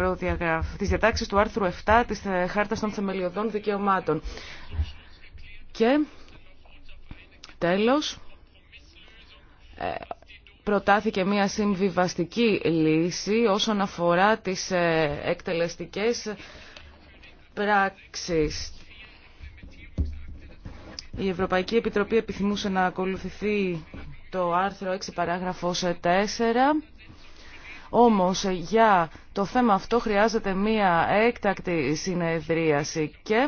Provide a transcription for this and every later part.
προδιαγραφ... τις διατάξεις του άρθρου 7 της ε, Χάρτας των Θεμελιωδών Δικαιωμάτων. Και τέλος, ε, προτάθηκε μια συμβιβαστική λύση όσον αφορά τις ε, εκτελεστικές πράξεις. Η Ευρωπαϊκή Επιτροπή επιθυμούσε να ακολουθηθεί το άρθρο 6 παράγραφος 4 όμως για το θέμα αυτό χρειάζεται μία έκτακτη συνεδρίαση και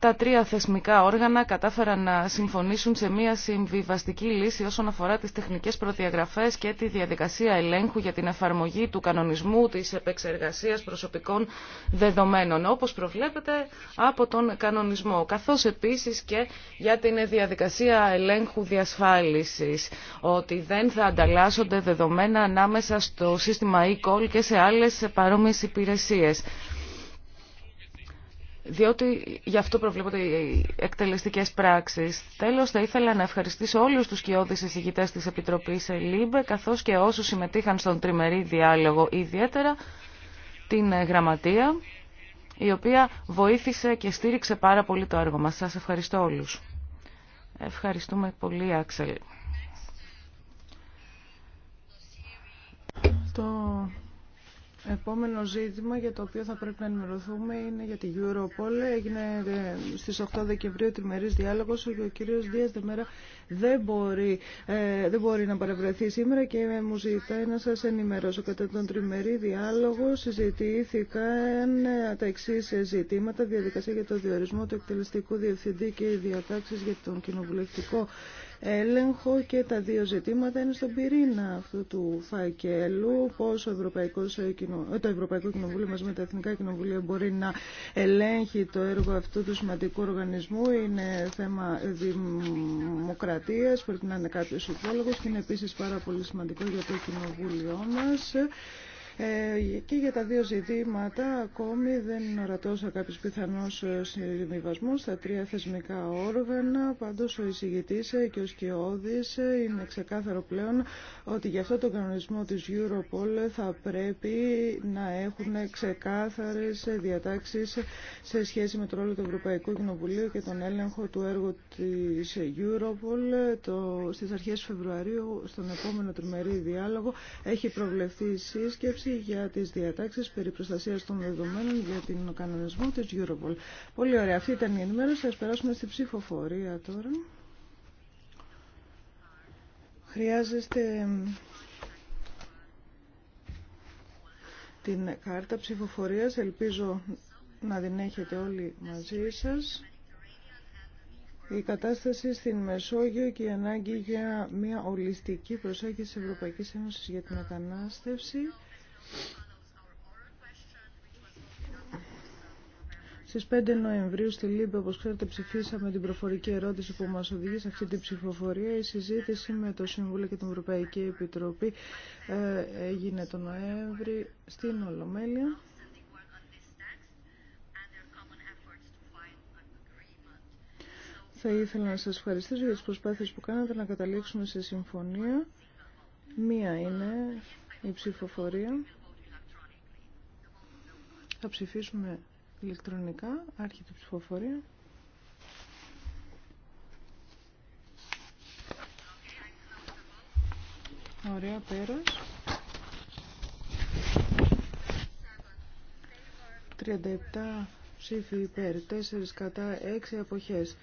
τα τρία θεσμικά όργανα κατάφεραν να συμφωνήσουν σε μια συμβιβαστική λύση όσον αφορά τις τεχνικές προδιαγραφές και τη διαδικασία ελέγχου για την εφαρμογή του κανονισμού της επεξεργασίας προσωπικών δεδομένων, όπως προβλέπεται από τον κανονισμό, καθώς επίσης και για την διαδικασία ελέγχου διασφάλισης, ότι δεν θα ανταλλάσσονται δεδομένα ανάμεσα στο σύστημα e-call και σε άλλες παρόμοιες υπηρεσίες διότι γι' αυτό προβλέπονται οι εκτελεστικές πράξεις. Τέλος, θα ήθελα να ευχαριστήσω όλους τους κοιόδης εισηγητέ τη Επιτροπή ΕΛΥΜΠΕ, καθώς και όσους συμμετείχαν στον τριμερή διάλογο, ιδιαίτερα την ε, Γραμματεία, η οποία βοήθησε και στήριξε πάρα πολύ το έργο μα. Σας ευχαριστώ όλους. Ευχαριστούμε πολύ, Άξελ. Επόμενο ζήτημα για το οποίο θα πρέπει να ενημερωθούμε είναι για την Europol. Έγινε ε, στις 8 Δεκεμβρίου τριμερής διάλογος και ο κύριος Δία Δεμέρα δεν μπορεί, ε, δεν μπορεί να παρευρεθεί σήμερα και μου ζητάει να σας ενημερώσω. Κατά τον τριμερή διάλογο συζητήθηκαν ε, τα εξή ζητήματα, διαδικασία για το διορισμό του εκτελεστικού διευθυντή και οι διατάξει για τον κοινοβουλευτικό έλεγχο και τα δύο ζητήματα είναι στον πυρήνα αυτού του φακέλου. Πώς ε, ε, το Ευρωπαϊκό Κοινοβούλιο μαζί με τα Εθνικά Κοινοβούλια μπορεί να ελέγχει το έργο αυτού του σημαντικού οργανισμού. Είναι θέμα δημοκρατίας, πρέπει να είναι κάποιος υπόλογος και είναι επίσης πάρα πολύ σημαντικό για το Κοινοβούλιο μας. Ε, και για τα δύο ζητήματα ακόμη δεν είναι ορατός ο κάποιος πιθανός ε, συμβιβασμός στα τρία θεσμικά όργανα. Πάντως ο εισηγητής ε, και ο σκιώδης είναι ξεκάθαρο πλέον ότι για αυτό τον κανονισμό της Europol θα πρέπει να έχουν ξεκάθαρες διατάξεις σε σχέση με το ρόλο του Ευρωπαϊκού Κοινοβουλίου και τον έλεγχο του έργου της Europol. Το, στις αρχές Φεβρουαρίου, στον επόμενο τριμερή διάλογο, έχει προβλεφθεί η σύσκεψη για τις διατάξεις περί προστασίας των δεδομένων για την κανονισμό της Europol. Πολύ ωραία. Αυτή ήταν η ενημέρωση. Ας περάσουμε στη ψηφοφορία τώρα. Χρειάζεστε την κάρτα ψηφοφορίας. Ελπίζω να την έχετε όλοι μαζί σας. Η κατάσταση στην Μεσόγειο και η ανάγκη για μια ολιστική προσέγγιση της Ευρωπαϊκής Ένωσης για την μετανάστευση. Στις 5 Νοεμβρίου στη Λίμπη, όπως ξέρετε, ψηφίσαμε την προφορική ερώτηση που μας οδηγεί σε αυτή την ψηφοφορία. Η συζήτηση με το Συμβούλιο και την Ευρωπαϊκή Επιτροπή ε, έγινε τον Νοέμβρη στην Ολομέλεια. Θα ήθελα να σας ευχαριστήσω για τις προσπάθειες που κάνατε να καταλήξουμε σε συμφωνία. Μία είναι η ψηφοφορία. Θα ψηφίσουμε ηλεκτρονικά, άρχεται η ψηφοφορία. Ωραία, πέρας. 37 ψήφοι υπέρ, 4 κατά, 6 αποχές.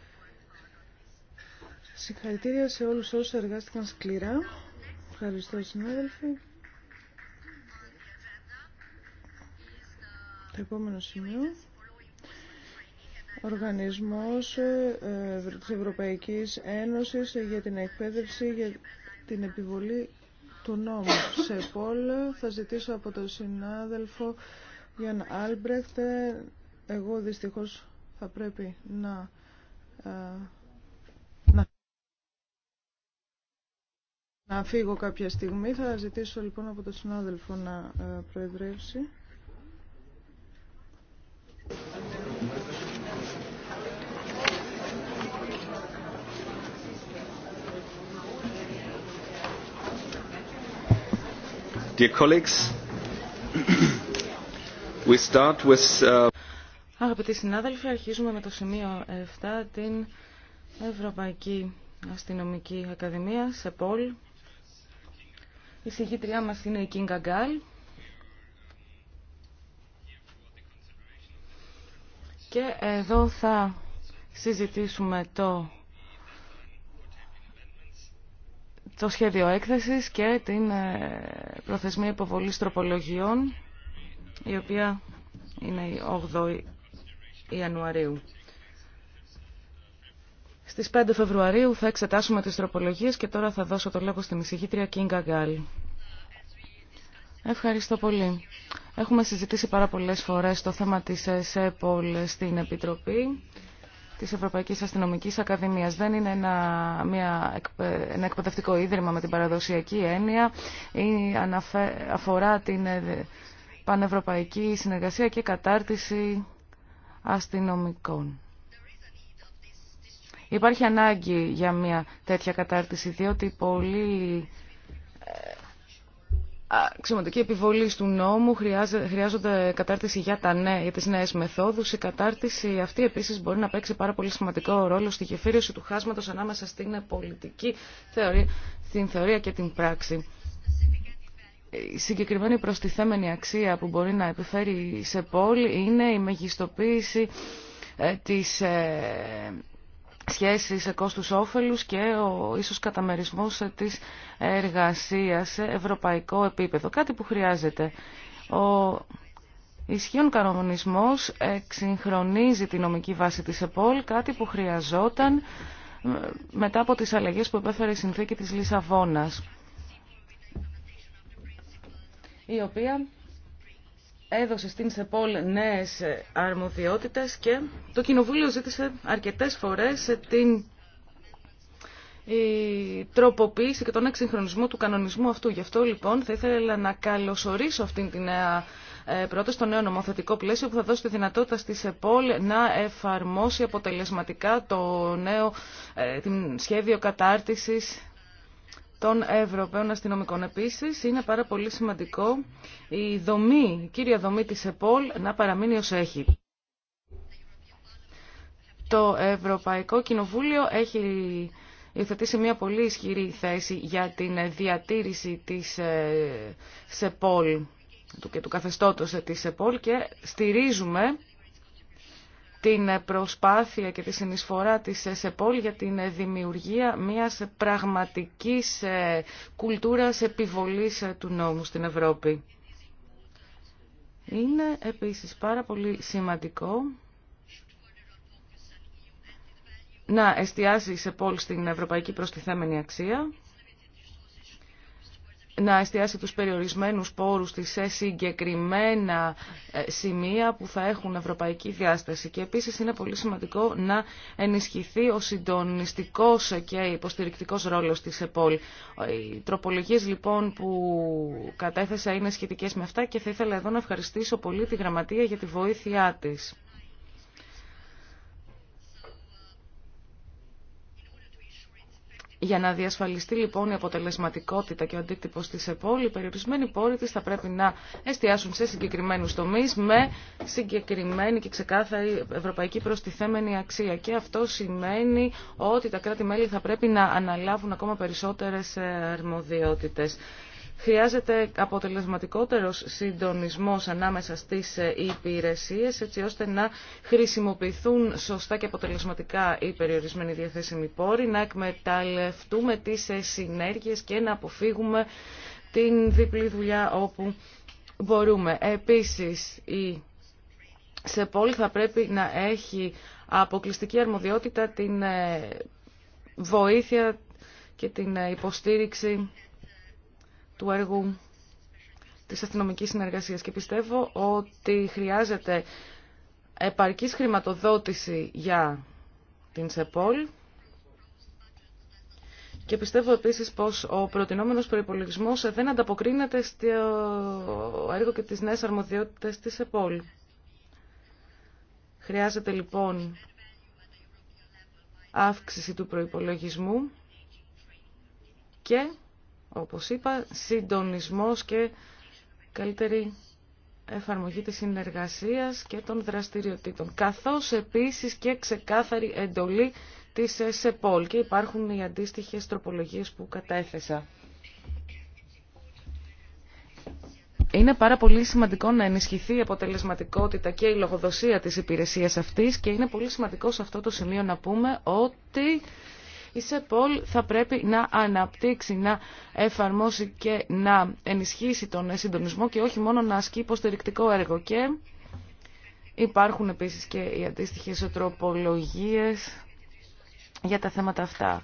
Συγχαρητήρια σε όλους όσους εργάστηκαν σκληρά. Ευχαριστώ συνάδελφοι. Το επόμενο σημείο. Οργανισμός ε, ε, της Ευρωπαϊκής Ένωσης για την εκπαίδευση για την επιβολή του νόμου. Σε πόλ θα ζητήσω από τον συνάδελφο Γιάννα Άλμπρεχτ. Εγώ δυστυχώς θα πρέπει να... Ε, να... Να φύγω κάποια στιγμή. Θα ζητήσω λοιπόν από τον συνάδελφο να προεδρεύσει. Dear colleagues, we start with... Uh, Αγαπητοί συνάδελφοι, αρχίζουμε με το σημείο 7, την Ευρωπαϊκή Αστυνομική Ακαδημία, ΣΕΠΟΛ. Η συγγήτριά μας είναι η Κίνγκα Γκάλ. Και εδώ θα συζητήσουμε το, το σχέδιο έκθεσης και την ε, προθεσμία υποβολής τροπολογιών, η οποία είναι η 8η Ιανουαρίου. Στις 5 Φεβρουαρίου θα εξετάσουμε τις τροπολογίες και τώρα θα δώσω το λόγο στην εισηγήτρια Κίνγκα Γκάλ. Ευχαριστώ πολύ. Έχουμε συζητήσει πάρα πολλές φορές το θέμα της ΕΣΕΠΟΛ στην Επιτροπή της Ευρωπαϊκής Αστυνομικής Ακαδημίας. Δεν είναι ένα, μια, ένα εκπαιδευτικό ίδρυμα με την παραδοσιακή έννοια. Ή αφορά την ε, πανευρωπαϊκή συνεργασία και κατάρτιση αστυνομικών. Υπάρχει ανάγκη για μια τέτοια κατάρτιση, διότι πολλοί αξιωματική επιβολή του νόμου χρειάζονται κατάρτιση για, τα νέα, για τις νέες μεθόδους. Η κατάρτιση αυτή επίσης μπορεί να παίξει πάρα πολύ σημαντικό ρόλο στη γεφύρωση του χάσματος ανάμεσα στην πολιτική θεωρία, στην θεωρία και την πράξη. Η συγκεκριμένη προστιθέμενη αξία που μπορεί να επιφέρει σε πόλη είναι η μεγιστοποίηση ε, της ε, σχέσεις κόστους όφελους και ο ίσως καταμερισμός της εργασίας σε ευρωπαϊκό επίπεδο. Κάτι που χρειάζεται. Ο ισχύων κανονισμός εξυγχρονίζει τη νομική βάση της ΕΠΟΛ, κάτι που χρειαζόταν ε, μετά από τις αλλαγές που επέφερε η συνθήκη της Λισαβόνας, η οποία έδωσε στην ΣΕΠΟΛ νέες αρμοδιότητες και το Κοινοβούλιο ζήτησε αρκετές φορές την τροποποίηση και τον εξυγχρονισμό του κανονισμού αυτού. Γι' αυτό λοιπόν θα ήθελα να καλωσορίσω αυτήν την νέα ε, πρόταση, το νέο νομοθετικό πλαίσιο που θα δώσει τη δυνατότητα στη ΣΕΠΟΛ να εφαρμόσει αποτελεσματικά το νέο ε, σχέδιο κατάρτισης των Ευρωπαίων αστυνομικών. επίση είναι πάρα πολύ σημαντικό η δομή, κύρια δομή τη ΕΠΟΛ να παραμείνει ω έχει. Το Ευρωπαϊκό Κοινοβούλιο έχει υιοθετήσει μια πολύ ισχυρή θέση για την διατήρηση της ΣΕΠΟΛ ε, και του καθεστώτος της ΕΠΟΛ και στηρίζουμε την προσπάθεια και τη συνεισφορά της ΕΣΕΠΟΛ για την δημιουργία μιας πραγματικής ε, κουλτούρας επιβολής ε, του νόμου στην Ευρώπη. Είναι επίσης πάρα πολύ σημαντικό να εστιάσει η ΕΣΕΠΟΛ στην ευρωπαϊκή προστιθέμενη αξία να εστιάσει τους περιορισμένους πόρους της σε συγκεκριμένα ε, σημεία που θα έχουν ευρωπαϊκή διάσταση. Και επίσης είναι πολύ σημαντικό να ενισχυθεί ο συντονιστικός και υποστηρικτικός ρόλος της ΕΠΟΛ. Οι τροπολογίες λοιπόν που κατέθεσα είναι σχετικές με αυτά και θα ήθελα εδώ να ευχαριστήσω πολύ τη Γραμματεία για τη βοήθειά της. Για να διασφαλιστεί λοιπόν η αποτελεσματικότητα και ο αντίκτυπο τη ΕΠΟΛ, οι περιορισμένοι πόροι τη θα πρέπει να εστιάσουν σε συγκεκριμένου τομεί με συγκεκριμένη και ξεκάθαρη ευρωπαϊκή προστιθέμενη αξία. Και αυτό σημαίνει ότι τα κράτη-μέλη θα πρέπει να αναλάβουν ακόμα περισσότερε αρμοδιότητε. Χρειάζεται αποτελεσματικότερος συντονισμός ανάμεσα στις ε, υπηρεσίες έτσι ώστε να χρησιμοποιηθούν σωστά και αποτελεσματικά οι περιορισμένοι διαθέσιμοι πόροι, να εκμεταλλευτούμε τις ε, συνέργειες και να αποφύγουμε την διπλή δουλειά όπου μπορούμε. Επίσης, η πόλη θα πρέπει να έχει αποκλειστική αρμοδιότητα την ε, βοήθεια και την υποστήριξη του έργου της αστυνομικής συνεργασίας και πιστεύω ότι χρειάζεται επαρκής χρηματοδότηση για την ΣΕΠΟΛ και πιστεύω επίσης πως ο προτινόμενος προϋπολογισμός δεν ανταποκρίνεται στο έργο και τις νέες αρμοδιότητες της ΕΠΟΛ. Χρειάζεται λοιπόν αύξηση του προϋπολογισμού και όπως είπα, συντονισμός και καλύτερη εφαρμογή της συνεργασίας και των δραστηριοτήτων, καθώς επίσης και ξεκάθαρη εντολή της ΕΣΕΠΟΛ και υπάρχουν οι αντίστοιχες τροπολογίες που κατέθεσα. Είναι πάρα πολύ σημαντικό να ενισχυθεί η αποτελεσματικότητα και η λογοδοσία της υπηρεσίας αυτής και είναι πολύ σημαντικό σε αυτό το σημείο να πούμε ότι η ΣΕΠΟΛ θα πρέπει να αναπτύξει, να εφαρμόσει και να ενισχύσει τον συντονισμό και όχι μόνο να ασκεί υποστηρικτικό έργο. Και υπάρχουν επίσης και οι αντίστοιχες τροπολογίες για τα θέματα αυτά.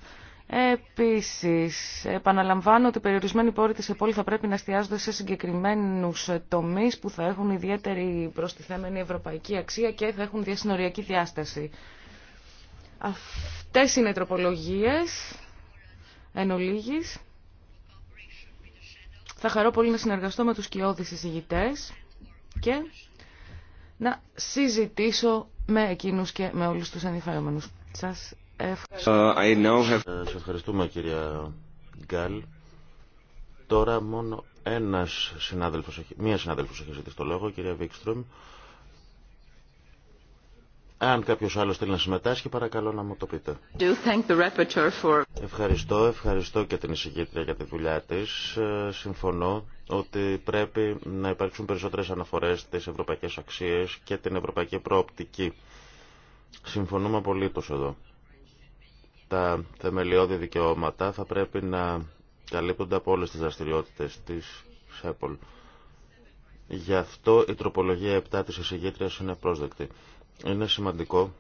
Επίσης, επαναλαμβάνω ότι οι περιορισμένοι πόροι της ΕΠΟΛ θα πρέπει να εστιάζονται σε συγκεκριμένους τομείς που θα έχουν ιδιαίτερη προστιθέμενη ευρωπαϊκή αξία και θα έχουν διασυνοριακή διάσταση. Αυτές είναι οι τροπολογίες εν ολίγης. Θα χαρώ πολύ να συνεργαστώ με τους κοιόδης συζητητές και να συζητήσω με εκείνους και με όλους τους ενδιαφέρομενους. Σας ευχαριστώ. Uh, ευχαριστούμε κυρία Γκάλ. Τώρα μόνο ένας συνάδελφος, μία συνάδελφος έχει ζητήσει το λόγο, κυρία Βίξτρομ. Αν κάποιος άλλο θέλει να συμμετάσχει, παρακαλώ να μου το πείτε. Ευχαριστώ, ευχαριστώ και την εισηγήτρια για τη δουλειά της. Ε, συμφωνώ ότι πρέπει να υπάρξουν περισσότερες αναφορές στις ευρωπαϊκές αξίες και την ευρωπαϊκή προοπτική. Συμφωνούμε απολύτως εδώ. Τα θεμελιώδη δικαιώματα θα πρέπει να καλύπτονται από όλε τι δραστηριότητε τη ΣΕΠΟΛ. Γι' αυτό η τροπολογία 7 της εισηγήτριας είναι πρόσδεκτη είναι σημαντικό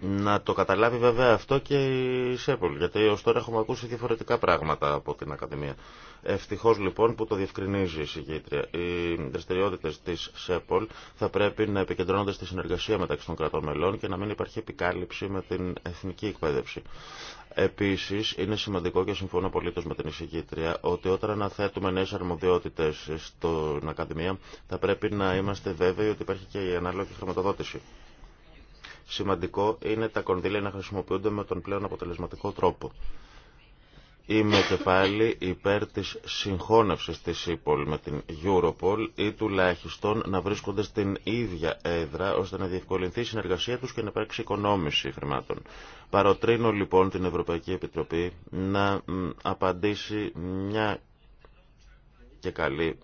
να το καταλάβει βέβαια αυτό και η ΣΕΠΟΛ, γιατί ω τώρα έχουμε ακούσει διαφορετικά πράγματα από την Ακαδημία. Ευτυχώ λοιπόν που το διευκρινίζει η συγκήτρια. Οι δραστηριότητε τη ΣΕΠΟΛ θα πρέπει να επικεντρώνονται στη συνεργασία μεταξύ των κρατών μελών και να μην υπάρχει επικάλυψη με την εθνική εκπαίδευση. Επίση, είναι σημαντικό και συμφωνώ πολύ με την εισηγήτρια ότι όταν αναθέτουμε νέε αρμοδιότητε στην Ακαδημία θα πρέπει να είμαστε βέβαιοι ότι υπάρχει και η ανάλογη χρηματοδότηση. Σημαντικό είναι τα κονδύλια να χρησιμοποιούνται με τον πλέον αποτελεσματικό τρόπο. Είμαι και πάλι υπέρ της συγχώνευσης της ΕΠΟΛ με την Europol ή τουλάχιστον να βρίσκονται στην ίδια έδρα ώστε να διευκολυνθεί η συνεργασία τους και να υπάρξει οικονόμηση χρημάτων. Παροτρύνω λοιπόν την Ευρωπαϊκή Επιτροπή να απαντήσει μια και καλή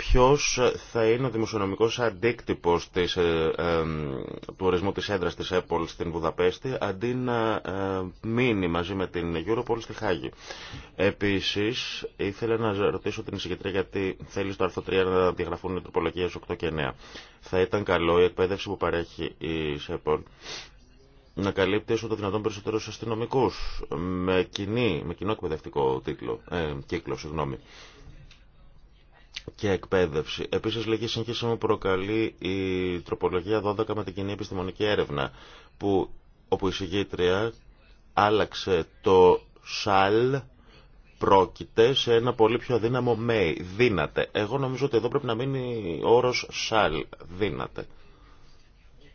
ποιος θα είναι ο δημοσιονομικός αντίκτυπος ε, ε, του ορισμού της έδρας της Apple στην Βουδαπέστη αντί να ε, μείνει μαζί με την Europol στη Χάγη. Επίσης, ήθελα να ρωτήσω την συγκεκριμένη γιατί θέλει στο άρθρο 3 να διαγραφούν οι τροπολογίες 8 και 9. Θα ήταν καλό η εκπαίδευση που παρέχει η Apple να καλύπτει όσο το δυνατόν περισσότερους αστυνομικούς με, με κοινό εκπαιδευτικό τίτλο, ε, κύκλο. Συγγνώμη και εκπαίδευση. Επίσης, λίγη σύγχυση μου προκαλεί η τροπολογία 12 με την κοινή επιστημονική έρευνα, που, όπου η συγγήτρια άλλαξε το «σαλ» πρόκειται σε ένα πολύ πιο αδύναμο μέι. «δύναται». Εγώ νομίζω ότι εδώ πρέπει να μείνει ο όρος «σαλ», «δύναται».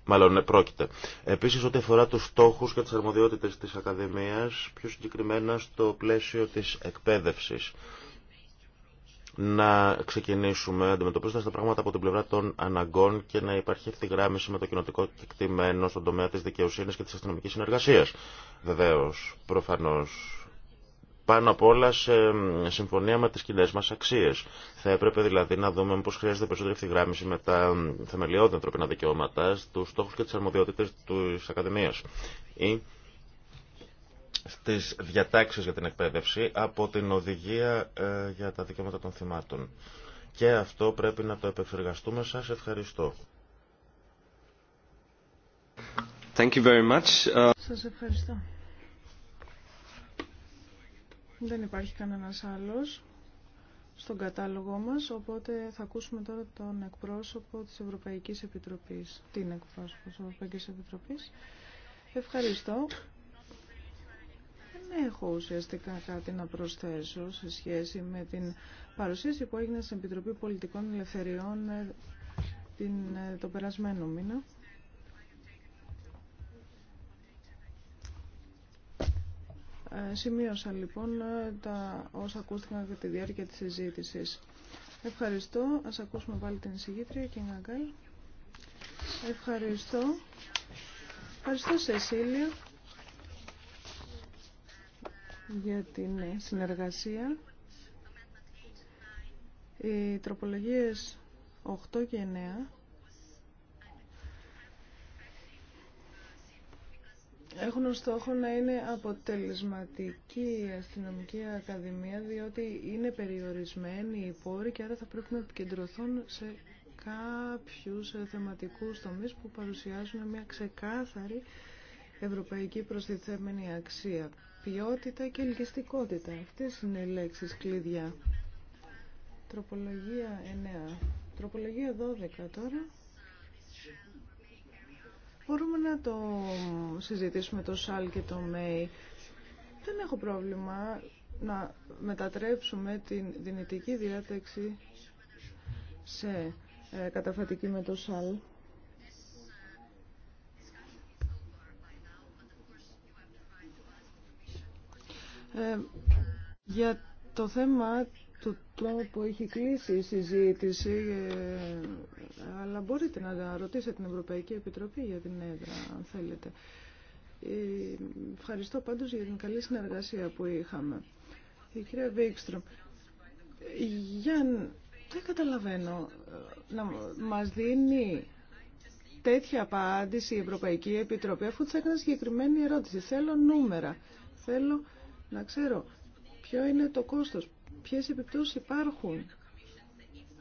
Μάλλον ναι, πρόκειται. Επίσης ό,τι αφορά τους στόχους και τις αρμοδιότητες της Ακαδημίας, πιο συγκεκριμένα στο πλαίσιο της εκπαίδευσης να ξεκινήσουμε αντιμετωπίζοντα τα πράγματα από την πλευρά των αναγκών και να υπάρχει ευθυγράμμιση με το κοινοτικό κεκτημένο στον τομέα τη δικαιοσύνη και τη αστυνομική συνεργασία. Βεβαίω, προφανώ. Πάνω απ' όλα σε συμφωνία με τι κοινέ μα αξίε. Θα έπρεπε δηλαδή να δούμε πώ χρειάζεται περισσότερη ευθυγράμμιση με τα θεμελιώδη ανθρωπίνα δικαιώματα, του στόχου και τι αρμοδιότητε τη Ακαδημία στις διατάξεις για την εκπαίδευση από την οδηγία ε, για τα δικαιώματα των θυμάτων. Και αυτό πρέπει να το επεξεργαστούμε. Σας ευχαριστώ. Thank you very much. Σας ευχαριστώ. Δεν υπάρχει κανένας άλλος στον κατάλογό μας, οπότε θα ακούσουμε τώρα τον εκπρόσωπο της Ευρωπαϊκής Επιτροπής. Την εκπρόσωπο της Ευρωπαϊκής Επιτροπής. Ευχαριστώ έχω ουσιαστικά κάτι να προσθέσω σε σχέση με την παρουσίαση που έγινε στην Επιτροπή Πολιτικών Ελευθεριών ε, την, ε, το περασμένο μήνα. Ε, σημείωσα λοιπόν τα όσα ακούστηκαν κατά τη διάρκεια της συζήτησης. Ευχαριστώ. Ας ακούσουμε πάλι την εισηγήτρια και Ευχαριστώ. Ευχαριστώ Σεσίλια για την συνεργασία. Οι τροπολογίες 8 και 9 έχουν ως στόχο να είναι αποτελεσματική η αστυνομική ακαδημία διότι είναι περιορισμένοι οι πόροι και άρα θα πρέπει να επικεντρωθούν σε κάποιους θεματικούς τομείς που παρουσιάζουν μια ξεκάθαρη ευρωπαϊκή προστιθέμενη αξία ποιότητα και ελκυστικότητα. Αυτές είναι οι λέξεις κλειδιά. Τροπολογία 9. Τροπολογία 12 τώρα. Μπορούμε να το συζητήσουμε το ΣΑΛ και το ΜΕΙ. Δεν έχω πρόβλημα να μετατρέψουμε την δυνητική διάταξη σε ε, καταφατική με το ΣΑΛ. Ε, για το θέμα του τρόπου έχει κλείσει η συζήτηση, ε, αλλά μπορείτε να ρωτήσετε την Ευρωπαϊκή Επιτροπή για την έδρα, αν θέλετε. Ε, ευχαριστώ πάντως για την καλή συνεργασία που είχαμε. Η κυρία Βίξτρομ, για δεν καταλαβαίνω να μας δίνει τέτοια απάντηση η Ευρωπαϊκή Επιτροπή αφού της έκανε συγκεκριμένη ερώτηση. Θέλω νούμερα. Θέλω να ξέρω ποιο είναι το κόστος, ποιες επιπτώσεις υπάρχουν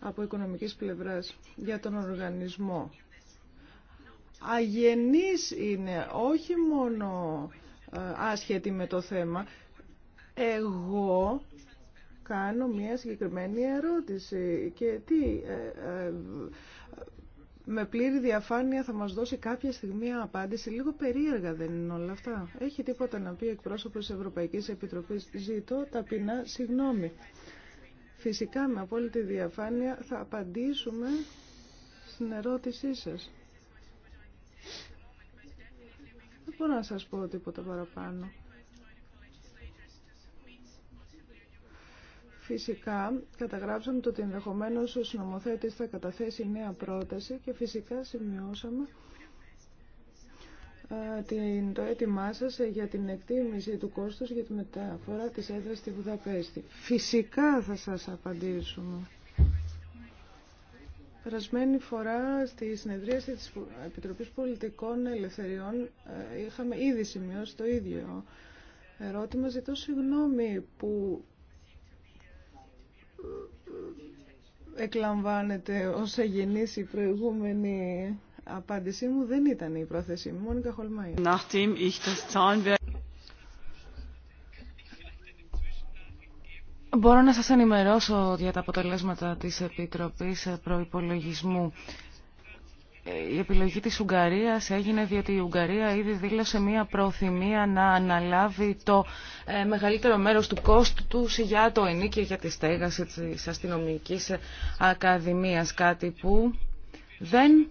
από οικονομικής πλευράς για τον οργανισμό. Αγενής είναι, όχι μόνο ε, άσχετη με το θέμα. Εγώ κάνω μια συγκεκριμένη ερώτηση και τι ε, ε, με πλήρη διαφάνεια θα μας δώσει κάποια στιγμή απάντηση. Λίγο περίεργα δεν είναι όλα αυτά. Έχει τίποτα να πει εκπρόσωπος της Ευρωπαϊκής Επιτροπής. Ζητώ ταπεινά συγγνώμη. Φυσικά με απόλυτη διαφάνεια θα απαντήσουμε στην ερώτησή σας. Δεν μπορώ να σας πω τίποτα παραπάνω. Φυσικά, καταγράψαμε το ότι ενδεχομένω ο συνομοθέτη θα καταθέσει νέα πρόταση και φυσικά σημειώσαμε ε, το έτοιμά σα για την εκτίμηση του κόστου για τη μεταφορά της έδρα στη Βουδαπέστη. Φυσικά θα σα απαντήσουμε. Περασμένη φορά στη συνεδρίαση της Επιτροπής Πολιτικών Ελευθεριών ε, είχαμε ήδη σημειώσει το ίδιο ερώτημα. Ζητώ συγγνώμη που εκλαμβάνεται ως εγενής η προηγούμενη απάντησή μου δεν ήταν η πρόθεση μου. Μόνικα Χολμαϊ. Μπορώ να σας ενημερώσω για τα αποτελέσματα της Επιτροπής Προϋπολογισμού. Ε, η επιλογή της Ουγγαρίας έγινε διότι η Ουγγαρία ήδη δήλωσε μία προθυμία να αναλάβει το ε, μεγαλύτερο μέρος του κόστου του για το ενίκιο για τη στέγαση της αστυνομικής ε, ακαδημίας. Κάτι που δεν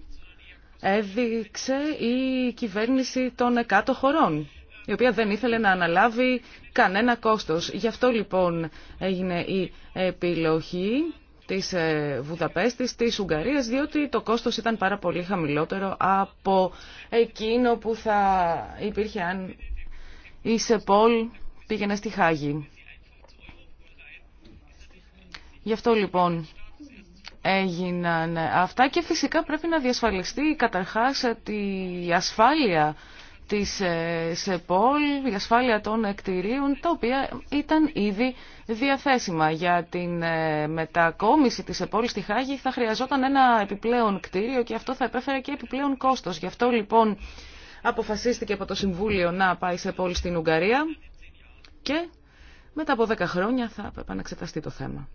έδειξε η κυβέρνηση των 100 χωρών η οποία δεν ήθελε να αναλάβει κανένα κόστος. Γι' αυτό λοιπόν έγινε η επιλογή Τη ε, Βουδαπέστη, της Ουγγαρίας, διότι το κόστος ήταν πάρα πολύ χαμηλότερο από εκείνο που θα υπήρχε αν η ΣΕΠΟΛ πήγαινε στη Χάγη. Γι' αυτό λοιπόν έγιναν αυτά και φυσικά πρέπει να διασφαλιστεί καταρχάς τη ασφάλεια της ε, ΣΕΠΟΛ, η ασφάλεια των εκτηρίων, τα οποία ήταν ήδη διαθέσιμα. Για την ε, μετακόμιση της ΕΠΟΛ στη Χάγη θα χρειαζόταν ένα επιπλέον κτίριο και αυτό θα επέφερε και επιπλέον κόστος. Γι' αυτό λοιπόν αποφασίστηκε από το Συμβούλιο να πάει σε πόλη στην Ουγγαρία και μετά από 10 χρόνια θα επαναξεταστεί το θέμα.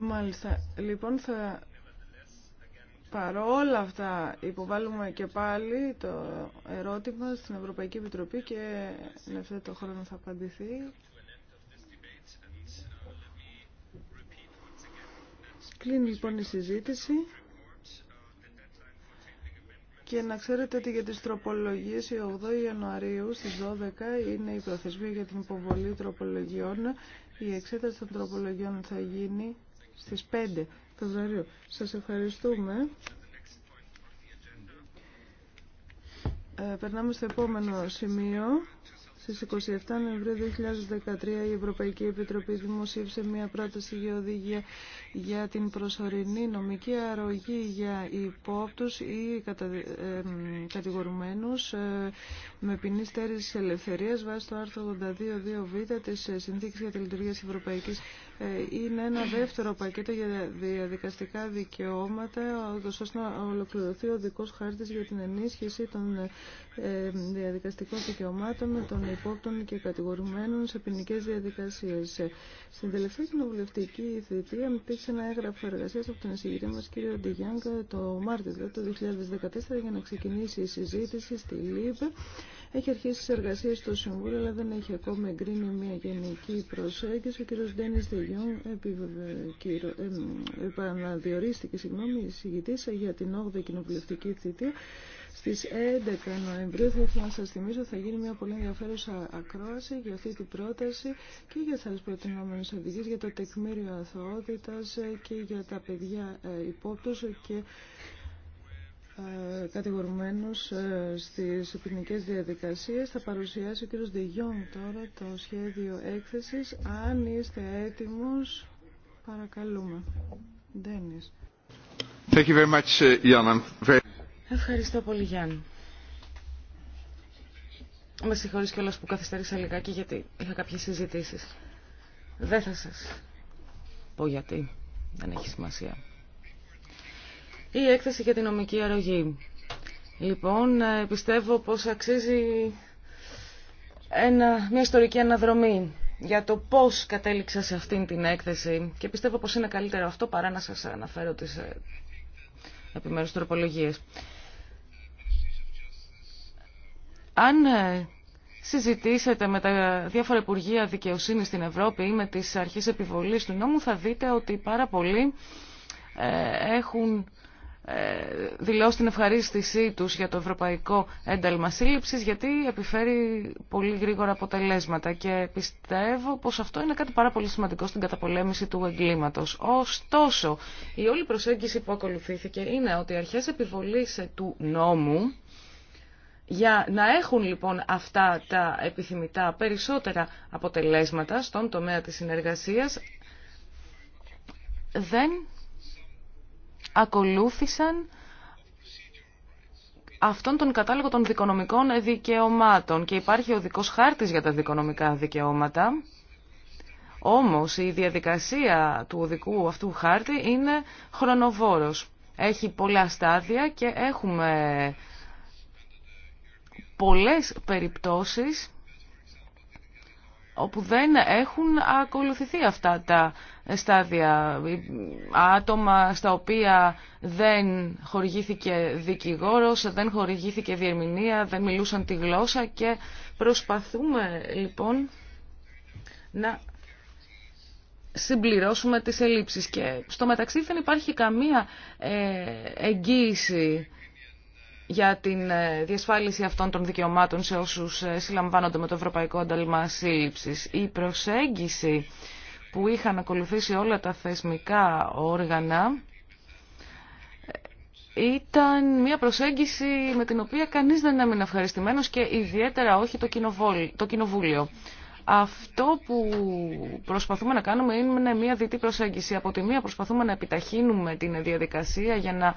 Μάλιστα. Λοιπόν, θα παρόλα αυτά υποβάλλουμε και πάλι το ερώτημα στην Ευρωπαϊκή Επιτροπή και με αυτό το χρόνο θα απαντηθεί. Κλείνει λοιπόν η συζήτηση. Και να ξέρετε ότι για τις τροπολογίες η 8 Ιανουαρίου στις 12 είναι η προθεσμία για την υποβολή τροπολογιών. Η εξέταση των τροπολογιών θα γίνει στις 5 Φεβρουαρίου. Σας ευχαριστούμε. Ε, περνάμε στο επόμενο σημείο. Στις 27 Νοεμβρίου 2013 η Ευρωπαϊκή Επιτροπή δημοσίευσε μια πρόταση για οδηγία για την προσωρινή νομική αρρωγή για υπόπτους ή κατα... κατηγορουμένους ε, με ποινή στέρησης ελευθερίας βάσει το άρθρο 82.2β της Συνθήκης για τη Λειτουργία της Ευρωπαϊκής είναι ένα δεύτερο πακέτο για διαδικαστικά δικαιώματα, ώστε να ολοκληρωθεί ο δικός χάρτης για την ενίσχυση των ε, διαδικαστικών δικαιωμάτων των υπόπτων και κατηγορουμένων σε ποινικέ διαδικασίες. Στην τελευταία κοινοβουλευτική θητεία υπήρξε ένα έγγραφο εργασία από τον εισηγητή μα κύριο Ντιγιάνγκ το Μάρτιο δηλαδή του 2014 για να ξεκινήσει η συζήτηση στη ΛΥΠΕ έχει αρχίσει τι εργασίε στο Συμβούλιο, αλλά δεν έχει ακόμα εγκρίνει μια γενική προσέγγιση. Ο κ. Ντένι Δεγιόν επαναδιορίστηκε συγγνώμη, εισηγητή για την 8η κοινοβουλευτική θητεία. Στι 11 Νοεμβρίου θα ήθελα να σα θυμίσω θα γίνει μια πολύ ενδιαφέρουσα ακρόαση για αυτή την πρόταση και για τι άλλε προτινόμενε οδηγίε για το τεκμήριο αθωότητα και για τα παιδιά ε, υπόπτωση και κατηγορουμένους ε, στις ποινικές διαδικασίες. Θα παρουσιάσει ο κ. Ντεγιόν τώρα το σχέδιο έκθεσης. Αν είστε έτοιμος, παρακαλούμε. Ντένις. Thank you very much, uh, Ευχαριστώ πολύ, Γιάννη. Με συγχωρείς κιόλας που καθυστέρησα λιγάκι γιατί είχα κάποιες συζητήσεις. Δεν θα σας πω γιατί. Δεν έχει σημασία η έκθεση για την νομική αρρωγή. Λοιπόν, ε, πιστεύω πως αξίζει ένα, μια ιστορική αναδρομή για το πώς κατέληξα σε αυτήν την έκθεση και πιστεύω πως είναι καλύτερο αυτό παρά να σας αναφέρω τις ε, επιμέρους τροπολογίες. Αν ε, συζητήσετε με τα διάφορα Υπουργεία Δικαιοσύνη στην Ευρώπη ή με τις αρχές επιβολής του νόμου θα δείτε ότι πάρα πολλοί έχουν ε, δηλώσει την ευχαρίστησή τους για το Ευρωπαϊκό Ένταλμα Σύλληψης γιατί επιφέρει πολύ γρήγορα αποτελέσματα και πιστεύω πως αυτό είναι κάτι πάρα πολύ σημαντικό στην καταπολέμηση του εγκλήματος. Ωστόσο, η όλη προσέγγιση που ακολουθήθηκε είναι ότι οι αρχές επιβολής του νόμου για να έχουν λοιπόν αυτά τα επιθυμητά περισσότερα αποτελέσματα στον τομέα της συνεργασίας δεν ακολούθησαν αυτόν τον κατάλογο των δικονομικών δικαιωμάτων και υπάρχει ο δικός χάρτης για τα δικονομικά δικαιώματα. Όμως η διαδικασία του οδικού αυτού χάρτη είναι χρονοβόρος. Έχει πολλά στάδια και έχουμε πολλές περιπτώσεις όπου δεν έχουν ακολουθηθεί αυτά τα στάδια. Άτομα στα οποία δεν χορηγήθηκε δικηγόρος, δεν χορηγήθηκε διερμηνία, δεν μιλούσαν τη γλώσσα και προσπαθούμε λοιπόν να συμπληρώσουμε τις ελλείψεις και στο μεταξύ δεν υπάρχει καμία ε, εγγύηση για την ε, διασφάλιση αυτών των δικαιωμάτων σε όσους ε, συλλαμβάνονται με το Ευρωπαϊκό Ανταλμά Σύλληψης. Η προσέγγιση που είχαν ακολουθήσει όλα τα θεσμικά όργανα ε, ήταν μια προσέγγιση με την οποία κανείς δεν έμεινε ευχαριστημένος και ιδιαίτερα όχι το Κοινοβούλιο. Αυτό που προσπαθούμε να κάνουμε είναι μια διτή προσέγγιση. Από τη μία προσπαθούμε να επιταχύνουμε την διαδικασία για να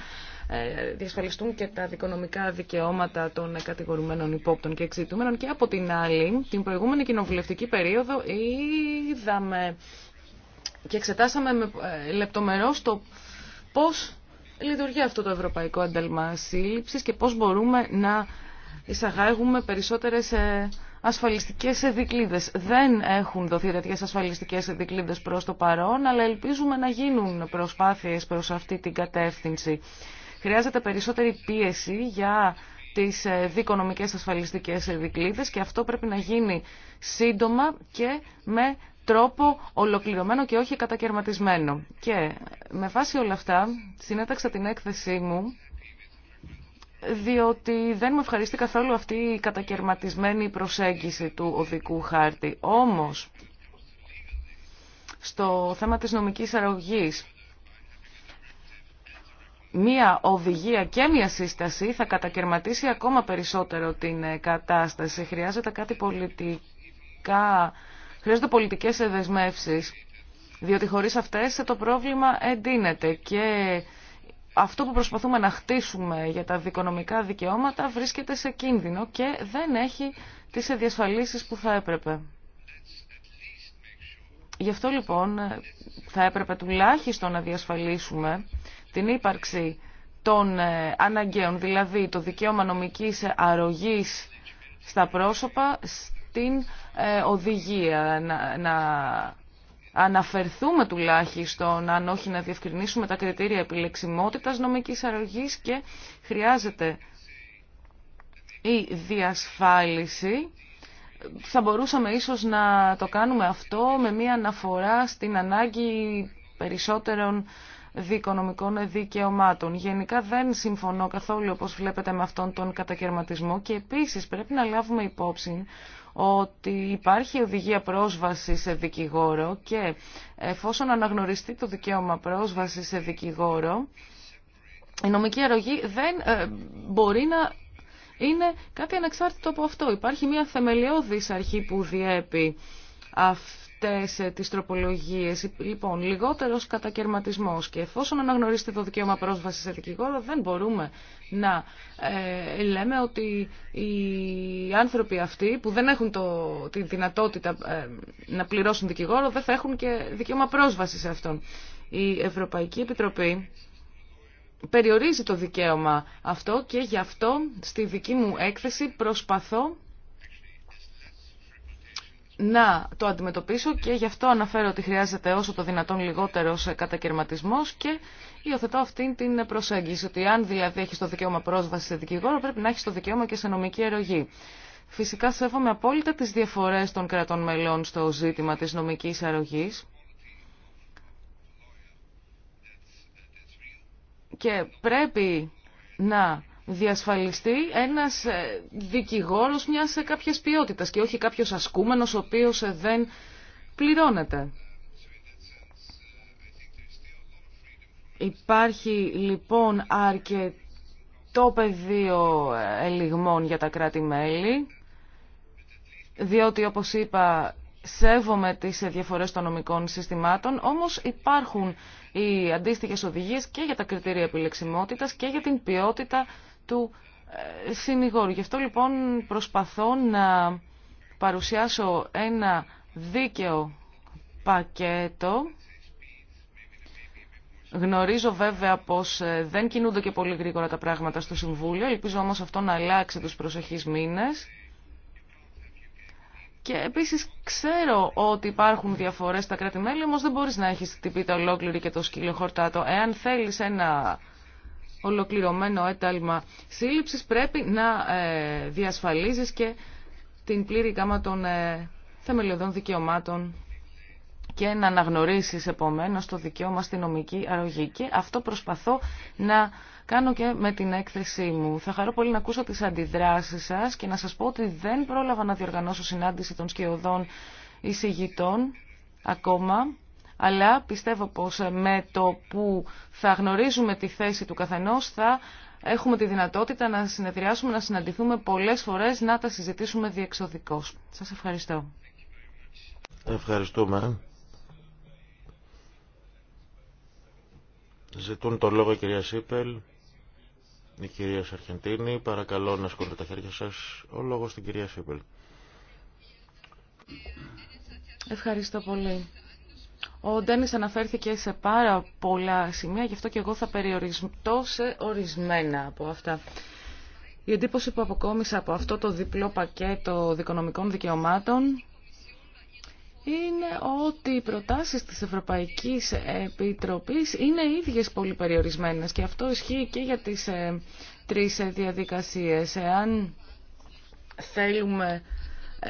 ε, διασφαλιστούν και τα δικονομικά δικαιώματα των κατηγορουμένων υπόπτων και εξητούμενων και από την άλλη, την προηγούμενη κοινοβουλευτική περίοδο είδαμε και εξετάσαμε με ε, λεπτομερώς το πώς λειτουργεί αυτό το Ευρωπαϊκό Ένταλμα Σύλληψης και πώς μπορούμε να εισαγάγουμε περισσότερες ε, ασφαλιστικές δικλείδες. Δεν έχουν δοθεί τέτοιε ασφαλιστικές δικλείδες προς το παρόν, αλλά ελπίζουμε να γίνουν προσπάθειες προς αυτή την κατεύθυνση. Χρειάζεται περισσότερη πίεση για τις δικονομικές ασφαλιστικές δικλείδες και αυτό πρέπει να γίνει σύντομα και με τρόπο ολοκληρωμένο και όχι κατακαιρματισμένο. Και με βάση όλα αυτά, συνέταξα την έκθεσή μου διότι δεν μου ευχαριστεί καθόλου αυτή η κατακαιρματισμένη προσέγγιση του οδικού χάρτη. Όμως, στο θέμα της νομικής αρρωγής, μία οδηγία και μία σύσταση θα κατακαιρματίσει ακόμα περισσότερο την ε, κατάσταση. Χρειάζεται κάτι πολιτικά, χρειάζονται πολιτικές εδεσμεύσεις, διότι χωρίς αυτές το πρόβλημα εντείνεται και αυτό που προσπαθούμε να χτίσουμε για τα δικονομικά δικαιώματα βρίσκεται σε κίνδυνο και δεν έχει τις διασφαλίσεις που θα έπρεπε. Γι' αυτό λοιπόν θα έπρεπε τουλάχιστον να διασφαλίσουμε την ύπαρξη των ε, αναγκαίων, δηλαδή το δικαίωμα νομικής αρρωγής στα πρόσωπα, στην ε, οδηγία, να αναφερθούμε τουλάχιστον, αν όχι να διευκρινίσουμε τα κριτήρια επιλεξιμότητας νομικής αρρωγής και χρειάζεται η διασφάλιση. Θα μπορούσαμε ίσως να το κάνουμε αυτό με μία αναφορά στην ανάγκη περισσότερων δικονομικών δικαιωμάτων. Γενικά δεν συμφωνώ καθόλου όπως βλέπετε με αυτόν τον κατακαιρματισμό και επίσης πρέπει να λάβουμε υπόψη ότι υπάρχει οδηγία πρόσβαση σε δικηγόρο και εφόσον αναγνωριστεί το δικαίωμα πρόσβαση σε δικηγόρο, η νομική αρρωγή δεν ε, μπορεί να είναι κάτι ανεξάρτητο από αυτό. Υπάρχει μια θεμελιώδης αρχή που διέπει αυτό αυτές ε, τις τροπολογίες. Λοιπόν, λιγότερος κατακαιρματισμός και εφόσον αναγνωρίσετε το δικαίωμα πρόσβασης σε δικηγόρο δεν μπορούμε να ε, λέμε ότι οι άνθρωποι αυτοί που δεν έχουν το, τη δυνατότητα ε, να πληρώσουν δικηγόρο δεν θα έχουν και δικαίωμα πρόσβαση σε αυτόν. Η Ευρωπαϊκή Επιτροπή περιορίζει το δικαίωμα αυτό και γι' αυτό στη δική μου έκθεση προσπαθώ να το αντιμετωπίσω και γι' αυτό αναφέρω ότι χρειάζεται όσο το δυνατόν λιγότερο κατακαιρματισμό και υιοθετώ αυτή την προσέγγιση. Ότι αν δηλαδή έχει το δικαίωμα πρόσβαση σε δικηγόρο, πρέπει να έχει το δικαίωμα και σε νομική ερωγή. Φυσικά σέβομαι απόλυτα τις διαφορές των κρατών μελών στο ζήτημα τη νομική αρρωγή. Και πρέπει να διασφαλιστεί ένας ε, δικηγόρος μιας ε, κάποιας ποιότητας και όχι κάποιος ασκούμενος ο οποίος ε, δεν πληρώνεται. Υπάρχει λοιπόν αρκετό πεδίο ελιγμών για τα κράτη-μέλη, διότι όπως είπα σέβομαι τις διαφορές των νομικών συστημάτων, όμως υπάρχουν οι αντίστοιχες οδηγίες και για τα κριτήρια επιλεξιμότητας και για την ποιότητα του ε, συνηγόρου. Γι' αυτό λοιπόν προσπαθώ να παρουσιάσω ένα δίκαιο πακέτο. Γνωρίζω βέβαια πως ε, δεν κινούνται και πολύ γρήγορα τα πράγματα στο Συμβούλιο, ελπίζω όμως αυτό να αλλάξει τους προσεχείς μήνες. Και επίσης ξέρω ότι υπάρχουν διαφορές στα κράτη-μέλη, όμως δεν μπορείς να έχεις την πίτα ολόκληρη και το σκύλο χορτάτο. Εάν θέλεις ένα ολοκληρωμένο έταλμα σύλληψης πρέπει να ε, διασφαλίζεις και την πλήρη γάμα των ε, θεμελιωδών δικαιωμάτων και να αναγνωρίσεις επομένως το δικαίωμα στη νομική αρρωγή. Και αυτό προσπαθώ να κάνω και με την έκθεσή μου. Θα χαρώ πολύ να ακούσω τις αντιδράσεις σας και να σας πω ότι δεν πρόλαβα να διοργανώσω συνάντηση των σκιωδών εισηγητών ακόμα αλλά πιστεύω πως με το που θα γνωρίζουμε τη θέση του καθενός θα έχουμε τη δυνατότητα να συνεδριάσουμε, να συναντηθούμε πολλές φορές, να τα συζητήσουμε διεξοδικώς. Σας ευχαριστώ. Ευχαριστούμε. Ζητούν το λόγο η κυρία Σίπελ, η κυρία Σαρχεντίνη. Παρακαλώ να σκούνται τα χέρια σας. Ο λόγος στην κυρία Σίπελ. Ευχαριστώ πολύ. Ο Ντένις αναφέρθηκε σε πάρα πολλά σημεία, γι' αυτό και εγώ θα περιοριστώ σε ορισμένα από αυτά. Η εντύπωση που αποκόμισα από αυτό το διπλό πακέτο δικονομικών δικαιωμάτων είναι ότι οι προτάσεις της Ευρωπαϊκής Επιτροπής είναι ίδιες πολύ περιορισμένες και αυτό ισχύει και για τις ε, τρεις ε, διαδικασίες. Εάν θέλουμε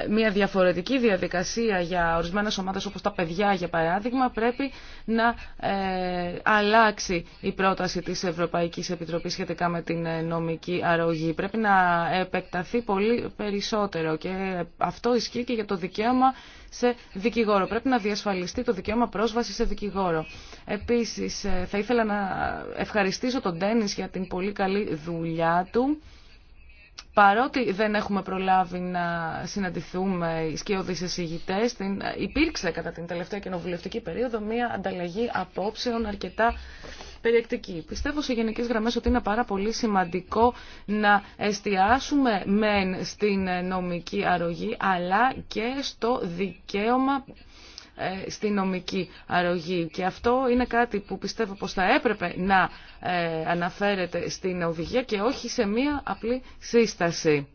μια διαφορετική διαδικασία για ορισμένες ομάδες όπως τα παιδιά για παράδειγμα πρέπει να ε, αλλάξει η πρόταση της Ευρωπαϊκής Επιτροπής σχετικά με την ε, νομική αρρωγή. Πρέπει να επεκταθεί πολύ περισσότερο και αυτό ισχύει και για το δικαίωμα σε δικηγόρο. Πρέπει να διασφαλιστεί το δικαίωμα πρόσβαση σε δικηγόρο. Επίσης ε, θα ήθελα να ευχαριστήσω τον Τένις για την πολύ καλή δουλειά του. Παρότι δεν έχουμε προλάβει να συναντηθούμε οι σκιώδεις εισηγητές, υπήρξε κατά την τελευταία κοινοβουλευτική περίοδο μία ανταλλαγή απόψεων αρκετά περιεκτική. Πιστεύω σε γενικές γραμμές ότι είναι πάρα πολύ σημαντικό να εστιάσουμε μεν στην νομική αρρωγή, αλλά και στο δικαίωμα ε, στη νομική αρρωγή. Και αυτό είναι κάτι που πιστεύω πως θα έπρεπε να ε, αναφέρεται στην οδηγία και όχι σε μία απλή σύσταση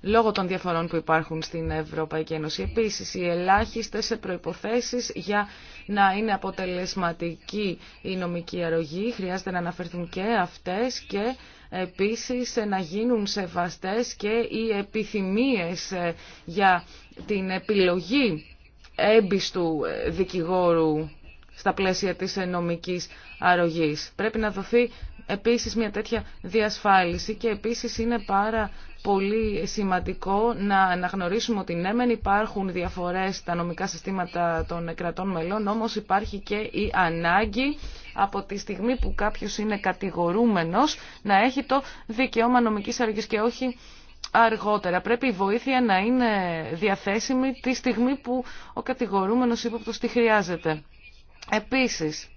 λόγω των διαφορών που υπάρχουν στην Ευρωπαϊκή Ένωση. Επίσης, οι ελάχιστες προϋποθέσεις για να είναι αποτελεσματική η νομική αρρωγή χρειάζεται να αναφερθούν και αυτές και επίσης να γίνουν σεβαστές και οι επιθυμίες ε, για την επιλογή έμπιστου δικηγόρου στα πλαίσια της νομικής αρρωγής. Πρέπει να δοθεί επίσης μια τέτοια διασφάλιση και επίσης είναι πάρα πολύ σημαντικό να αναγνωρίσουμε ότι ναι μεν υπάρχουν διαφορές στα νομικά συστήματα των κρατών μελών όμως υπάρχει και η ανάγκη από τη στιγμή που κάποιος είναι κατηγορούμενος να έχει το δικαίωμα νομικής αργής και όχι αργότερα. Πρέπει η βοήθεια να είναι διαθέσιμη τη στιγμή που ο κατηγορούμενος ύποπτος τη χρειάζεται. Επίσης,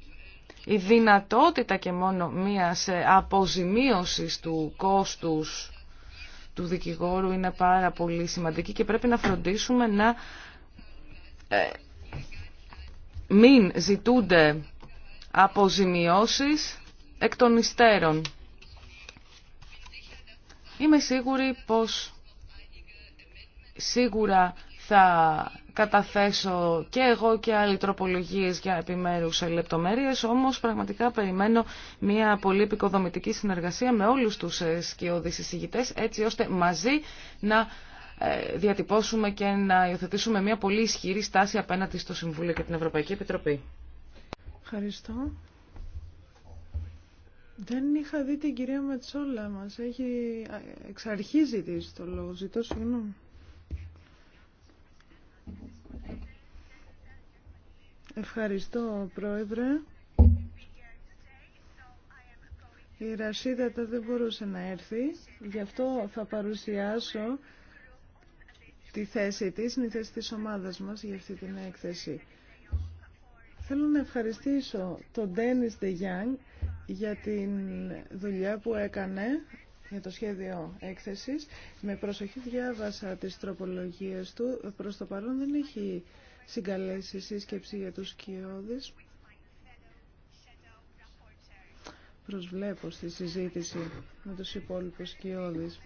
η δυνατότητα και μόνο μίας αποζημίωσης του κόστους του δικηγόρου είναι πάρα πολύ σημαντική και πρέπει να φροντίσουμε να ε, μην ζητούνται αποζημιώσεις εκ των υστέρων. Είμαι σίγουρη πως σίγουρα θα καταθέσω και εγώ και άλλοι τροπολογίες για επιμέρους λεπτομέρειες, όμως πραγματικά περιμένω μια πολύ επικοδομητική συνεργασία με όλους τους ε, σκιώδεις εισηγητές, έτσι ώστε μαζί να ε, διατυπώσουμε και να υιοθετήσουμε μια πολύ ισχυρή στάση απέναντι στο Συμβούλιο και την Ευρωπαϊκή Επιτροπή. Ευχαριστώ. Δεν είχα δει την κυρία Μετσόλα μας. Έχει εξαρχίζει τη το λόγο. Ζητώ συγγνώμη. Ευχαριστώ, Πρόεδρε. Η Ρασίδα δεν μπορούσε να έρθει, γι' αυτό θα παρουσιάσω τη θέση της, είναι θέση της ομάδας μας για αυτή την έκθεση. Θέλω να ευχαριστήσω τον Ντένις Δε Γιάνγκ για την δουλειά που έκανε για το σχέδιο έκθεσης. Με προσοχή διάβασα τις τροπολογίες του. Προς το παρόν δεν έχει συγκαλέσει σύσκεψη για τους κοιόδης. Προσβλέπω στη συζήτηση με τους υπόλοιπους κοιόδης.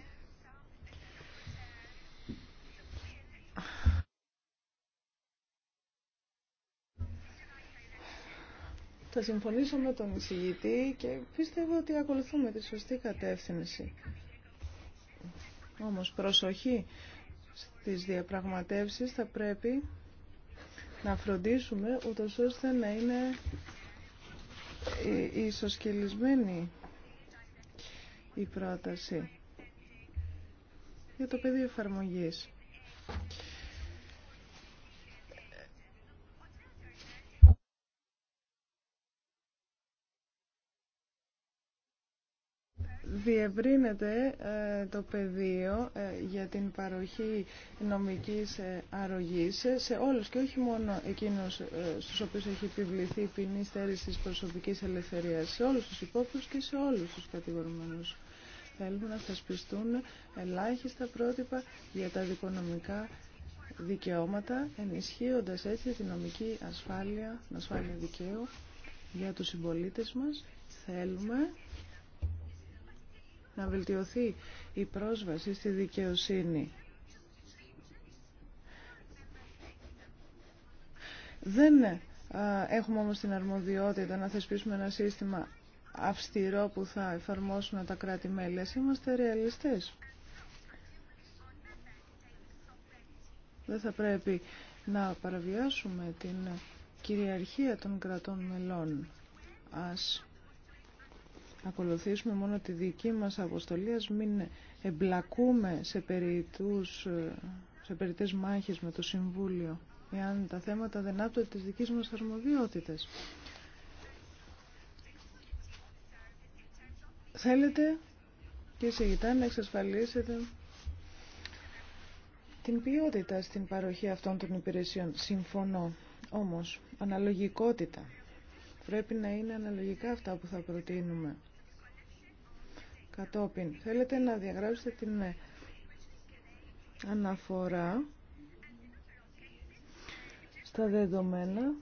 Θα συμφωνήσω με τον εισηγητή και πιστεύω ότι ακολουθούμε τη σωστή κατεύθυνση. Όμως προσοχή στις διαπραγματεύσεις θα πρέπει να φροντίσουμε ούτως ώστε να είναι ισοσκελισμένη η πρόταση για το πεδίο εφαρμογής. διευρύνεται ε, το πεδίο ε, για την παροχή νομικής ε, αρρωγής σε όλους και όχι μόνο εκείνους στους οποίους έχει επιβληθεί η ποινή στέρηση της προσωπικής ελευθερίας, σε όλους τους υπόπτους και σε όλους τους κατηγορουμένους. Θέλουμε να θεσπιστούν ελάχιστα πρότυπα για τα δικονομικά δικαιώματα, ενισχύοντας έτσι τη νομική ασφάλεια, ασφάλεια δικαίου για τους συμπολίτες μας. Θέλουμε να βελτιωθεί η πρόσβαση στη δικαιοσύνη. Δεν ε, έχουμε όμως την αρμοδιότητα να θεσπίσουμε ένα σύστημα αυστηρό που θα εφαρμόσουν τα κράτη-μέλη. Είμαστε ρεαλιστές. Δεν θα πρέπει να παραβιάσουμε την κυριαρχία των κρατών μελών. Ας ακολουθήσουμε μόνο τη δική μας αποστολή, μην εμπλακούμε σε, περιτούς, ε, σε περιττές μάχες με το Συμβούλιο, εάν τα θέματα δεν άπτωται τις δικής μας αρμοδιότητες. Θέλετε και σε να εξασφαλίσετε την ποιότητα στην παροχή αυτών των υπηρεσιών. Συμφωνώ. Όμως, αναλογικότητα. Πρέπει να είναι αναλογικά αυτά που θα προτείνουμε κατόπιν. Θέλετε να διαγράψετε την ε, αναφορά στα δεδομένα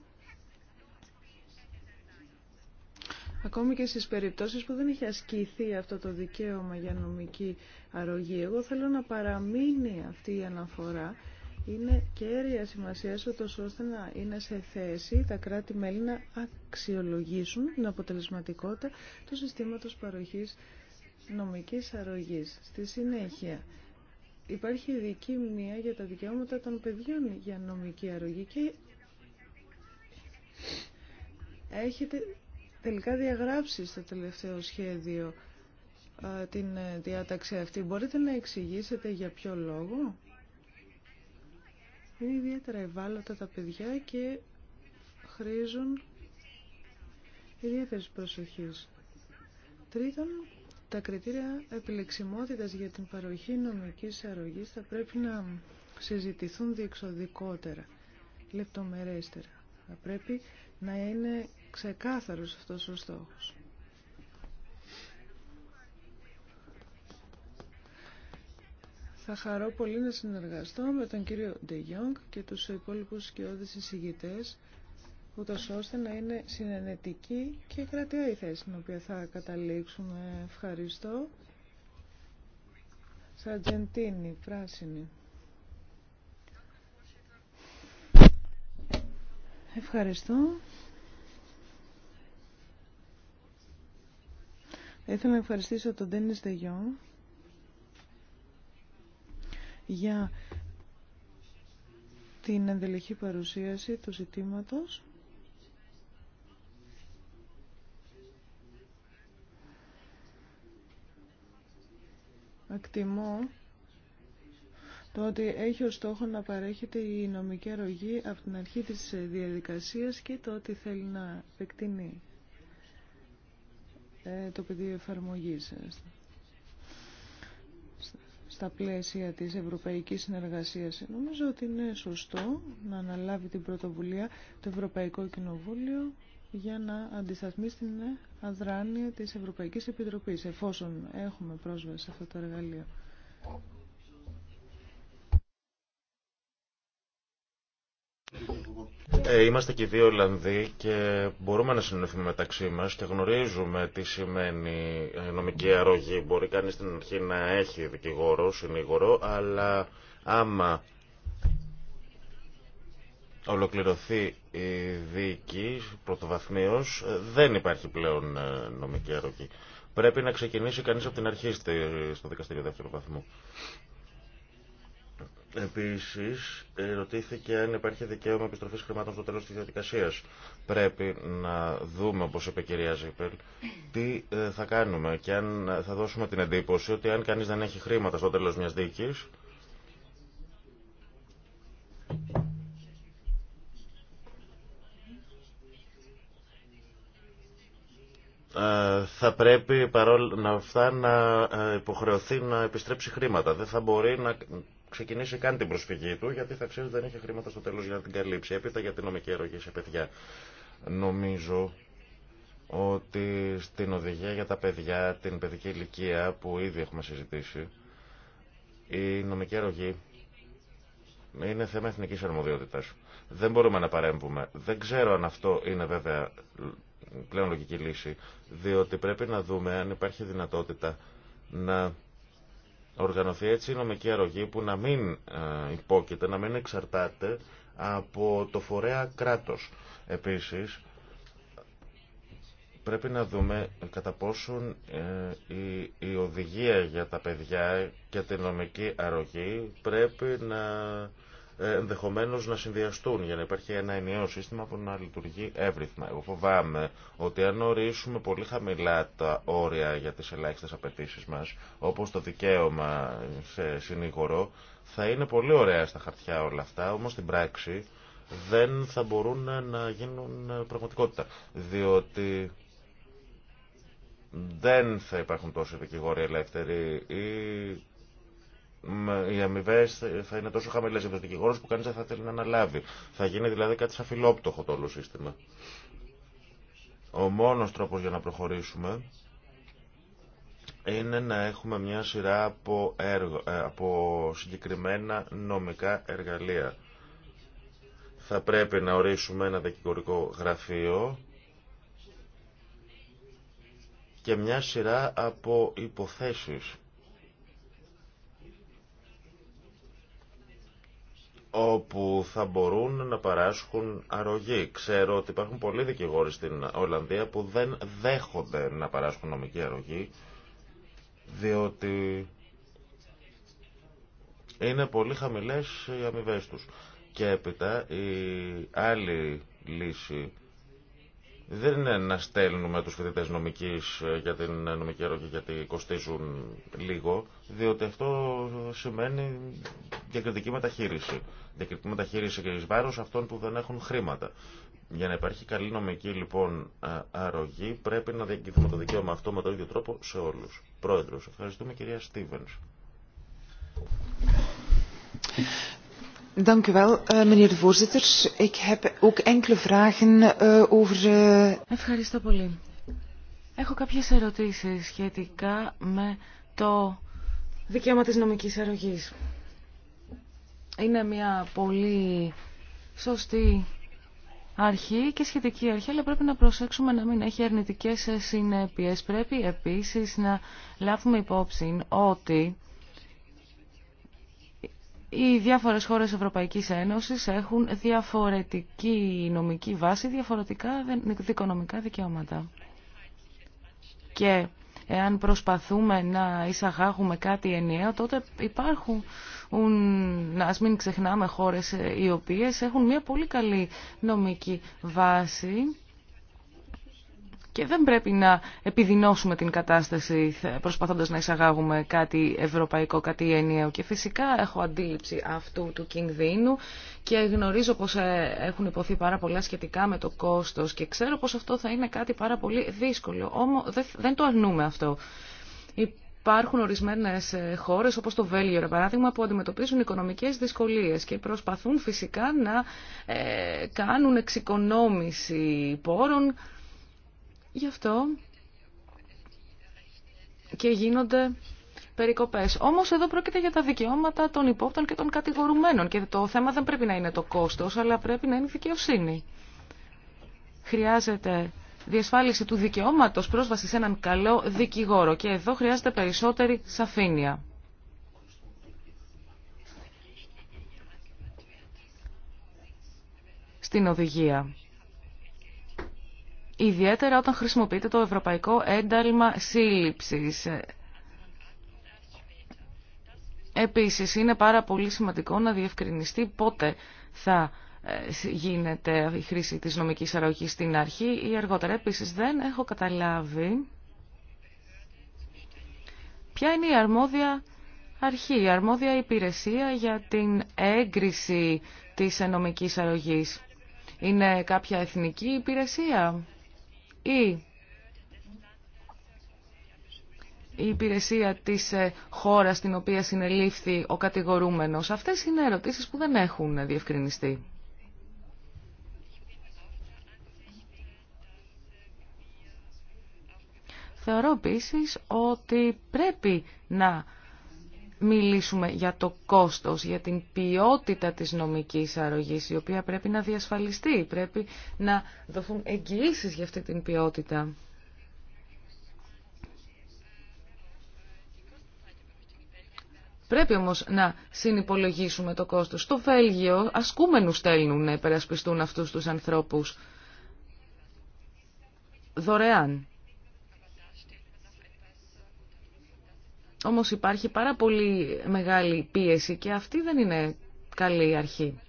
Ακόμη και στις περιπτώσεις που δεν έχει ασκηθεί αυτό το δικαίωμα για νομική αρρωγή, εγώ θέλω να παραμείνει αυτή η αναφορά. Είναι κέρια σημασία ώστε να είναι σε θέση τα κράτη-μέλη να αξιολογήσουν την αποτελεσματικότητα του συστήματος παροχής νομικής αρρωγής. Στη συνέχεια υπάρχει ειδική μνήμα για τα δικαιώματα των παιδιών για νομική αρρωγή και έχετε τελικά διαγράψει στο τελευταίο σχέδιο την ε, διάταξη αυτή. Μπορείτε να εξηγήσετε για ποιο λόγο. Είναι ιδιαίτερα ευάλωτα τα παιδιά και χρήζουν ιδιαίτερης προσοχής. Τρίτον, τα κριτήρια επιλεξιμότητας για την παροχή νομικής αρρωγής θα πρέπει να συζητηθούν διεξοδικότερα, λεπτομερέστερα. Θα πρέπει να είναι ξεκάθαρος αυτός ο στόχος. Θα χαρώ πολύ να συνεργαστώ με τον κύριο Ντε και τους υπόλοιπους σκιώδεις εισηγητές ούτω ώστε να είναι συνενετική και κρατεία η θέση στην οποία θα καταλήξουμε. Ευχαριστώ. Σαρτζεντίνη, πράσινη. Ευχαριστώ. Ήθελα να ευχαριστήσω τον Τένις Δεγιό για την ενδελεχή παρουσίαση του ζητήματος. Εκτιμώ το ότι έχει ως στόχο να παρέχεται η νομική αρρωγή από την αρχή της διαδικασίας και το ότι θέλει να επεκτείνει ε, το πεδίο εφαρμογής ε, στα πλαίσια της ευρωπαϊκής συνεργασίας. Νομίζω ότι είναι σωστό να αναλάβει την πρωτοβουλία το Ευρωπαϊκό Κοινοβούλιο για να αντισταθμίσει την αδράνεια της Ευρωπαϊκής Επιτροπής, εφόσον έχουμε πρόσβαση σε το εργαλείο. Ε, είμαστε και οι δύο Ολλανδοί και μπορούμε να συνοηθούμε μεταξύ μα και γνωρίζουμε τι σημαίνει ε, νομική αρρώγη. Μπορεί κανεί στην αρχή να έχει δικηγόρο, συνήγορο, αλλά άμα ολοκληρωθεί η δίκη πρωτοβαθμίως, ε, δεν υπάρχει πλέον ε, νομική αρρωγή. Πρέπει να ξεκινήσει κανείς από την αρχή στο δικαστήριο δεύτερου βαθμού. Επίσης, ρωτήθηκε αν υπάρχει δικαίωμα επιστροφής χρημάτων στο τέλος της διαδικασίας. Πρέπει να δούμε, όπως είπε η κυρία Ζήπελ, τι ε, θα κάνουμε και αν θα δώσουμε την εντύπωση ότι αν κανείς δεν έχει χρήματα στο τέλος μιας δίκης, Ε, θα πρέπει παρόλα αυτά να ε, υποχρεωθεί να επιστρέψει χρήματα. Δεν θα μπορεί να ξεκινήσει καν την προσφυγή του γιατί θα ξέρει ότι δεν έχει χρήματα στο τέλος για να την καλύψει. Έπειτα για την νομική αρρωγή σε παιδιά. Νομίζω ότι στην οδηγία για τα παιδιά, την παιδική ηλικία που ήδη έχουμε συζητήσει, η νομική αρρωγή είναι θέμα εθνική αρμοδιότητα. Δεν μπορούμε να παρέμβουμε. Δεν ξέρω αν αυτό είναι βέβαια πλέον λογική λύση, διότι πρέπει να δούμε αν υπάρχει δυνατότητα να οργανωθεί έτσι η νομική αρρωγή που να μην ε, υπόκειται, να μην εξαρτάται από το φορέα κράτος. Επίσης, πρέπει να δούμε κατά πόσον ε, η, η οδηγία για τα παιδιά και την νομική αρρωγή πρέπει να ε, ενδεχομένω να συνδυαστούν για να υπάρχει ένα ενιαίο σύστημα που να λειτουργεί εύρυθμα. Εγώ φοβάμαι ότι αν ορίσουμε πολύ χαμηλά τα όρια για τι ελάχιστε απαιτήσει μα, όπω το δικαίωμα σε συνήγορο, θα είναι πολύ ωραία στα χαρτιά όλα αυτά, όμω στην πράξη δεν θα μπορούν να γίνουν πραγματικότητα. Διότι δεν θα υπάρχουν τόσοι δικηγόροι ελεύθεροι ή οι αμοιβέ θα είναι τόσο χαμηλέ για του δικηγόρου που κανεί δεν θα θέλει να αναλάβει. Θα γίνει δηλαδή κάτι σαν φιλόπτωχο το όλο σύστημα. Ο μόνο τρόπο για να προχωρήσουμε είναι να έχουμε μια σειρά από, έργο, ε, από συγκεκριμένα νομικά εργαλεία. Θα πρέπει να ορίσουμε ένα δικηγορικό γραφείο και μια σειρά από υποθέσεις όπου θα μπορούν να παράσχουν αρρωγή. Ξέρω ότι υπάρχουν πολλοί δικηγόροι στην Ολλανδία που δεν δέχονται να παράσχουν νομική αρρωγή, διότι είναι πολύ χαμηλές οι αμοιβέ τους. Και έπειτα η άλλη λύση δεν είναι να στέλνουμε τους φοιτητές νομικής ε, για την ε, νομική αρρωγή γιατί κοστίζουν λίγο, διότι αυτό σημαίνει διακριτική μεταχείριση. Διακριτική μεταχείριση και εις αυτών που δεν έχουν χρήματα. Για να υπάρχει καλή νομική λοιπόν ε, αρρωγή πρέπει να διακριθούμε το δικαίωμα αυτό με τον ίδιο τρόπο σε όλους. Πρόεδρος, ευχαριστούμε κυρία Στίβενς. Ευχαριστώ πολύ. Έχω κάποιες ερωτήσεις σχετικά με το δικαίωμα της νομικής αρρωγής. Είναι μια πολύ σωστή αρχή και σχετική αρχή, αλλά πρέπει να προσέξουμε να μην έχει αρνητικές συνέπειες. Πρέπει επίσης να λάβουμε υπόψη ότι οι διάφορες χώρες Ευρωπαϊκής Ένωσης έχουν διαφορετική νομική βάση, διαφορετικά δικονομικά δικαιώματα. Και εάν προσπαθούμε να εισαγάγουμε κάτι ενιαίο, τότε υπάρχουν, να μην ξεχνάμε, χώρες ε, οι οποίες έχουν μια πολύ καλή νομική βάση και δεν πρέπει να επιδεινώσουμε την κατάσταση προσπαθώντας να εισαγάγουμε κάτι ευρωπαϊκό, κάτι ενιαίο. Και φυσικά έχω αντίληψη αυτού του κινδύνου και γνωρίζω πως ε, έχουν υποθεί πάρα πολλά σχετικά με το κόστος και ξέρω πως αυτό θα είναι κάτι πάρα πολύ δύσκολο. Όμως δεν το αρνούμε αυτό. Υπάρχουν ορισμένε ε, χώρε, όπω το Βέλγιο, για παράδειγμα, που αντιμετωπίζουν οικονομικέ δυσκολίε και προσπαθούν φυσικά να ε, κάνουν εξοικονόμηση πόρων Γι' αυτό και γίνονται περικοπές. Όμως εδώ πρόκειται για τα δικαιώματα των υπόπτων και των κατηγορουμένων και το θέμα δεν πρέπει να είναι το κόστος, αλλά πρέπει να είναι η δικαιοσύνη. Χρειάζεται διασφάλιση του δικαιώματος πρόσβαση σε έναν καλό δικηγόρο και εδώ χρειάζεται περισσότερη σαφήνεια. Στην οδηγία ιδιαίτερα όταν χρησιμοποιείται το Ευρωπαϊκό Ένταλμα Σύλληψης. Επίσης, είναι πάρα πολύ σημαντικό να διευκρινιστεί πότε θα ε, γίνεται η χρήση της νομικής αρρωγής στην αρχή ή αργότερα. Επίσης, δεν έχω καταλάβει ποια είναι η αρμόδια αρχή, η αρμόδια υπηρεσία για την έγκριση της νομικής αρρωγής. Είναι κάποια εθνική υπηρεσία ή η υπηρεσία της ε, χώρας στην οποία συνελήφθη ο κατηγορούμενος. Αυτές είναι ερωτήσεις που δεν έχουν διευκρινιστεί. Θεωρώ επίση ότι πρέπει να μιλήσουμε για το κόστος, για την ποιότητα της νομικής αρρωγής, η οποία πρέπει να διασφαλιστεί, πρέπει να δοθούν εγγυήσεις για αυτή την ποιότητα. Πρέπει όμως να συνυπολογίσουμε το κόστος. Στο Βέλγιο ασκούμενους στέλνουν να υπερασπιστούν αυτούς τους ανθρώπους δωρεάν. Όμως υπάρχει πάρα πολύ μεγάλη πίεση και αυτή δεν είναι καλή αρχή.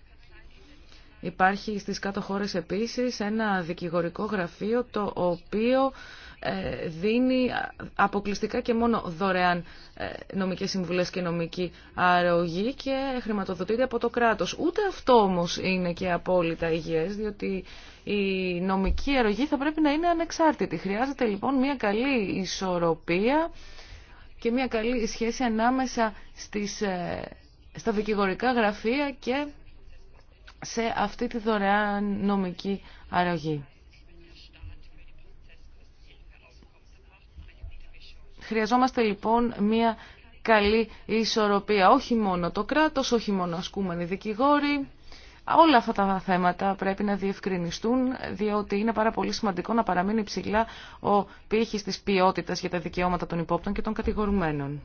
Υπάρχει στις κάτω χώρες επίσης ένα δικηγορικό γραφείο το οποίο ε, δίνει αποκλειστικά και μόνο δωρεάν ε, νομικές συμβουλές και νομική αρρωγή και χρηματοδοτείται από το κράτος. Ούτε αυτό όμως είναι και απόλυτα υγιές, διότι η νομική αρρωγή θα πρέπει να είναι ανεξάρτητη. Χρειάζεται λοιπόν μια καλή ισορροπία και μια καλή σχέση ανάμεσα στις, ε, στα δικηγορικά γραφεία και σε αυτή τη δωρεάν νομική αρρωγή. Χρειαζόμαστε λοιπόν μια καλή ισορροπία, όχι μόνο το κράτος, όχι μόνο ασκούμενοι δικηγόροι, Όλα αυτά τα θέματα πρέπει να διευκρινιστούν, διότι είναι πάρα πολύ σημαντικό να παραμείνει ψηλά ο πύχης της ποιότητας για τα δικαιώματα των υπόπτων και των κατηγορουμένων.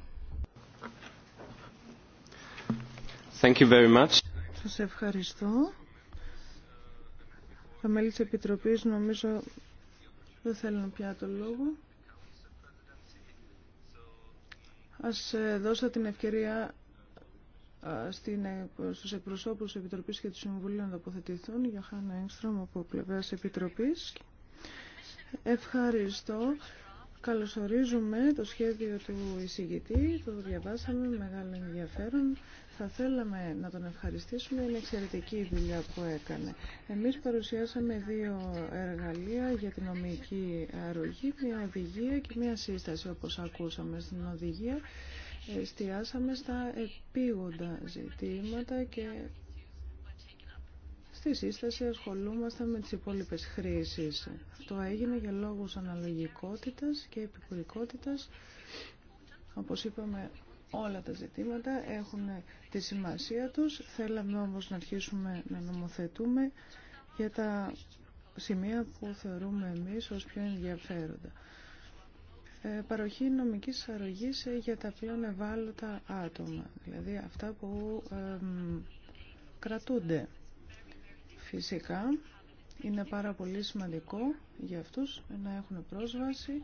Thank Σας ευχαριστώ. Τα μέλη της Επιτροπής νομίζω δεν θέλουν πια το λόγο. Ας ε, δώσω την ευκαιρία στην, ε, στους εκπροσώπους της Επιτροπής και του Συμβουλίου να τοποθετηθούν. Γιωχάννα Έγκστρομ από πλευράς Επιτροπής. Ευχαριστώ. Καλωσορίζουμε το σχέδιο του εισηγητή, το διαβάσαμε με μεγάλο ενδιαφέρον. Θα θέλαμε να τον ευχαριστήσουμε, είναι εξαιρετική η δουλειά που έκανε. Εμείς παρουσιάσαμε δύο εργαλεία για την νομική αρρωγή, μια οδηγία και μια σύσταση όπως ακούσαμε στην οδηγία εστιάσαμε στα επίγοντα ζητήματα και στη σύσταση ασχολούμασταν με τις υπόλοιπες χρήσεις. Αυτό έγινε για λόγους αναλογικότητας και επικουρικότητας. Όπως είπαμε, όλα τα ζητήματα έχουν τη σημασία τους. Θέλαμε όμως να αρχίσουμε να νομοθετούμε για τα σημεία που θεωρούμε εμείς ως πιο ενδιαφέροντα. Ε, παροχή νομικής αρρωγής ε, για τα πλέον ευάλωτα άτομα, δηλαδή αυτά που κρατούνται. Φυσικά είναι πάρα πολύ σημαντικό για αυτούς να έχουν πρόσβαση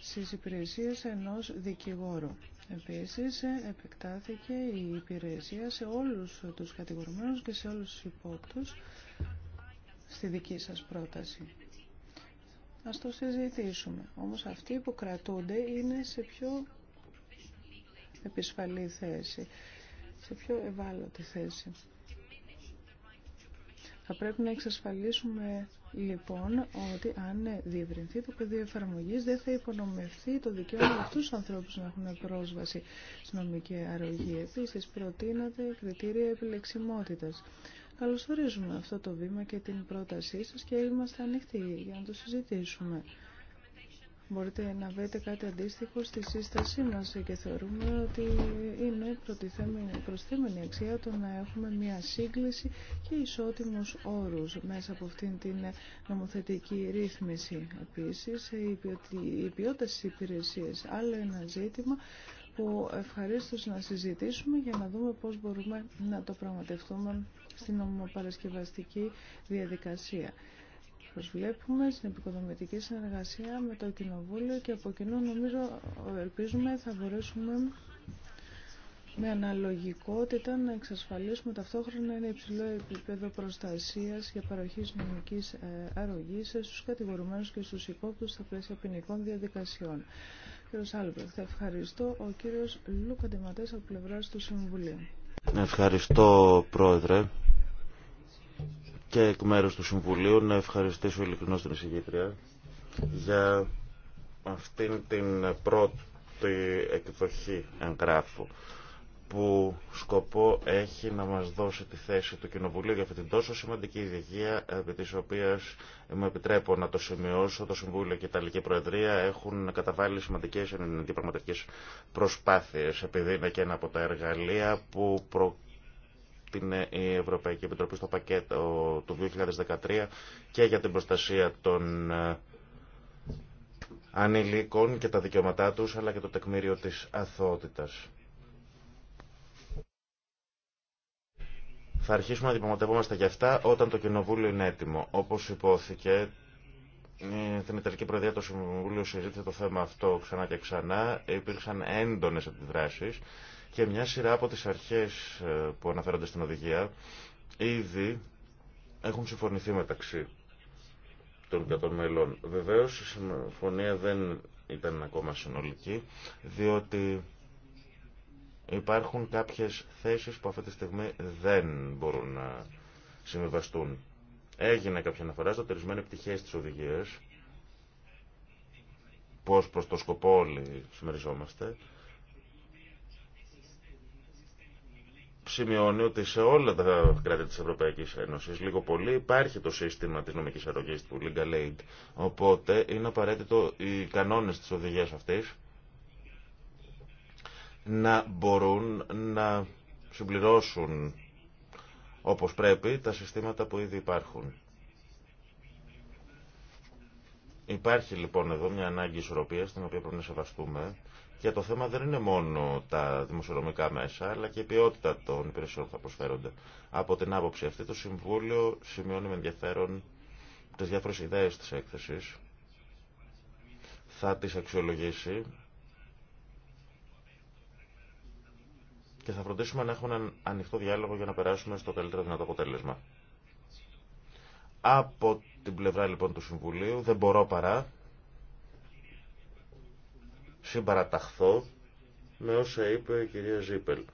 στις υπηρεσίες ενός δικηγόρου. Επίσης, ε, επεκτάθηκε η υπηρεσία σε όλους τους κατηγορουμένους και σε όλους τους υπόπτους στη δική σας πρόταση. Ας το συζητήσουμε. Όμως αυτοί που κρατούνται είναι σε πιο επισφαλή θέση, σε πιο ευάλωτη θέση. Θα πρέπει να εξασφαλίσουμε λοιπόν ότι αν διευρυνθεί το πεδίο εφαρμογή δεν θα υπονομευθεί το δικαίωμα αυτού του ανθρώπου να έχουν πρόσβαση στην νομική αρρωγή. Επίση, προτείνατε κριτήρια επιλεξιμότητα. Καλωσορίζουμε αυτό το βήμα και την πρότασή σας και είμαστε ανοιχτοί για να το συζητήσουμε. Μπορείτε να βρείτε κάτι αντίστοιχο στη σύστασή μας και θεωρούμε ότι είναι προσθέμενη αξία το να έχουμε μια σύγκληση και ισότιμους όρους μέσα από αυτήν την νομοθετική ρύθμιση. Επίσης, η ποιότητα της υπηρεσίας άλλο ένα ζήτημα που ευχαρίστως να συζητήσουμε για να δούμε πώς μπορούμε να το πραγματευτούμε στην νομοπαρασκευαστική διαδικασία. βλέπουμε, στην επικοδομητική συνεργασία με το Κοινοβούλιο και από κοινού νομίζω ελπίζουμε θα μπορέσουμε με αναλογικότητα να εξασφαλίσουμε ταυτόχρονα ένα υψηλό επίπεδο προστασίας για παροχή νομικής ε, αρρωγής στους κατηγορουμένους και στους υπόπτους στα πλαίσια ποινικών διαδικασιών. Κύριος θα ευχαριστώ. Ο κύριος Λούκα Ντεματές από πλευράς του Συμβουλίου. Ευχαριστώ, Πρόεδρε και εκ μέρους του Συμβουλίου να ευχαριστήσω ειλικρινώς την εισηγήτρια για αυτήν την πρώτη εκδοχή εγγράφου που σκοπό έχει να μας δώσει τη θέση του Κοινοβουλίου για αυτήν την τόσο σημαντική ειδικία επί της οποίας μου επιτρέπω να το σημειώσω το Συμβούλιο και η Ιταλική Προεδρία έχουν καταβάλει σημαντικές διαπραγματευτικές προσπάθειες επειδή είναι και ένα από τα εργαλεία που προκύπτουν την ε, Ευρωπαϊκή Επιτροπή στο πακέτο του 2013 και για την προστασία των ε, ανηλίκων και τα δικαιώματά τους, αλλά και το τεκμήριο της αθωότητας. Θα αρχίσουμε να διπλωματευόμαστε για αυτά όταν το Κοινοβούλιο είναι έτοιμο. Όπως υπόθηκε, ε, την Ιταλική Προεδρία του Συμβουλίου συζήτησε το θέμα αυτό ξανά και ξανά. Υπήρξαν έντονες αντιδράσεις και μια σειρά από τις αρχές ε, που αναφέρονται στην οδηγία ήδη έχουν συμφωνηθεί μεταξύ των κατών μελών. Βεβαίως η συμφωνία δεν ήταν ακόμα συνολική, διότι υπάρχουν κάποιες θέσεις που αυτή τη στιγμή δεν μπορούν να συμβιβαστούν. Έγινε κάποια αναφορά στο τερισμένη πτυχές της οδηγίας, πώς προς το σκοπό όλοι συμμεριζόμαστε, σημειώνει ότι σε όλα τα κράτη της Ευρωπαϊκής Ένωσης λίγο πολύ υπάρχει το σύστημα της νομικής αρρωγής του Legal Aid. Οπότε είναι απαραίτητο οι κανόνες της οδηγίας αυτής να μπορούν να συμπληρώσουν όπως πρέπει τα συστήματα που ήδη υπάρχουν. Υπάρχει λοιπόν εδώ μια ανάγκη ισορροπίας την οποία πρέπει να σεβαστούμε και το θέμα δεν είναι μόνο τα δημοσιονομικά μέσα, αλλά και η ποιότητα των υπηρεσιών που θα προσφέρονται. Από την άποψη αυτή, το Συμβούλιο σημειώνει με ενδιαφέρον τις διάφορε ιδέε τη έκθεση. Θα τι αξιολογήσει και θα φροντίσουμε να έχουμε έναν ανοιχτό διάλογο για να περάσουμε στο καλύτερο δυνατό αποτέλεσμα. Από την πλευρά λοιπόν του Συμβουλίου δεν μπορώ παρά συμπαραταχθώ με όσα είπε η κυρία Ζίπελ.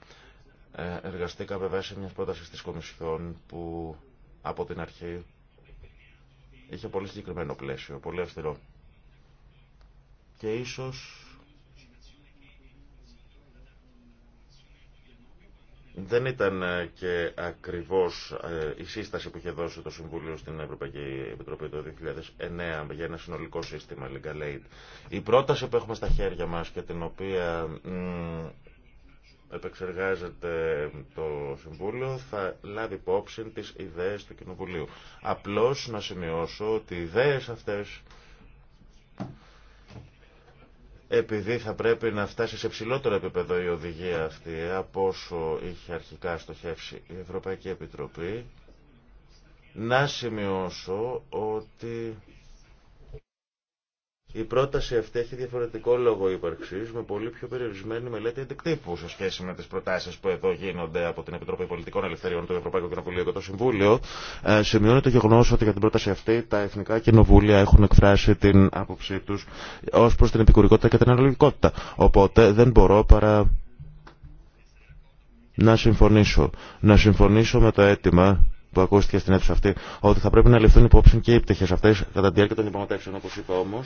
Ε, εργαστήκαμε σε μια πρόταση της Κομισιόν που από την αρχή είχε πολύ συγκεκριμένο πλαίσιο, πολύ αυστηρό. Και ίσως Δεν ήταν ε, και ακριβώς ε, η σύσταση που είχε δώσει το Συμβούλιο στην Ευρωπαϊκή Επιτροπή το 2009 για ένα συνολικό σύστημα Legal Aid. Η πρόταση που έχουμε στα χέρια μας και την οποία επεξεργάζεται το Συμβούλιο θα λάβει υπόψη τις ιδέες του Κοινοβουλίου. Απλώς να σημειώσω ότι οι ιδέες αυτές επειδή θα πρέπει να φτάσει σε ψηλότερο επίπεδο η οδηγία αυτή από όσο είχε αρχικά στοχεύσει η Ευρωπαϊκή Επιτροπή, να σημειώσω ότι η πρόταση αυτή έχει διαφορετικό λόγο ύπαρξη, με πολύ πιο περιορισμένη μελέτη αντικτύπου σε σχέση με τι προτάσει που εδώ γίνονται από την Επιτροπή Πολιτικών Ελευθεριών του Ευρωπαϊκού Κοινοβουλίου και το Συμβούλιο. Ε, σημειώνει το γεγονό ότι για την πρόταση αυτή τα εθνικά κοινοβούλια έχουν εκφράσει την άποψή του ω προ την επικουρικότητα και την αναλογικότητα. Οπότε δεν μπορώ παρά να συμφωνήσω. Να συμφωνήσω με το αίτημα που ακούστηκε στην αίθουσα αυτή, ότι θα πρέπει να ληφθούν υπόψη και οι πτυχέ αυτέ κατά τη διάρκεια των διαπραγματεύσεων. Όπω είπα όμω,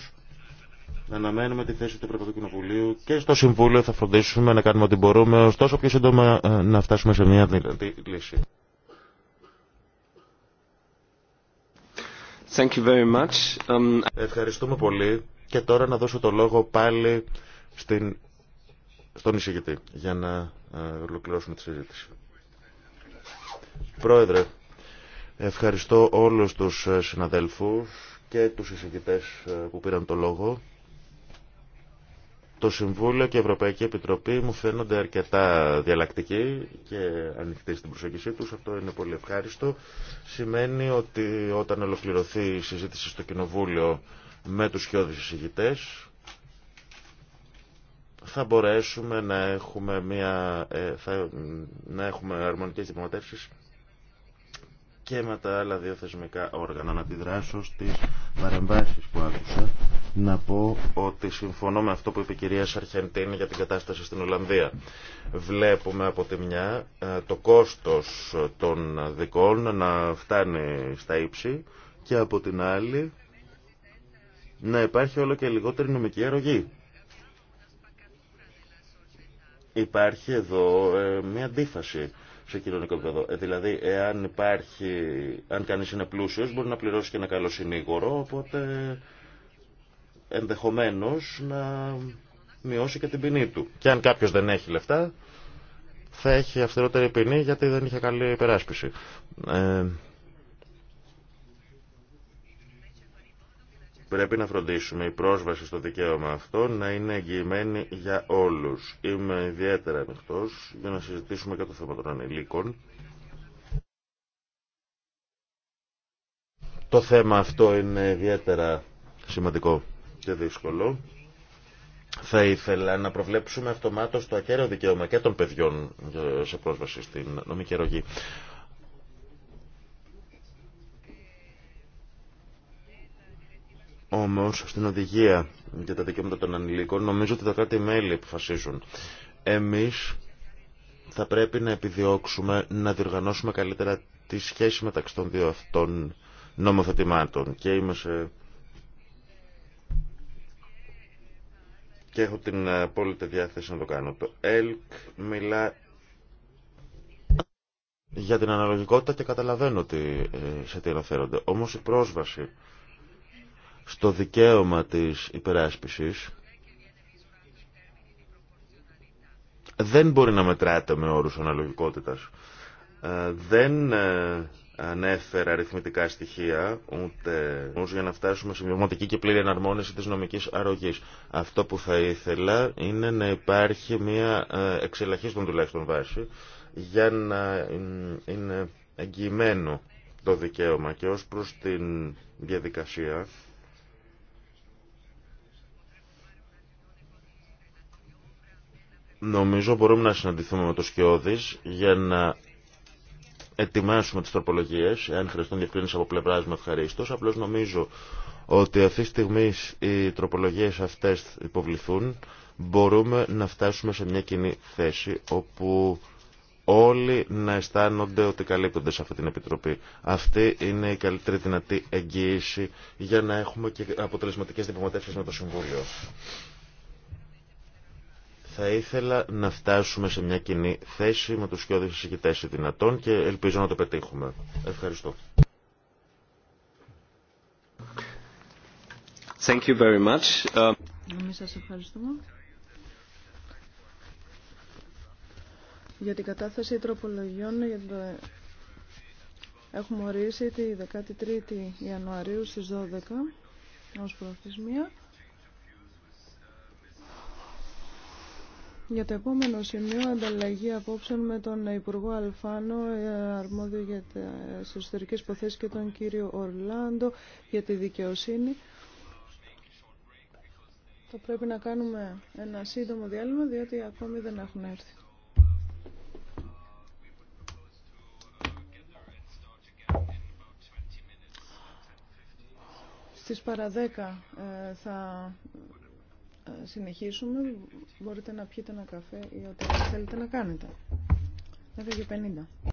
Αναμένουμε τη θέση του Ευρωπαϊκού Κοινοβουλίου και στο Συμβούλιο θα φροντίσουμε να κάνουμε ό,τι μπορούμε, ωστόσο πιο σύντομα ε, να φτάσουμε σε μια δυνατή λύση. Thank you very much. Um, Ευχαριστούμε πολύ και τώρα να δώσω το λόγο πάλι στην... στον εισηγητή για να ε, ολοκληρώσουμε τη συζήτηση. Πρόεδρε, ευχαριστώ όλους τους ε, συναδέλφους και τους εισηγητές που πήραν το λόγο. Το Συμβούλιο και η Ευρωπαϊκή Επιτροπή μου φαίνονται αρκετά διαλλακτικοί και ανοιχτοί στην προσέγγιση τους. Αυτό είναι πολύ ευχάριστο. Σημαίνει ότι όταν ολοκληρωθεί η συζήτηση στο Κοινοβούλιο με τους χιώδεις εισηγητές, θα μπορέσουμε να έχουμε, μια, ε, θα, να έχουμε αρμονικές διπλωματεύσεις και με τα άλλα δύο θεσμικά όργανα. Να αντιδράσω στις παρεμβάσεις που άκουσα να πω ότι συμφωνώ με αυτό που είπε η κυρία Σαρχεντίνη για την κατάσταση στην Ολλανδία. Βλέπουμε από τη μια ε, το κόστος των δικών να φτάνει στα ύψη και από την άλλη να υπάρχει όλο και λιγότερη νομική αρρωγή. Υπάρχει εδώ ε, μια αντίφαση σε κοινωνικό επίπεδο. Ε, δηλαδή, εάν υπάρχει, αν κανείς είναι πλούσιος, μπορεί να πληρώσει και ένα καλό συνήγορο, οπότε ενδεχομένως να μειώσει και την ποινή του. Και αν κάποιος δεν έχει λεφτά, θα έχει αυστηρότερη ποινή γιατί δεν είχε καλή υπεράσπιση. Ε, πρέπει να φροντίσουμε η πρόσβαση στο δικαίωμα αυτό να είναι εγγυημένη για όλους. Είμαι ιδιαίτερα ανοιχτό για να συζητήσουμε και το θέμα των ανηλίκων. Το θέμα αυτό είναι ιδιαίτερα σημαντικό δύσκολο. Θα ήθελα να προβλέψουμε αυτομάτως το ακέραιο δικαίωμα και των παιδιών ε, σε πρόσβαση στην νομική ρογή. Όμως στην οδηγία για τα δικαιώματα των ανηλίκων νομίζω ότι τα κράτη-μέλη αποφασίζουν. Εμείς θα πρέπει να επιδιώξουμε να διοργανώσουμε καλύτερα τη σχέση μεταξύ των δύο αυτών νομοθετημάτων και είμαι σε και έχω την ε, απόλυτη διάθεση να το κάνω. Το ΕΛΚ μιλά για την αναλογικότητα και καταλαβαίνω ότι ε, σε τι αναφέρονται. Όμως η πρόσβαση στο δικαίωμα της υπεράσπισης δεν μπορεί να μετράται με όρους αναλογικότητας. Ε, δεν ανέφερα αριθμητικά στοιχεία, ούτε για να φτάσουμε σε μειωματική και πλήρη εναρμόνιση της νομικής αρρωγής. Αυτό που θα ήθελα είναι να υπάρχει μια ε, εξελαχίστων τουλάχιστον βάση για να ε, είναι εγγυημένο το δικαίωμα και ως προς την διαδικασία νομίζω μπορούμε να συναντηθούμε με το Σκιώδης για να ετοιμάσουμε τις τροπολογίες, εάν χρειαστούν διευκρίνηση από πλευράς μου ευχαρίστως. Απλώς νομίζω ότι αυτή τη στιγμή οι τροπολογίες αυτές υποβληθούν. Μπορούμε να φτάσουμε σε μια κοινή θέση όπου όλοι να αισθάνονται ότι καλύπτονται σε αυτή την Επιτροπή. Αυτή είναι η καλύτερη δυνατή εγγύηση για να έχουμε και αποτελεσματικές διαπραγματεύσει με το Συμβούλιο. Θα ήθελα να φτάσουμε σε μια κοινή θέση με τους σκιώδες εισηγητές δυνατόν και ελπίζω να το πετύχουμε. Ευχαριστώ. Thank you very much. Uh, Εμείς σας ευχαριστούμε. Για την κατάθεση τροπολογιών έχουμε ορίσει τη 13η Ιανουαρίου στις 12 ως προθεσμία. Για το επόμενο σημείο, ανταλλαγή απόψεων με τον Υπουργό Αλφάνο, ε, αρμόδιο για τι εσωτερικέ υποθέσει και τον κύριο Ορλάντο για τη δικαιοσύνη. Θα πρέπει να κάνουμε ένα σύντομο διάλειμμα, διότι ακόμη δεν έχουν έρθει. Στις παραδέκα ε, θα συνεχίσουμε. Μπορείτε να πιείτε ένα καφέ ή ό,τι θέλετε να κάνετε. Να 50.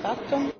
fatto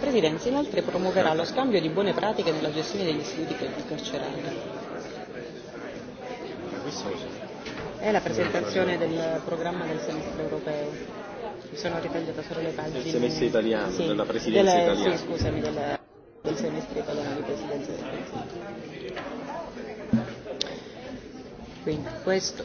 La Presidenza inoltre promuoverà lo scambio di buone pratiche nella gestione degli istituti carcerari. È la presentazione del programma del semestre europeo. Mi sono ritagliata solo le pagine. Del semestre italiano, della presidenza italiana. Sì, scusami, del, del semestre italiano di presidenza del Consiglio. Quindi questo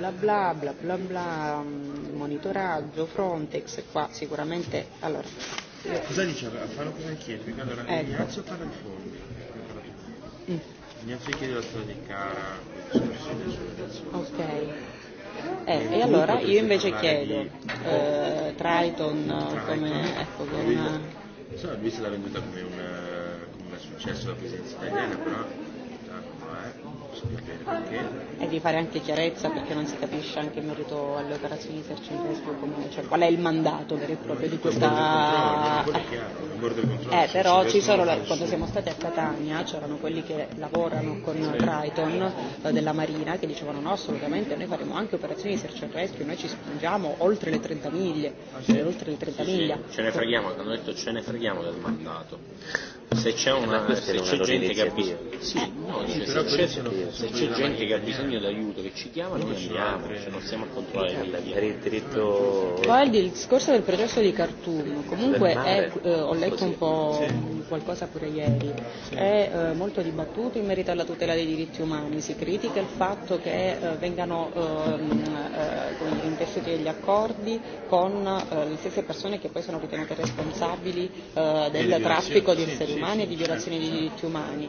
bla bla bla bla bla monitoraggio Frontex e qua sicuramente allora cosa diceva fanno cosa chiede allora Ignazio parla di fondi Ignazio chiede la storia di cara ok eh, e allora io invece chiedo eh, Triton come ecco come una... lui se l'ha venduta come, come un successo la presenza italiana però e di fare anche chiarezza perché non si capisce anche in merito alle operazioni di esercizio cioè qual è il mandato vero e proprio di questa... Eh, però ci sono, quando siamo stati a Catania c'erano quelli che lavorano con Triton della Marina che dicevano no assolutamente noi faremo anche operazioni di search and rescue, noi ci spingiamo oltre le 30 miglia, oltre le 30 miglia. Ce ne freghiamo, hanno detto ce ne freghiamo del mandato. Se c'è una se c'è gente che ha bisogno sì, no, se c'è gente che ha bisogno d'aiuto che ci chiama noi andiamo, Se non siamo a controllare il diritto. Poi il discorso del processo di Khartoum, comunque è, ho letto un po' qualcosa pure ieri, è molto dibattuto in merito alla tutela dei diritti umani, si critica il fatto che vengano intessuti degli accordi con le stesse persone che poi sono ritenute responsabili del traffico di esseri umani e di violazione dei diritti umani.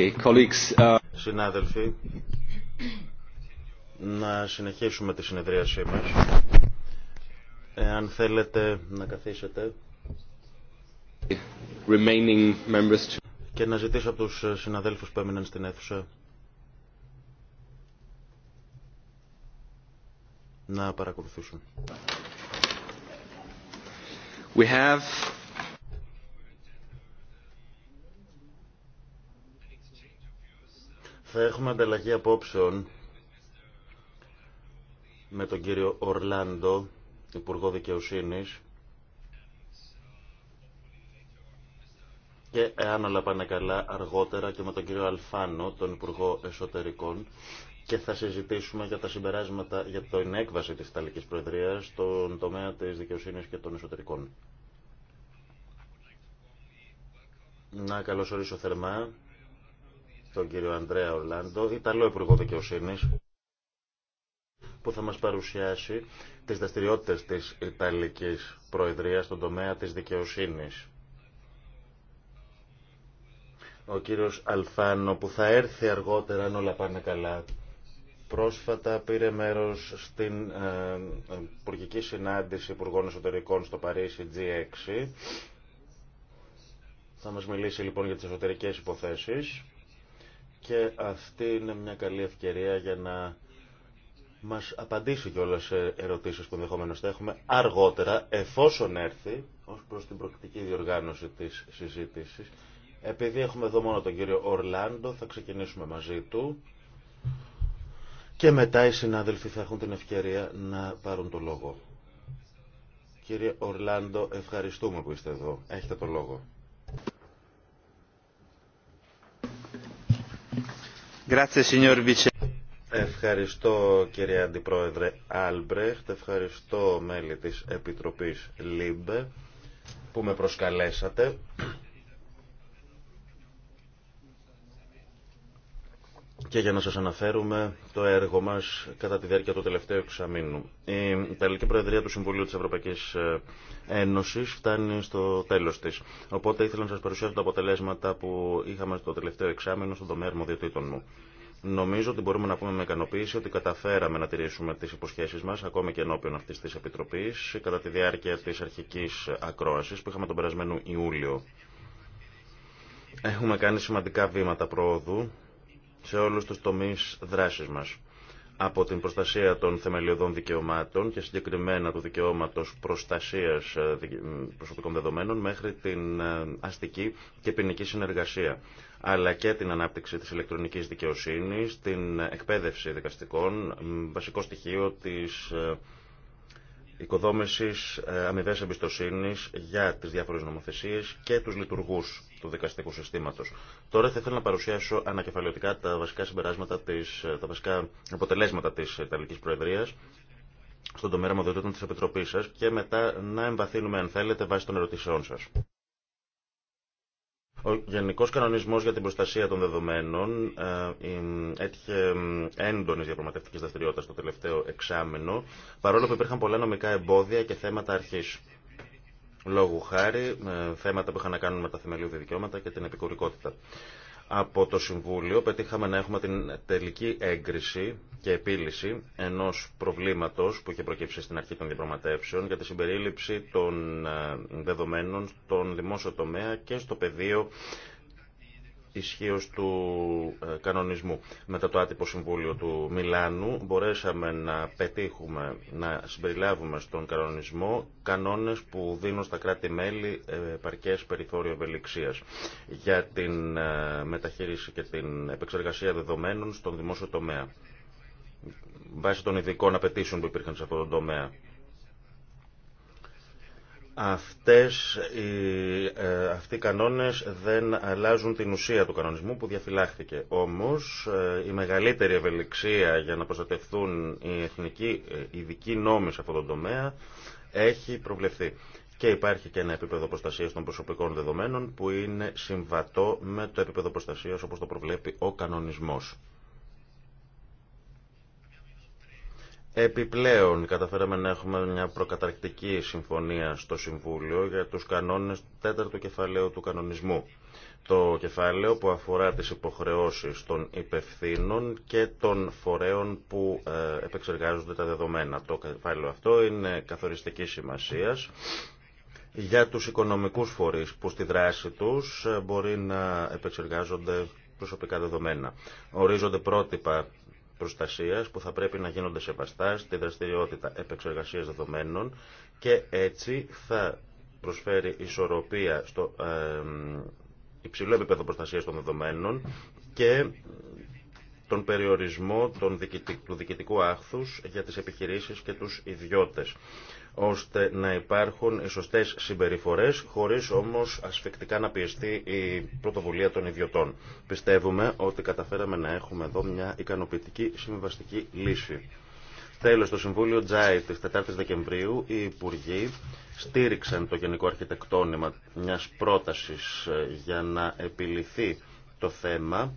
Uh, Συνάδελφοι, να συνεχίσουμε τη συνεδρίασή μας. Εάν θέλετε να καθίσετε Remaining members to... και να ζητήσω από τους συναδέλφους που έμειναν στην αίθουσα να παρακολουθήσουν. We have Θα έχουμε ανταλλαγή απόψεων με τον κύριο Ορλάντο, Υπουργό Δικαιοσύνης, και εάν όλα πάνε καλά αργότερα και με τον κύριο Αλφάνο, τον Υπουργό Εσωτερικών, και θα συζητήσουμε για τα συμπεράσματα για την έκβαση της Ιταλικής Προεδρίας στον τομέα της δικαιοσύνης και των εσωτερικών. Να καλωσορίσω θερμά τον κύριο Ανδρέα Ορλάντο, Ιταλό Υπουργό Δικαιοσύνη, που θα μας παρουσιάσει τις δραστηριότητε της Ιταλική Προεδρίας στον τομέα της δικαιοσύνης. Ο κύριος Αλφάνο που θα έρθει αργότερα αν όλα πάνε καλά. Πρόσφατα πήρε μέρος στην ε, υπουργική συνάντηση Υπουργών Εσωτερικών στο Παρίσι G6. Θα μας μιλήσει λοιπόν για τις εσωτερικές υποθέσεις και αυτή είναι μια καλή ευκαιρία για να μας απαντήσει όλες σε ερωτήσεις που ενδεχομένω θα έχουμε αργότερα, εφόσον έρθει, ως προς την προκτική διοργάνωση της συζήτησης. Επειδή έχουμε εδώ μόνο τον κύριο Ορλάντο, θα ξεκινήσουμε μαζί του και μετά οι συνάδελφοι θα έχουν την ευκαιρία να πάρουν το λόγο. Κύριε Ορλάντο, ευχαριστούμε που είστε εδώ. Έχετε το λόγο. Ευχαριστώ κύριε Αντιπρόεδρε Άλμπρεχτ, ευχαριστώ μέλη της Επιτροπής ΛΥΜΠΕ που με προσκαλέσατε και για να σας αναφέρουμε το έργο μας κατά τη διάρκεια του τελευταίου εξαμήνου. Η Ιταλική Προεδρία του Συμβουλίου της Ευρωπαϊκής ε, Ένωσης φτάνει στο τέλος της. Οπότε ήθελα να σας παρουσιάσω τα αποτελέσματα που είχαμε στο τελευταίο εξάμεινο στον τομέα αρμοδιοτήτων μου. Νομίζω ότι μπορούμε να πούμε με ικανοποίηση ότι καταφέραμε να τηρήσουμε τι υποσχέσει μα, ακόμη και ενώπιον αυτή τη επιτροπή, κατά τη διάρκεια τη αρχική ακρόαση που είχαμε τον περασμένο Ιούλιο. Έχουμε κάνει σημαντικά βήματα πρόοδου σε όλους τους τομείς δράσης μας. Από την προστασία των θεμελιωδών δικαιωμάτων και συγκεκριμένα του δικαιώματος προστασίας ε, προσωπικών δεδομένων μέχρι την ε, αστική και ποινική συνεργασία αλλά και την ανάπτυξη της ηλεκτρονικής δικαιοσύνης, την εκπαίδευση δικαστικών, βασικό στοιχείο της ε, οικοδόμησης αμοιβές εμπιστοσύνης για τις διάφορες νομοθεσίες και τους λειτουργούς του δικαστικού συστήματο. Τώρα θα ήθελα να παρουσιάσω ανακεφαλαιωτικά τα βασικά συμπεράσματα, της, τα βασικά αποτελέσματα τη Ιταλική προεδρία στον τομέα αρμοδιοτήτων τη Επιτροπή σα και μετά να εμβαθύνουμε αν θέλετε βάσει των ερωτήσεών σα. Ο Γενικό Κανονισμό για την Προστασία των Δεδομένων ε, έτυχε έντονη διαπραγματευτική δραστηριότητα το τελευταίο εξάμεινο, παρόλο που υπήρχαν πολλά νομικά εμπόδια και θέματα αρχή λόγου χάρη θέματα που είχαν να κάνουν με τα θεμελιώδη δικαιώματα και την επικουρικότητα. Από το Συμβούλιο πετύχαμε να έχουμε την τελική έγκριση και επίλυση ενός προβλήματος που είχε προκύψει στην αρχή των διαπραγματεύσεων για τη συμπερίληψη των ε, δεδομένων στον δημόσιο τομέα και στο πεδίο ισχύω του ε, κανονισμού. Μετά το άτυπο συμβούλιο του Μιλάνου μπορέσαμε να πετύχουμε, να συμπεριλάβουμε στον κανονισμό κανόνες που δίνουν στα κράτη-μέλη ε, επαρκέ περιθώριο ευελιξίας για την ε, μεταχείριση και την επεξεργασία δεδομένων στον δημόσιο τομέα βάσει των ειδικών απαιτήσεων που υπήρχαν σε αυτό τομέα. Αυτές οι, ε, αυτοί οι κανόνες δεν αλλάζουν την ουσία του κανονισμού που διαφυλάχθηκε. Όμως ε, η μεγαλύτερη ευελιξία για να προστατευτούν οι εθνικοί ε, ειδικοί νόμοι σε αυτόν τον τομέα έχει προβλεφθεί. Και υπάρχει και ένα επίπεδο προστασίας των προσωπικών δεδομένων που είναι συμβατό με το επίπεδο προστασίας όπως το προβλέπει ο κανονισμός. Επιπλέον, καταφέραμε να έχουμε μια προκαταρκτική συμφωνία στο Συμβούλιο για τους κανόνες τέταρτου κεφαλαίου του κανονισμού. Το κεφάλαιο που αφορά τις υποχρεώσεις των υπευθύνων και των φορέων που ε, επεξεργάζονται τα δεδομένα. Το κεφάλαιο αυτό είναι καθοριστική σημασίας για τους οικονομικούς φορείς που στη δράση τους ε, μπορεί να επεξεργάζονται προσωπικά δεδομένα. Ορίζονται πρότυπα που θα πρέπει να γίνονται σεβαστά στη δραστηριότητα επεξεργασία δεδομένων και έτσι θα προσφέρει ισορροπία στο υψηλό επίπεδο προστασία των δεδομένων και τον περιορισμό του διοικητικού άχθους για τις επιχειρήσεις και τους ιδιώτες ώστε να υπάρχουν οι σωστέ συμπεριφορέ, χωρί όμω ασφικτικά να πιεστεί η πρωτοβουλία των ιδιωτών. Πιστεύουμε ότι καταφέραμε να έχουμε εδώ μια ικανοποιητική συμβαστική λύση. Τέλο, στο Συμβούλιο Τζάι τη 4η Δεκεμβρίου, οι Υπουργοί στήριξαν το γενικό αρχιτεκτόνημα μια πρόταση ε, για να επιληθεί το θέμα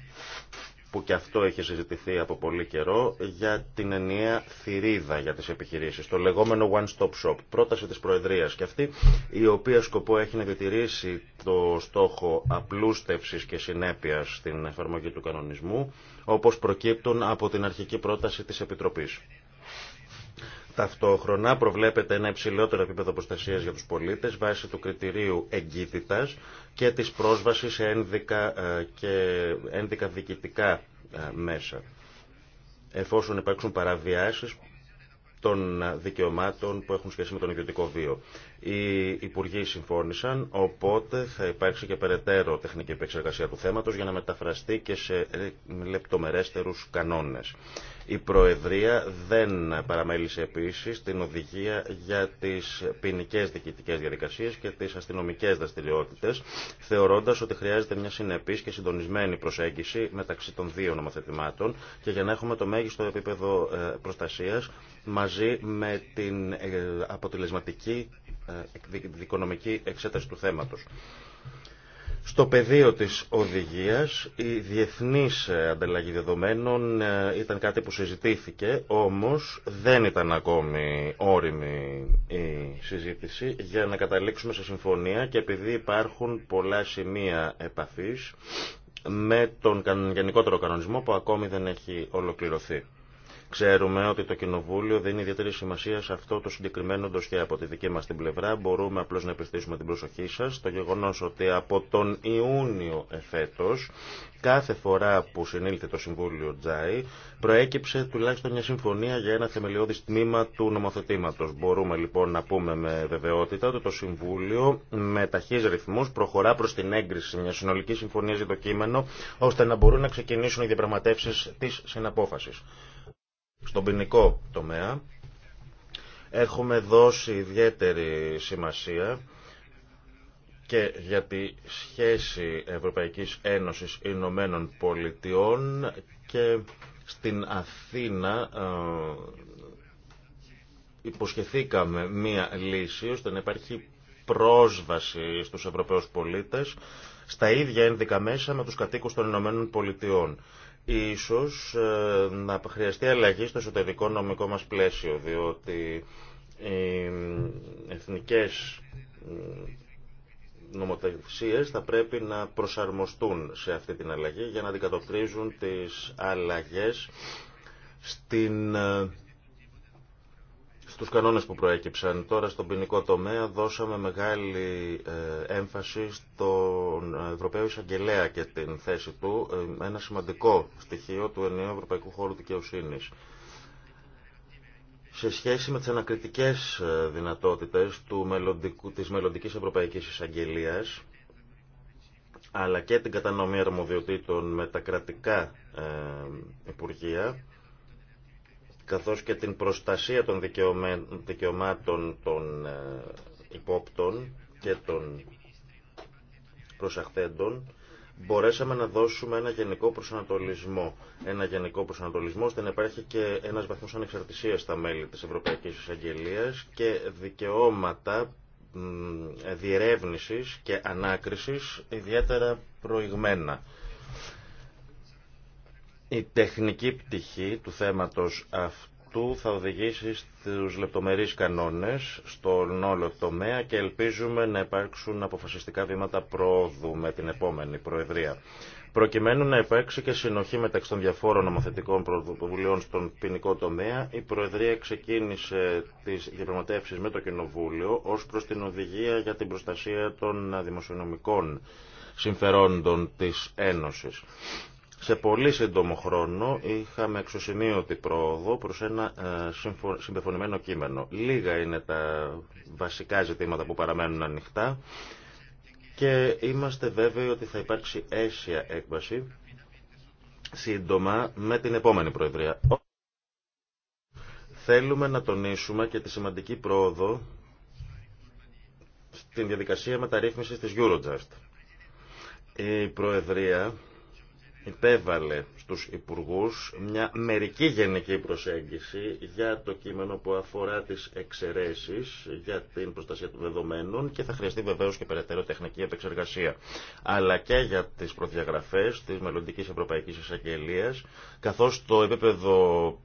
που και αυτό έχει συζητηθεί από πολύ καιρό, για την ενιαία θηρίδα για τις επιχειρήσεις, το λεγόμενο one-stop shop, πρόταση της Προεδρίας και αυτή, η οποία σκοπό έχει να διατηρήσει το στόχο απλούστευσης και συνέπειας στην εφαρμογή του κανονισμού, όπως προκύπτουν από την αρχική πρόταση της Επιτροπής. Ταυτόχρονα προβλέπεται ένα υψηλότερο επίπεδο προστασία για του πολίτε βάσει του κριτηρίου εγκύτητα και τη πρόσβαση σε ένδικα ε, και ένδικα διοικητικά ε, μέσα. Εφόσον υπάρξουν παραβιάσει των δικαιωμάτων που έχουν σχέση με τον ιδιωτικό βίο. Οι υπουργοί συμφώνησαν, οπότε θα υπάρξει και περαιτέρω τεχνική επεξεργασία του θέματος για να μεταφραστεί και σε λεπτομερέστερους κανόνες. Η Προεδρία δεν παραμέλησε επίσης την οδηγία για τις ποινικέ διοικητικές διαδικασίες και τις αστυνομικές δραστηριότητες, θεωρώντας ότι χρειάζεται μια συνεπής και συντονισμένη προσέγγιση μεταξύ των δύο νομοθετημάτων και για να έχουμε το μέγιστο επίπεδο ε, προστασίας μαζί με την ε, αποτελεσματική ε, δικονομική εξέταση του θέματος. Στο πεδίο της οδηγίας η διεθνής ε, ανταλλαγή δεδομένων ε, ήταν κάτι που συζητήθηκε, όμως δεν ήταν ακόμη όριμη η συζήτηση για να καταλήξουμε σε συμφωνία και επειδή υπάρχουν πολλά σημεία επαφής με τον γενικότερο κανονισμό που ακόμη δεν έχει ολοκληρωθεί. Ξέρουμε ότι το Κοινοβούλιο δίνει ιδιαίτερη σημασία σε αυτό το συγκεκριμένο ντοστιά. Από τη δική μα την πλευρά μπορούμε απλώς να επιστήσουμε την προσοχή σας στο γεγονός ότι από τον Ιούνιο εφέτος, κάθε φορά που συνήλθε το Συμβούλιο Τζάι, προέκυψε τουλάχιστον μια συμφωνία για ένα θεμελιώδης τμήμα του νομοθετήματο. Μπορούμε λοιπόν να πούμε με βεβαιότητα ότι το Συμβούλιο με ταχύ ρυθμούς προχωρά προς την έγκριση μια συνολική συμφωνία για το κείμενο, ώστε να μπορούν να ξεκινήσουν οι διαπραγματεύσει τη συναπόφαση. Στον ποινικό τομέα έχουμε δώσει ιδιαίτερη σημασία και για τη σχέση Ευρωπαϊκής Ένωσης Ηνωμένων Πολιτειών και στην Αθήνα ε, υποσχεθήκαμε μία λύση ώστε να υπάρχει πρόσβαση στους Ευρωπαίους πολίτες στα ίδια ένδικα μέσα με τους κατοίκους των Ηνωμένων Πολιτειών. Ίσως ε, να χρειαστεί αλλαγή στο εσωτερικό νομικό μας πλαίσιο, διότι οι εθνικές νομοθεσίες θα πρέπει να προσαρμοστούν σε αυτή την αλλαγή για να αντικατοπτρίζουν τις αλλαγές στην ε, στους κανόνες που προέκυψαν. Τώρα στον ποινικό τομέα δώσαμε μεγάλη ε, έμφαση στον Ευρωπαίο Εισαγγελέα και την θέση του, ε, ένα σημαντικό στοιχείο του ενιαίου Ευρωπαϊκού Χώρου Δικαιοσύνης. Σε σχέση με τις ανακριτικές ε, δυνατότητες του της μελλοντικής Ευρωπαϊκής Εισαγγελίας, αλλά και την κατανομή αρμοδιοτήτων με τα κρατικά υπουργεία, καθώς και την προστασία των δικαιωμάτων των ε, υπόπτων και των προσαχθέντων, μπορέσαμε να δώσουμε ένα γενικό προσανατολισμό. Ένα γενικό προσανατολισμό ώστε να υπάρχει και ένας βαθμός ανεξαρτησίας στα μέλη της Ευρωπαϊκής Εισαγγελίας και δικαιώματα διερεύνησης και ανάκρισης ιδιαίτερα προηγμένα. Η τεχνική πτυχή του θέματος αυτού θα οδηγήσει στους λεπτομερείς κανόνες στον όλο τομέα και ελπίζουμε να υπάρξουν αποφασιστικά βήματα πρόοδου με την επόμενη Προεδρία προκειμένου να υπάρξει και συνοχή μεταξύ των διαφόρων νομοθετικών πρωτοβουλειών στον ποινικό τομέα, η Προεδρία ξεκίνησε τι διαπραγματεύσει με το Κοινοβούλιο ω προ την οδηγία για την προστασία των δημοσιονομικών συμφερόντων τη Ένωση. Σε πολύ σύντομο χρόνο είχαμε εξωσημείωτη πρόοδο προς ένα ε, συμπεφωνημένο κείμενο. Λίγα είναι τα βασικά ζητήματα που παραμένουν ανοιχτά και είμαστε βέβαιοι ότι θα υπάρξει αίσια έκβαση σύντομα με την επόμενη Προεδρία. Θέλουμε να τονίσουμε και τη σημαντική πρόοδο στην διαδικασία μεταρρύθμισης της Eurojust. Η Προεδρία υπέβαλε στους υπουργούς μια μερική γενική προσέγγιση για το κείμενο που αφορά τις εξαιρέσεις για την προστασία των δεδομένων και θα χρειαστεί βεβαίως και περαιτέρω τεχνική επεξεργασία αλλά και για τις προδιαγραφές της μελλοντικής ευρωπαϊκής εισαγγελίας καθώς το επίπεδο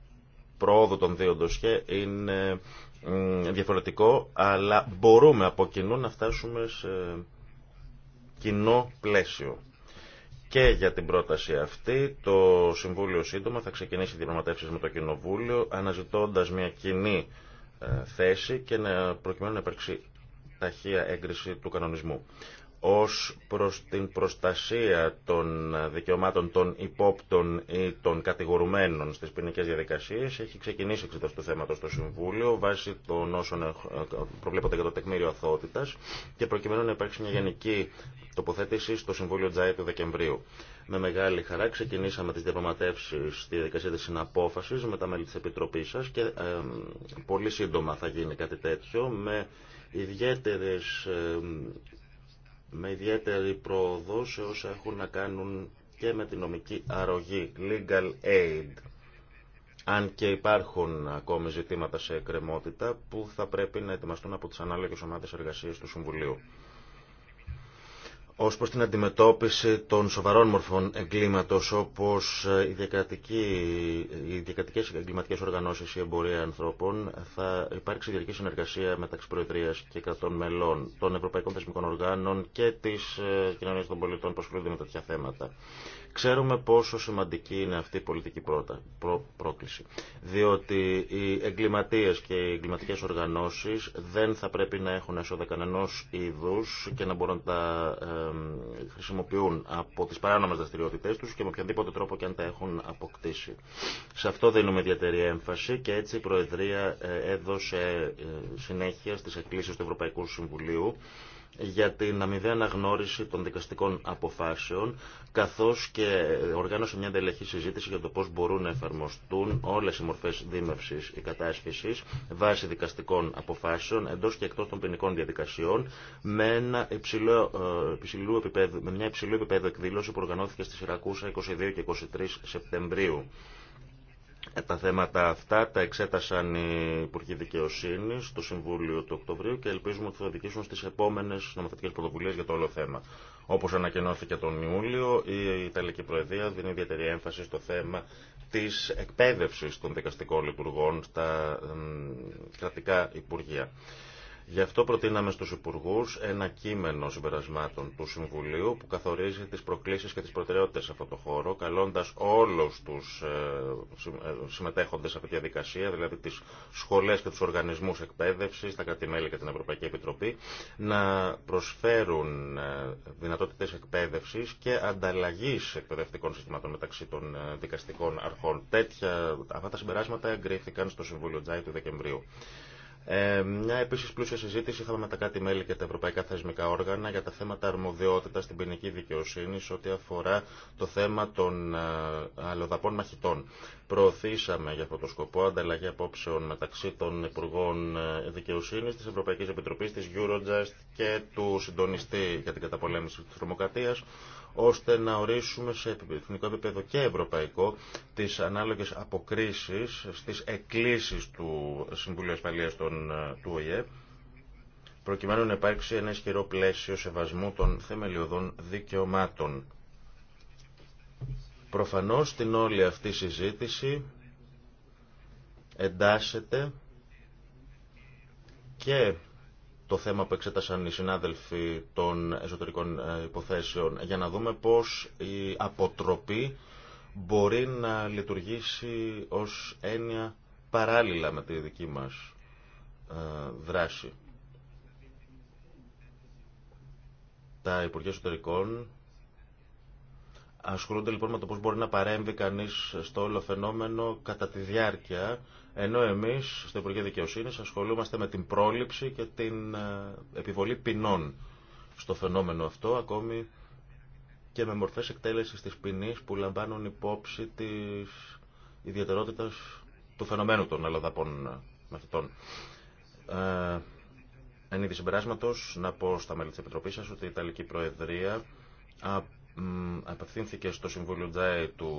πρόοδου των δύο ντοσχέ είναι διαφορετικό αλλά μπορούμε από κοινού να φτάσουμε σε κοινό πλαίσιο και για την πρόταση αυτή. Το Συμβούλιο σύντομα θα ξεκινήσει διαπραγματεύσει με το Κοινοβούλιο αναζητώντας μια κοινή ε, θέση και να προκειμένου να υπάρξει ταχεία έγκριση του κανονισμού ως προς την προστασία των δικαιωμάτων των υπόπτων ή των κατηγορουμένων στις ποινικέ διαδικασίες έχει ξεκινήσει εξετός του θέματος στο Συμβούλιο βάσει των όσων προβλέπονται για το τεκμήριο αθότητας και προκειμένου να υπάρξει μια γενική τοποθέτηση στο Συμβούλιο Τζάι του Δεκεμβρίου. Με μεγάλη χαρά ξεκινήσαμε τις διαπραγματεύσει στη διαδικασία της συναπόφασης με τα μέλη της Επιτροπής σας και ε, πολύ σύντομα θα γίνει κάτι τέτοιο με ιδιαίτερες με ιδιαίτερη πρόοδο σε όσα έχουν να κάνουν και με την νομική αρρωγή, legal aid. Αν και υπάρχουν ακόμη ζητήματα σε εκκρεμότητα που θα πρέπει να ετοιμαστούν από τις ανάλογες ομάδες εργασίας του Συμβουλίου ως προς την αντιμετώπιση των σοβαρών μορφών εγκλήματος όπως οι, οι διακρατικές εγκληματικές οργανώσεις ή εμπορία ανθρώπων θα υπάρξει διαρκή συνεργασία μεταξύ Προεδρίας και κρατών μελών των Ευρωπαϊκών Θεσμικών Οργάνων και της ε, κοινωνίας των πολιτών που ασχολούνται με τέτοια θέματα. Ξέρουμε πόσο σημαντική είναι αυτή η πολιτική πρό, πρόκληση. Διότι οι εγκληματίε και οι εγκληματικέ οργανώσει δεν θα πρέπει να έχουν έσοδα κανενό είδου και να μπορούν να τα χρησιμοποιούν από τι παράνομε δραστηριότητέ του και με οποιαδήποτε τρόπο και αν τα έχουν αποκτήσει. Σε αυτό δίνουμε ιδιαίτερη έμφαση και έτσι η Προεδρία ε, έδωσε ε, συνέχεια στις εκκλήσεις του Ευρωπαϊκού Συμβουλίου για την αμοιβαία αναγνώριση των δικαστικών αποφάσεων, καθώς και οργάνωσε μια εντελεχή συζήτηση για το πώς μπορούν να εφαρμοστούν όλες οι μορφές δίμευσης ή κατάσχεση βάσει δικαστικών αποφάσεων εντός και εκτός των ποινικών διαδικασιών με, ένα υψηλό, ε, επίπεδο, με μια υψηλού επίπεδο εκδήλωση που οργανώθηκε στη Σιρακούσα 22 και 23 Σεπτεμβρίου. Ε, τα θέματα αυτά τα εξέτασαν οι Υπουργοί Δικαιοσύνη στο Συμβούλιο του Οκτωβρίου και ελπίζουμε ότι θα οδηγήσουν στι επόμενε νομοθετικέ πρωτοβουλίε για το όλο θέμα. Όπω ανακοινώθηκε τον Ιούλιο, η Ιταλική Προεδρία δίνει ιδιαίτερη έμφαση στο θέμα τη εκπαίδευση των δικαστικών λειτουργών στα κρατικά υπουργεία. Γι' αυτό προτείναμε στους Υπουργούς ένα κείμενο συμπερασμάτων του Συμβουλίου που καθορίζει τις προκλήσεις και τις προτεραιότητες σε αυτό το χώρο, καλώντας όλους τους ε, ε, συμμετέχοντες σε αυτή τη διαδικασία, δηλαδή τις σχολές και τους οργανισμούς εκπαίδευσης, τα κρατημέλη και την Ευρωπαϊκή Επιτροπή, να προσφέρουν ε, δυνατότητες εκπαίδευσης και ανταλλαγής εκπαιδευτικών συστημάτων μεταξύ των δικαστικών αρχών. Τέτοια, αυτά τα συμπεράσματα εγκρίθηκαν στο Συμβούλιο Τζάι του Δεκεμβρίου. Ε, μια επίση πλούσια συζήτηση είχαμε με τα κάτι μελη και τα ευρωπαϊκά θεσμικά όργανα για τα θέματα αρμοδιότητα στην ποινική δικαιοσύνη σε ό,τι αφορά το θέμα των ε, αλλοδαπών μαχητών. Προωθήσαμε για αυτό το σκοπό ανταλλαγή απόψεων μεταξύ των Υπουργών ε, Δικαιοσύνη, τη Ευρωπαϊκή Επιτροπή, τη Eurojust και του συντονιστή για την καταπολέμηση τη τρομοκρατία ώστε να ορίσουμε σε εθνικό επίπεδο και ευρωπαϊκό τις ανάλογες αποκρίσεις στις εκκλήσεις του Συμβουλίου Ασφαλείας του ΟΗΕ προκειμένου να υπάρξει ένα ισχυρό πλαίσιο σεβασμού των θεμελιωδών δικαιωμάτων. Προφανώς την όλη αυτή συζήτηση εντάσσεται και το θέμα που εξέτασαν οι συνάδελφοι των εσωτερικών ε, υποθέσεων για να δούμε πώς η αποτροπή μπορεί να λειτουργήσει ως έννοια παράλληλα με τη δική μας ε, δράση. Τα Υπουργεία Εσωτερικών ασχολούνται λοιπόν με το πώς μπορεί να παρέμβει κανείς στο όλο φαινόμενο κατά τη διάρκεια ενώ εμείς στο Υπουργείο Δικαιοσύνη ασχολούμαστε με την πρόληψη και την ε, επιβολή ποινών στο φαινόμενο αυτό, ακόμη και με μορφές εκτέλεσης της ποινή που λαμβάνουν υπόψη της ιδιαιτερότητας του φαινομένου των αλλοδαπών μαθητών. Ε, εν είδη συμπεράσματος, να πω στα μέλη της Επιτροπής σας ότι η Ιταλική Προεδρία απευθύνθηκε στο Συμβούλιο Τζάι του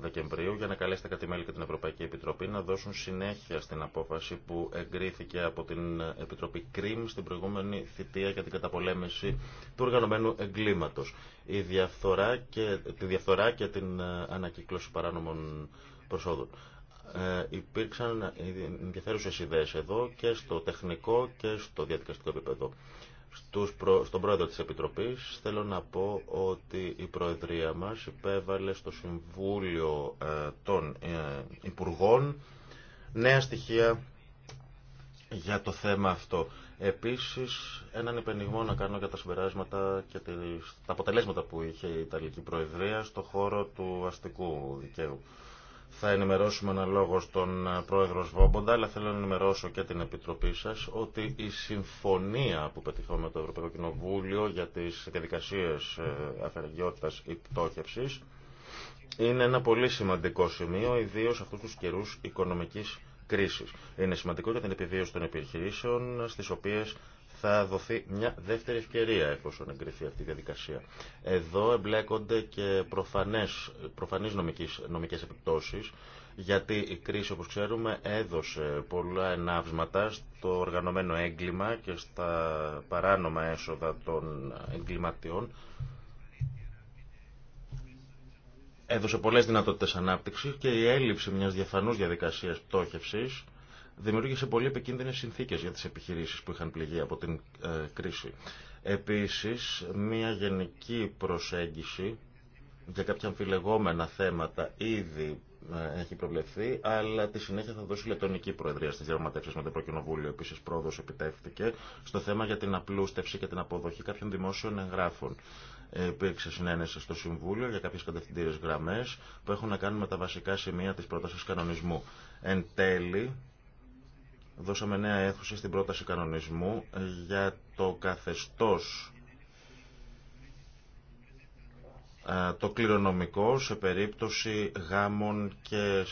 Δεκεμβρίου για να καλέσει τα κατημέλη και την Ευρωπαϊκή Επιτροπή να δώσουν συνέχεια στην απόφαση που εγκρίθηκε από την Επιτροπή Κρίμ στην προηγούμενη θητεία για την καταπολέμηση του οργανωμένου εγκλήματος. Η διαφθορά και, τη διαφθορά και την ε, ανακύκλωση παράνομων προσόδων. Ε, υπήρξαν ενδιαφέρουσε ιδέες εδώ και στο τεχνικό και στο διαδικαστικό επίπεδο. Στον πρόεδρο της Επιτροπής θέλω να πω ότι η Προεδρία μας υπέβαλε στο Συμβούλιο ε, των ε, Υπουργών νέα στοιχεία για το θέμα αυτό. Επίσης, έναν υπενιγμό να κάνω για τα συμπεράσματα και τα αποτελέσματα που είχε η Ιταλική Προεδρία στο χώρο του αστικού δικαίου. Θα ενημερώσουμε αναλόγω τον ε, πρόεδρο Βόμποντα, αλλά θέλω να ενημερώσω και την Επιτροπή σα ότι η συμφωνία που πετυχώ με το Ευρωπαϊκό Κοινοβούλιο για τι διαδικασίε ε, αφαιρετικότητα ή πτώχευση είναι ένα πολύ σημαντικό σημείο, ιδίω αυτού του καιρού οικονομική κρίση. Είναι σημαντικό για την επιβίωση των επιχειρήσεων, στι οποίε θα δοθεί μια δεύτερη ευκαιρία εφόσον εγκριθεί αυτή η διαδικασία. Εδώ εμπλέκονται και προφανές, προφανείς νομικής νομικές επιπτώσεις γιατί η κρίση όπως ξέρουμε έδωσε πολλά ενάυσματα στο οργανωμένο έγκλημα και στα παράνομα έσοδα των εγκληματιών έδωσε πολλές δυνατότητες ανάπτυξης και η έλλειψη μιας διαφανούς διαδικασίας πτώχευσης δημιούργησε πολύ επικίνδυνε συνθήκε για τι επιχειρήσει που είχαν πληγεί από την ε, κρίση. Επίση, μια γενική προσέγγιση για κάποια αμφιλεγόμενα θέματα ήδη ε, έχει προβλεφθεί, αλλά τη συνέχεια θα δώσει η Λετωνική Προεδρία στι διαπραγματεύσει με το Ευρωκοινοβούλιο. Επίση, πρόοδο επιτεύχθηκε στο θέμα για την απλούστευση και την αποδοχή κάποιων δημόσιων εγγράφων. Υπήρξε συνένεση στο Συμβούλιο για κάποιε κατευθυντήριε γραμμέ που έχουν να κάνουν με τα βασικά σημεία τη πρόταση κανονισμού. Εν τέλει, δώσαμε νέα αίθουσα στην πρόταση κανονισμού για το καθεστώς το κληρονομικό σε περίπτωση γάμων και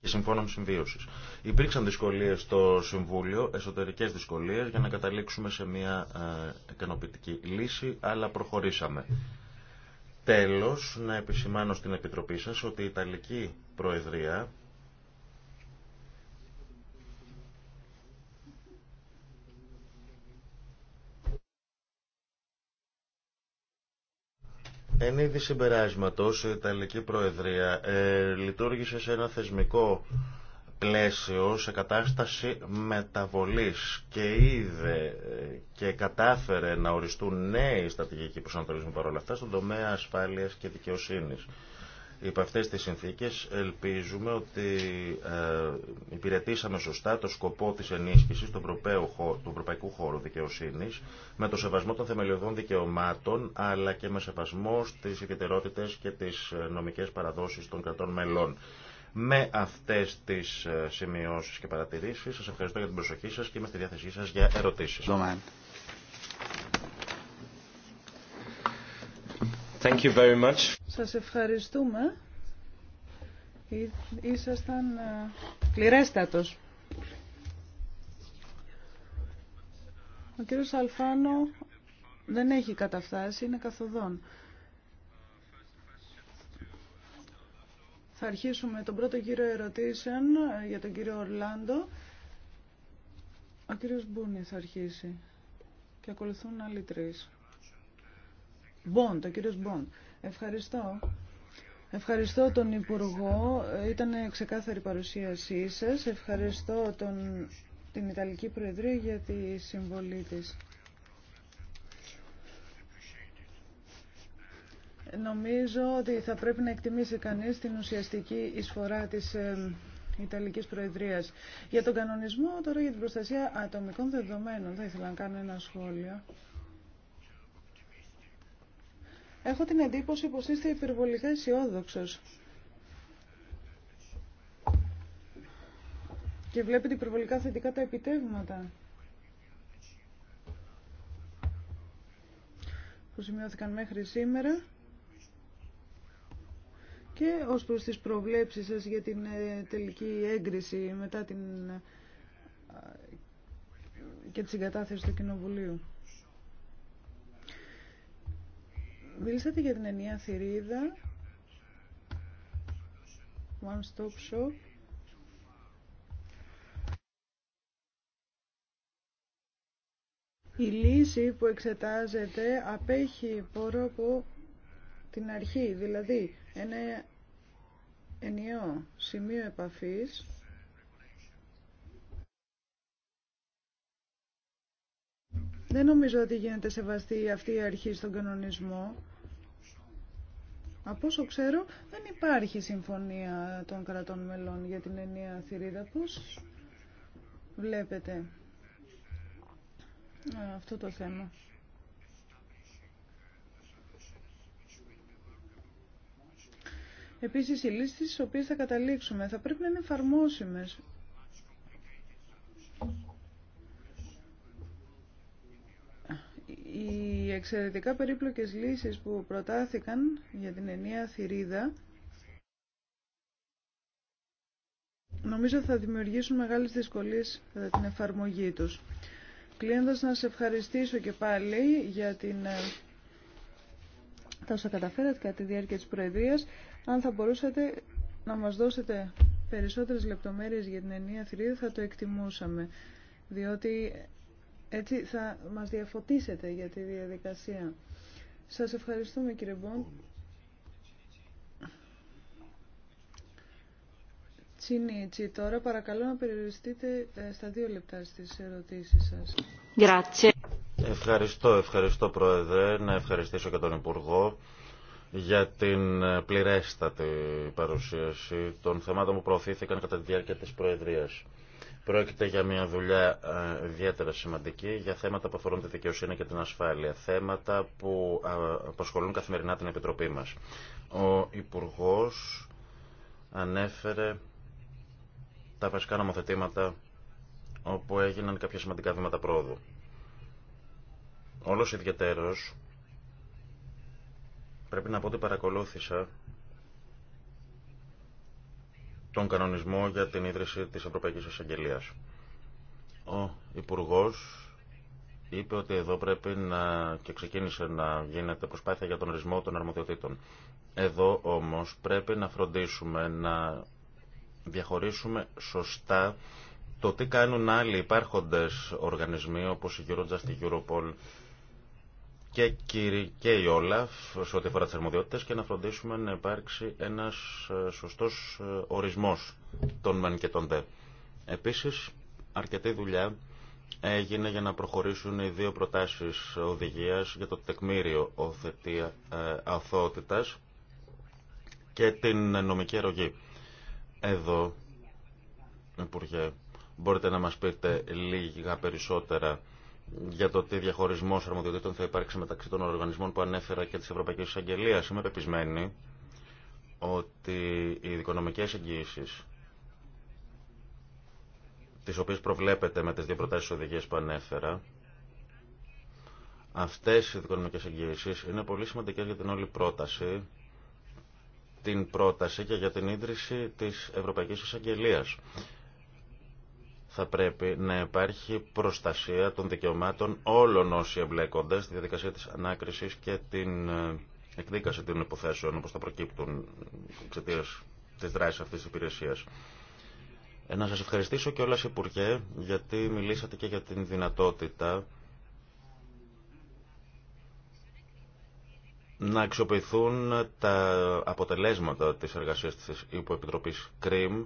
και συμφώνων συμβίωση. Υπήρξαν δυσκολίε στο Συμβούλιο, εσωτερικέ δυσκολίε, για να καταλήξουμε σε μια ικανοποιητική λύση, αλλά προχωρήσαμε. Τέλος, να επισημάνω στην Επιτροπή σας ότι η Ιταλική Προεδρία Εν είδη συμπεράσματος, η Ιταλική Προεδρία ε, λειτουργήσε σε ένα θεσμικό πλαίσιο σε κατάσταση μεταβολής και είδε και κατάφερε να οριστούν νέοι στρατηγικοί προσανατολισμοί παρόλα αυτά στον τομέα ασφάλειας και δικαιοσύνης. Υπ' αυτές τις συνθήκες ελπίζουμε ότι ε, υπηρετήσαμε σωστά το σκοπό της ενίσχυσης του, του ευρωπαϊκού χώρου δικαιοσύνης με το σεβασμό των θεμελιωδών δικαιωμάτων αλλά και με σεβασμό στις ιδιαιτερότητες και τις νομικές παραδόσεις των κρατών μελών με αυτές τις ε, σημειώσεις και παρατηρήσεις. Σας ευχαριστώ για την προσοχή σας και είμαι στη διάθεσή σας για ερωτήσεις. Thank Σας ευχαριστούμε. Ήσασταν ε, πληρέστατος. Ο κύριος Αλφάνο δεν έχει καταφτάσει, είναι καθοδόν. Θα αρχίσουμε τον πρώτο γύρο ερωτήσεων ε, για τον κύριο Ορλάντο. Ο κύριος Μπούνι θα αρχίσει και ακολουθούν άλλοι τρεις. Μποντ, ο κύριος Μποντ. Ευχαριστώ. Ευχαριστώ τον Υπουργό. Ήταν ξεκάθαρη παρουσίασή σας. Ευχαριστώ τον, την Ιταλική Προεδρία για τη συμβολή της. Νομίζω ότι θα πρέπει να εκτιμήσει κανείς την ουσιαστική εισφορά της ε, Ιταλικής Προεδρίας. Για τον κανονισμό, τώρα για την προστασία ατομικών δεδομένων, θα ήθελα να κάνω ένα σχόλιο. Έχω την εντύπωση πως είστε υπερβολικά αισιόδοξο. Και βλέπετε υπερβολικά θετικά τα επιτεύγματα. που σημειώθηκαν μέχρι σήμερα και ως προς τις προβλέψεις σας για την ε, τελική έγκριση μετά την ε, και τη συγκατάθεση του Κοινοβουλίου. Μιλήσατε για την ενιαία θηρίδα, One Stop Shop. Η λύση που εξετάζεται απέχει πόρο από την αρχή, δηλαδή ένα ενιαίο σημείο επαφής Δεν νομίζω ότι γίνεται σεβαστή αυτή η αρχή στον κανονισμό. Από όσο ξέρω, δεν υπάρχει συμφωνία των κρατών μελών για την ενιαία θηρίδα. Πώς βλέπετε αυτό το θέμα. Επίσης, οι λύσεις στις οποίες θα καταλήξουμε θα πρέπει να είναι εφαρμόσιμες. Οι εξαιρετικά περίπλοκες λύσεις που προτάθηκαν για την ενία θηρίδα νομίζω θα δημιουργήσουν μεγάλες δυσκολίες κατά την εφαρμογή τους. Κλείνοντας να σε ευχαριστήσω και πάλι για την... θα ε, σας καταφέρατε κατά τη διάρκεια της Προεδρίας. Αν θα μπορούσατε να μας δώσετε περισσότερες λεπτομέρειες για την ενία θηρίδα θα το εκτιμούσαμε, διότι έτσι θα μας διαφωτίσετε για τη διαδικασία. Σας ευχαριστούμε κύριε Μπον. Τσινίτσι, τώρα παρακαλώ να περιοριστείτε ε, στα δύο λεπτά στις ερωτήσεις σας. Ευχαριστώ, ευχαριστώ Πρόεδρε. Να ευχαριστήσω και τον Υπουργό για την ε, πληρέστατη παρουσίαση των θεμάτων που προωθήθηκαν κατά τη διάρκεια της Προεδρίας. Πρόκειται για μια δουλειά ε, ιδιαίτερα σημαντική για θέματα που αφορούν τη δικαιοσύνη και την ασφάλεια. Θέματα που ε, απασχολούν καθημερινά την Επιτροπή μας. Ο Υπουργός ανέφερε τα βασικά νομοθετήματα όπου έγιναν κάποια σημαντικά βήματα πρόοδου. Όλος ιδιαίτερος Πρέπει να πω ότι παρακολούθησα τον κανονισμό για την ίδρυση της Ευρωπαϊκής Εισαγγελίας. Ο Υπουργό είπε ότι εδώ πρέπει να και ξεκίνησε να γίνεται προσπάθεια για τον ρυθμό των αρμοδιοτήτων. Εδώ όμως πρέπει να φροντίσουμε να διαχωρίσουμε σωστά το τι κάνουν άλλοι υπάρχοντες οργανισμοί όπως η Eurojust, η Europol και, και η Όλαφ σε ό,τι αφορά τι αρμοδιότητε και να φροντίσουμε να υπάρξει ένα ε, σωστό ε, ορισμό των μεν και των δε. Επίση, αρκετή δουλειά έγινε για να προχωρήσουν οι δύο προτάσει οδηγία για το τεκμήριο οθετία ε, αθότητα και την νομική αρρωγή. Εδώ, Υπουργέ, μπορείτε να μας πείτε λίγα περισσότερα για το τι διαχωρισμό αρμοδιοτήτων θα υπάρξει μεταξύ των οργανισμών που ανέφερα και τη Ευρωπαϊκή Εισαγγελία. Είμαι πεπισμένη ότι οι δικονομικέ εγγύησει τι οποίε προβλέπετε με τι δύο προτάσει οδηγίε που ανέφερα, αυτέ οι δικονομικέ εγγύησει είναι πολύ σημαντικέ για την όλη πρόταση, την πρόταση και για την ίδρυση της Ευρωπαϊκής Εισαγγελίας θα πρέπει να υπάρχει προστασία των δικαιωμάτων όλων όσοι εμπλέκονται στη διαδικασία της ανάκρισης και την ε, εκδίκαση των υποθέσεων όπως θα προκύπτουν εξαιτία της δράσης αυτής της υπηρεσίας. Ε, να σας ευχαριστήσω και όλας Υπουργέ γιατί μιλήσατε και για την δυνατότητα να αξιοποιηθούν τα αποτελέσματα της εργασίας της Υποεπιτροπής ΚΡΙΜ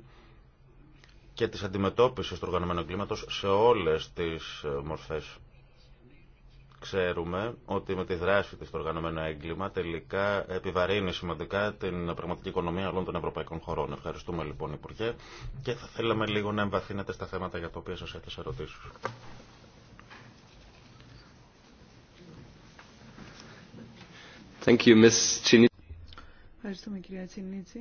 και της αντιμετώπισης του οργανωμένου εγκλήματος σε όλες τις ε, μορφές. Ξέρουμε ότι με τη δράση της το οργανωμένο έγκλημα τελικά επιβαρύνει σημαντικά την πραγματική οικονομία όλων των ευρωπαϊκών χωρών. Ευχαριστούμε λοιπόν Υπουργέ και θα θέλαμε λίγο να εμβαθύνετε στα θέματα για τα οποία σας έθεσα ερωτήσεις. Thank you, Ευχαριστούμε κυρία Τσινίτση.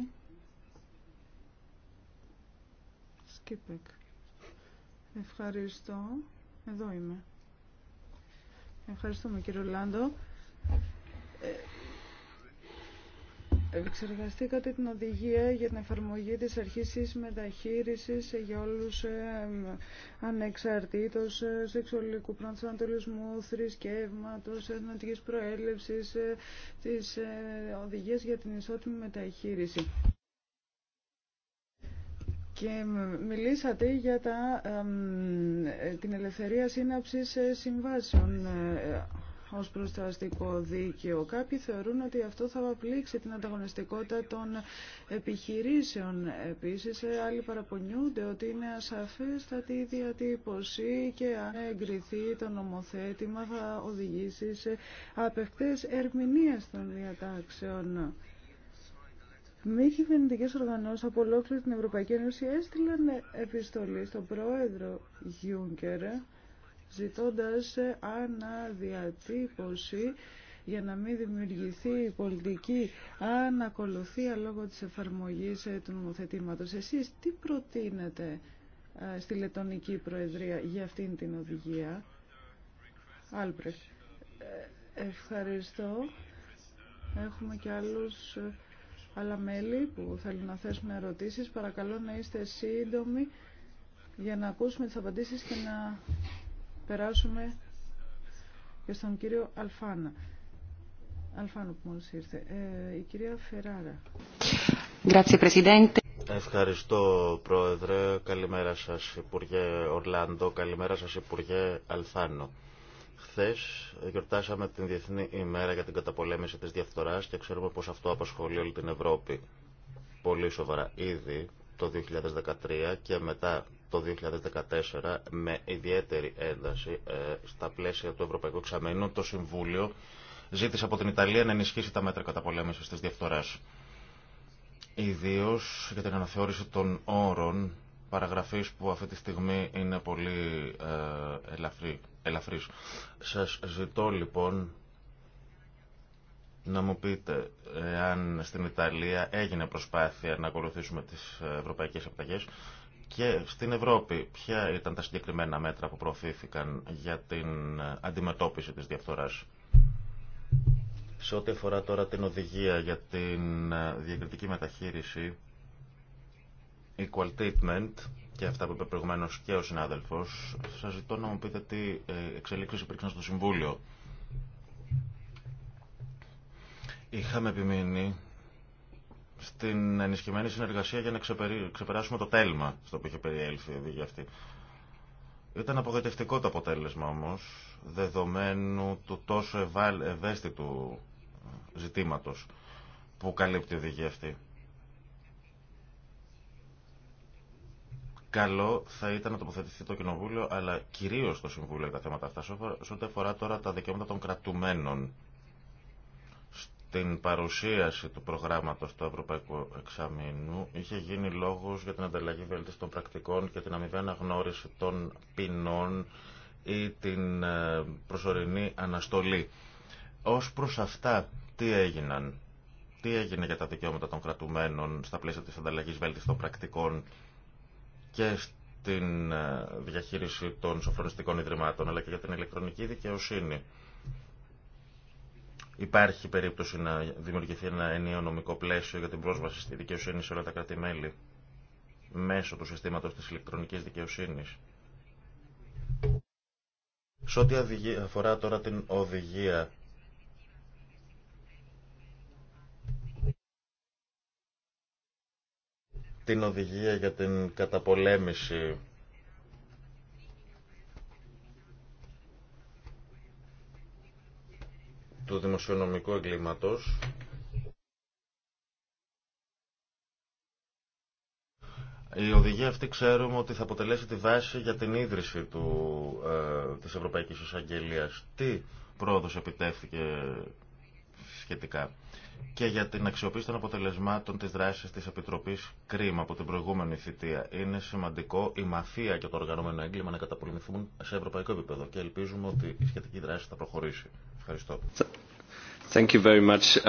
Ευχαριστώ. Εδώ είμαι. Ευχαριστούμε κύριο Λάντο. Ε, εξεργαστήκατε την οδηγία για την εφαρμογή της αρχής μεταχείρισης για όλους ε, ανεξαρτήτως ε, σεξουαλικού προσανατολισμού, θρησκεύματος, εθνοτικής προέλευσης, ε, της ε, για την ισότιμη μεταχείριση. Και μιλήσατε για τα, την ελευθερία σύναψης ε, συμβάσεων ε, ως προς το αστικό δίκαιο. Κάποιοι θεωρούν ότι αυτό θα απλήξει την ανταγωνιστικότητα των επιχειρήσεων. Επίσης, ε, άλλοι παραπονιούνται ότι είναι ασαφέστατη η διατύπωση και αν εγκριθεί το νομοθέτημα θα οδηγήσει σε απεκτές ερμηνείες των διατάξεων. Μη κυβερνητικέ οργανώσει από ολόκληρη την Ευρωπαϊκή Ένωση έστειλαν επιστολή στον πρόεδρο Γιούγκερ ζητώντας αναδιατύπωση για να μην δημιουργηθεί η πολιτική ανακολουθία λόγω της εφαρμογής ε, του νομοθετήματος. Εσείς τι προτείνετε ε, στη Λετωνική Προεδρία για αυτήν την οδηγία. Άλπρες. Ε, ευχαριστώ. Έχουμε και άλλους άλλα μέλη που θέλουν να θέσουν ερωτήσεις. Παρακαλώ να είστε σύντομοι για να ακούσουμε τις απαντήσεις και να περάσουμε και στον κύριο Αλφάνα. Αλφάνο που μόλις ήρθε. Ε, η κυρία Φεράρα. Ευχαριστώ Πρόεδρε. Καλημέρα σας Υπουργέ Ορλάντο. Καλημέρα σας Υπουργέ Αλφάνο. Χθε γιορτάσαμε την Διεθνή ημέρα για την καταπολέμηση της διαφθοράς και ξέρουμε πως αυτό απασχολεί όλη την Ευρώπη πολύ σοβαρά ήδη το 2013 και μετά το 2014 με ιδιαίτερη ένταση ε, στα πλαίσια του Ευρωπαϊκού Εξαμένου το Συμβούλιο ζήτησε από την Ιταλία να ενισχύσει τα μέτρα καταπολέμησης της διαφθοράς. Ιδίω για την αναθεώρηση των όρων παραγραφής που αυτή τη στιγμή είναι πολύ ε, ελαφρύ, ελαφρύς. Σας ζητώ λοιπόν να μου πείτε αν στην Ιταλία έγινε προσπάθεια να ακολουθήσουμε τις ευρωπαϊκές επιταγές και στην Ευρώπη ποια ήταν τα συγκεκριμένα μέτρα που προωθήθηκαν για την αντιμετώπιση της διαφθοράς. Σε ό,τι αφορά τώρα την οδηγία για την ε, διακριτική μεταχείριση equal treatment και αυτά που είπε προηγουμένως και ο συνάδελφο, Σας ζητώ να μου πείτε τι ε, εξελίξει υπήρξαν στο Συμβούλιο. Είχαμε επιμείνει στην ενισχυμένη συνεργασία για να ξεπεράσουμε το τέλμα στο οποίο είχε περιέλθει η οδηγία αυτή. Ήταν απογοητευτικό το αποτέλεσμα όμως, δεδομένου του τόσο ευαίσθητου ζητήματος που καλύπτει η οδηγία αυτή. Καλό θα ήταν να τοποθετηθεί το Κοινοβούλιο, αλλά κυρίω το Συμβούλιο για τα θέματα αυτά, σε ό,τι αφορά τώρα τα δικαιώματα των κρατουμένων. Στην παρουσίαση του προγράμματο του Ευρωπαϊκού Εξαμήνου είχε γίνει λόγο για την ανταλλαγή των πρακτικών και την αμοιβή αναγνώριση των ποινών ή την ε, προσωρινή αναστολή. Ω προ αυτά, τι έγιναν, τι έγινε για τα δικαιώματα των κρατουμένων στα πλαίσια τη ανταλλαγή βέλτιστων πρακτικών και στην ε, διαχείριση των σοφρονιστικών ιδρυμάτων, αλλά και για την ηλεκτρονική δικαιοσύνη. Υπάρχει περίπτωση να δημιουργηθεί ένα ενίο νομικό πλαίσιο για την πρόσβαση στη δικαιοσύνη σε όλα τα κράτη-μέλη μέσω του συστήματος της ηλεκτρονικής δικαιοσύνης. Σε ό,τι αφορά τώρα την οδηγία την οδηγία για την καταπολέμηση του δημοσιονομικού εγκλήματος Η οδηγία αυτή ξέρουμε ότι θα αποτελέσει τη βάση για την ίδρυση του, ε, της Ευρωπαϊκής Εισαγγελίας. Τι πρόοδος επιτεύθηκε σχετικά και για την αξιοποίηση των αποτελεσμάτων της δράσης της Επιτροπής Κρίμα από την προηγούμενη θητεία. Είναι σημαντικό η μαφία και το οργανωμένο έγκλημα να καταπολεμηθούν σε ευρωπαϊκό επίπεδο και ελπίζουμε ότι η σχετική δράση θα προχωρήσει. Ευχαριστώ. Thank you very much.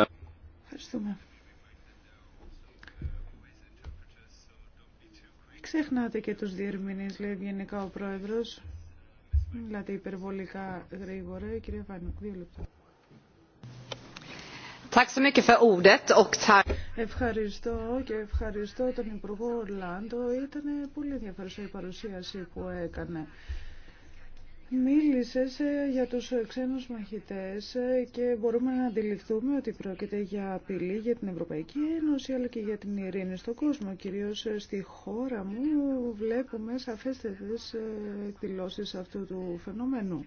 Ευχαριστούμε. ξεχνάτε και τους διερμηνείς, λέει γενικά ο Πρόεδρος. Μιλάτε υπερβολικά γρήγορα. Κύριε Βάνου, δύο λεπτά. Ευχαριστώ και ευχαριστώ τον Υπουργό Ορλάντο. Ήταν πολύ ενδιαφέρουσα η παρουσίαση που έκανε. Μίλησε για του ξένου μαχητέ και μπορούμε να αντιληφθούμε ότι πρόκειται για απειλή για την Ευρωπαϊκή Ένωση αλλά και για την ειρήνη στον κόσμο. Κυρίως στη χώρα μου βλέπουμε σαφέστερε εκδηλώσει αυτού του φαινομένου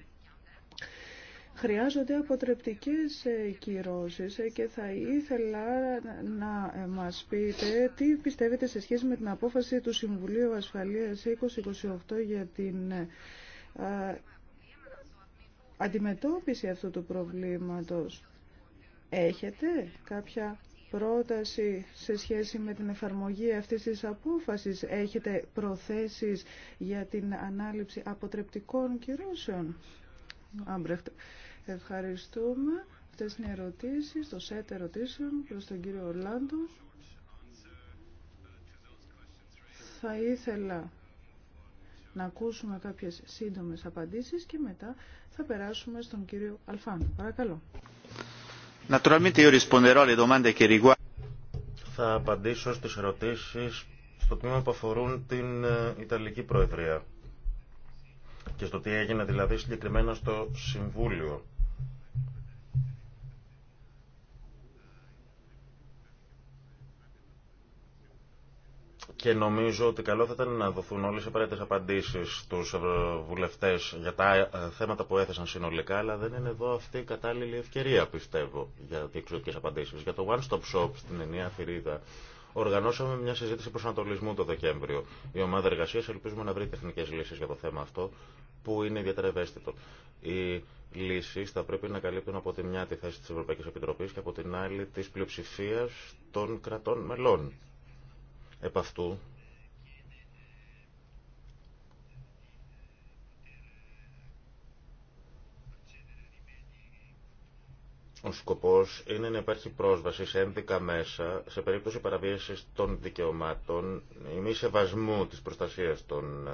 χρειάζονται αποτρεπτικές ε, κυρώσεις ε, και θα ήθελα να ε, μας πείτε τι πιστεύετε σε σχέση με την απόφαση του Συμβουλίου Ασφαλείας 2028 για την αντιμετώπιση αυτού του προβλήματος. Έχετε κάποια πρόταση σε σχέση με την εφαρμογή αυτής της απόφασης. Έχετε προθέσεις για την ανάληψη αποτρεπτικών κυρώσεων. Άμπρεχτ. Ευχαριστούμε. αυτέ είναι οι ερωτήσεις, το set ερωτήσεων προ τον κύριο Ορλάντο. Θα ήθελα να ακούσουμε κάποιες σύντομες απαντήσεις και μετά θα περάσουμε στον κύριο Αλφάν Παρακαλώ. Θα απαντήσω στις ερωτήσεις στο τμήμα που αφορούν την ε, Ιταλική Προεδρία και στο τι έγινε δηλαδή συγκεκριμένα στο Συμβούλιο και νομίζω ότι καλό θα ήταν να δοθούν όλες οι απαραίτητες απαντήσεις στους βουλευτές για τα ε, θέματα που έθεσαν συνολικά, αλλά δεν είναι εδώ αυτή η κατάλληλη ευκαιρία, πιστεύω, για διεξοδικέ απαντήσεις. Για το One Stop Shop στην ενιαία φυρίδα οργανώσαμε μια συζήτηση προσανατολισμού το Δεκέμβριο. Η ομάδα εργασίας ελπίζουμε να βρει τεχνικές λύσεις για το θέμα αυτό, που είναι ιδιαίτερα ευαίσθητο. Οι λύσει θα πρέπει να καλύπτουν από τη μια τη θέση τη Ευρωπαϊκής Επιτροπής και από την άλλη της πλειοψηφίας των κρατών μελών Επ' αυτού Ο σκοπός είναι να υπάρχει πρόσβαση σε ένδικα μέσα σε περίπτωση παραβίασης των δικαιωμάτων ή μη σεβασμού της προστασίας των ε,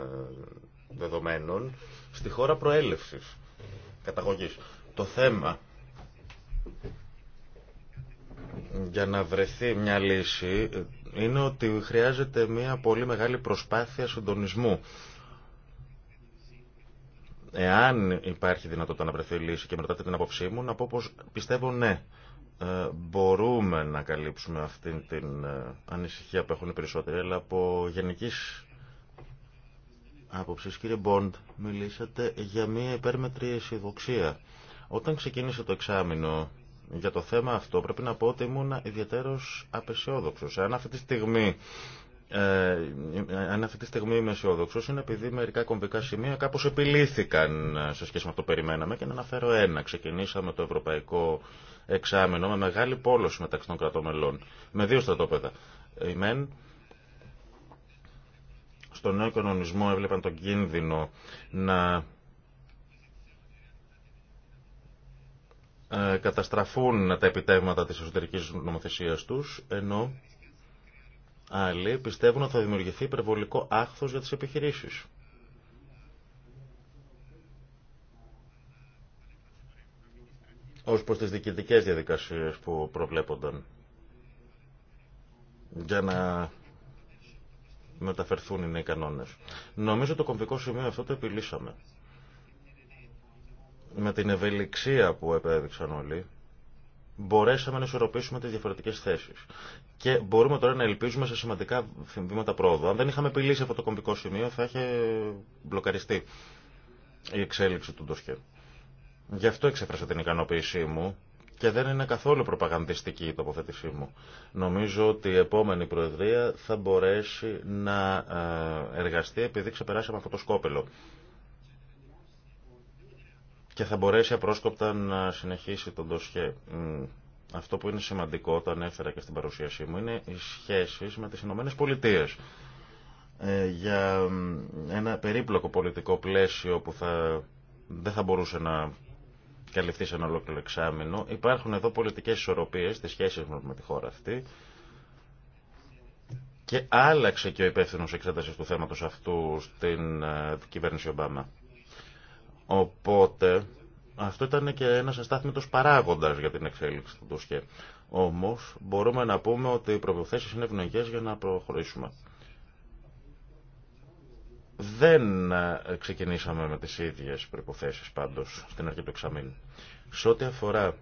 δεδομένων στη χώρα προέλευσης, καταγωγής. Το θέμα για να βρεθεί μια λύση είναι ότι χρειάζεται μια πολύ μεγάλη προσπάθεια συντονισμού. Εάν υπάρχει δυνατότητα να βρεθεί λύση και μετά την άποψή μου, να πω πως πιστεύω ναι. Ε, μπορούμε να καλύψουμε αυτή την ε, ανησυχία που έχουν οι περισσότεροι, αλλά από γενική. Απόψη, κύριε Μποντ, μιλήσατε για μια υπέρμετρη αισιοδοξία. Όταν ξεκίνησε το εξάμεινο για το θέμα αυτό πρέπει να πω ότι ήμουν ιδιαίτερος απεσιόδοξος. Αν αυτή τη στιγμή ε, αν αυτή τη στιγμή είμαι αισιόδοξο, είναι επειδή μερικά κομβικά σημεία κάπως επιλύθηκαν ε, σε σχέση με αυτό που περιμέναμε και να αναφέρω ένα. Ξεκινήσαμε το ευρωπαϊκό εξάμεινο με μεγάλη πόλωση μεταξύ των κρατών μελών, με δύο στρατόπεδα. Η ΜΕΝ στο νέο κανονισμό έβλεπαν τον κίνδυνο να Ε, καταστραφούν τα επιτεύγματα της εσωτερικής νομοθεσίας τους, ενώ άλλοι πιστεύουν ότι θα δημιουργηθεί υπερβολικό άχθος για τις επιχειρήσεις. ως προς τις διοικητικές διαδικασίες που προβλέπονταν για να μεταφερθούν οι νέοι κανόνες. Νομίζω το κομβικό σημείο αυτό το επιλύσαμε με την ευελιξία που επέδειξαν όλοι, μπορέσαμε να ισορροπήσουμε τις διαφορετικές θέσεις. Και μπορούμε τώρα να ελπίζουμε σε σημαντικά βήματα πρόοδου. Αν δεν είχαμε επιλύσει αυτό το κομπικό σημείο, θα είχε μπλοκαριστεί η εξέλιξη του ντοσχέ. Γι' αυτό εξέφρασα την ικανοποίησή μου και δεν είναι καθόλου προπαγανδιστική η τοποθέτησή μου. Νομίζω ότι η επόμενη Προεδρία θα μπορέσει να ε, εργαστεί επειδή ξεπεράσαμε αυτό το σκόπελο και θα μπορέσει απρόσκοπτα να συνεχίσει τον ντοσχέ. Αυτό που είναι σημαντικό, το ανέφερα και στην παρουσίασή μου, είναι οι σχέσεις με τις Ηνωμένες Πολιτείες ε, για ένα περίπλοκο πολιτικό πλαίσιο που θα, δεν θα μπορούσε να καλυφθεί σε ένα ολόκληρο εξάμεινο. Υπάρχουν εδώ πολιτικές ισορροπίες στις σχέσεις μας με τη χώρα αυτή και άλλαξε και ο υπεύθυνο εξέταση του θέματος αυτού στην ε, κυβέρνηση Ομπάμα. Οπότε, αυτό ήταν και ένας αστάθμητος παράγοντας για την εξέλιξη του ΣΚΕ. Όμως, μπορούμε να πούμε ότι οι προποθέσει είναι ευνοϊκές για να προχωρήσουμε. Δεν ε, ξεκινήσαμε με τις ίδιες προϋποθέσεις πάντως στην αρχή του εξαμήνου. Σε ό,τι αφορά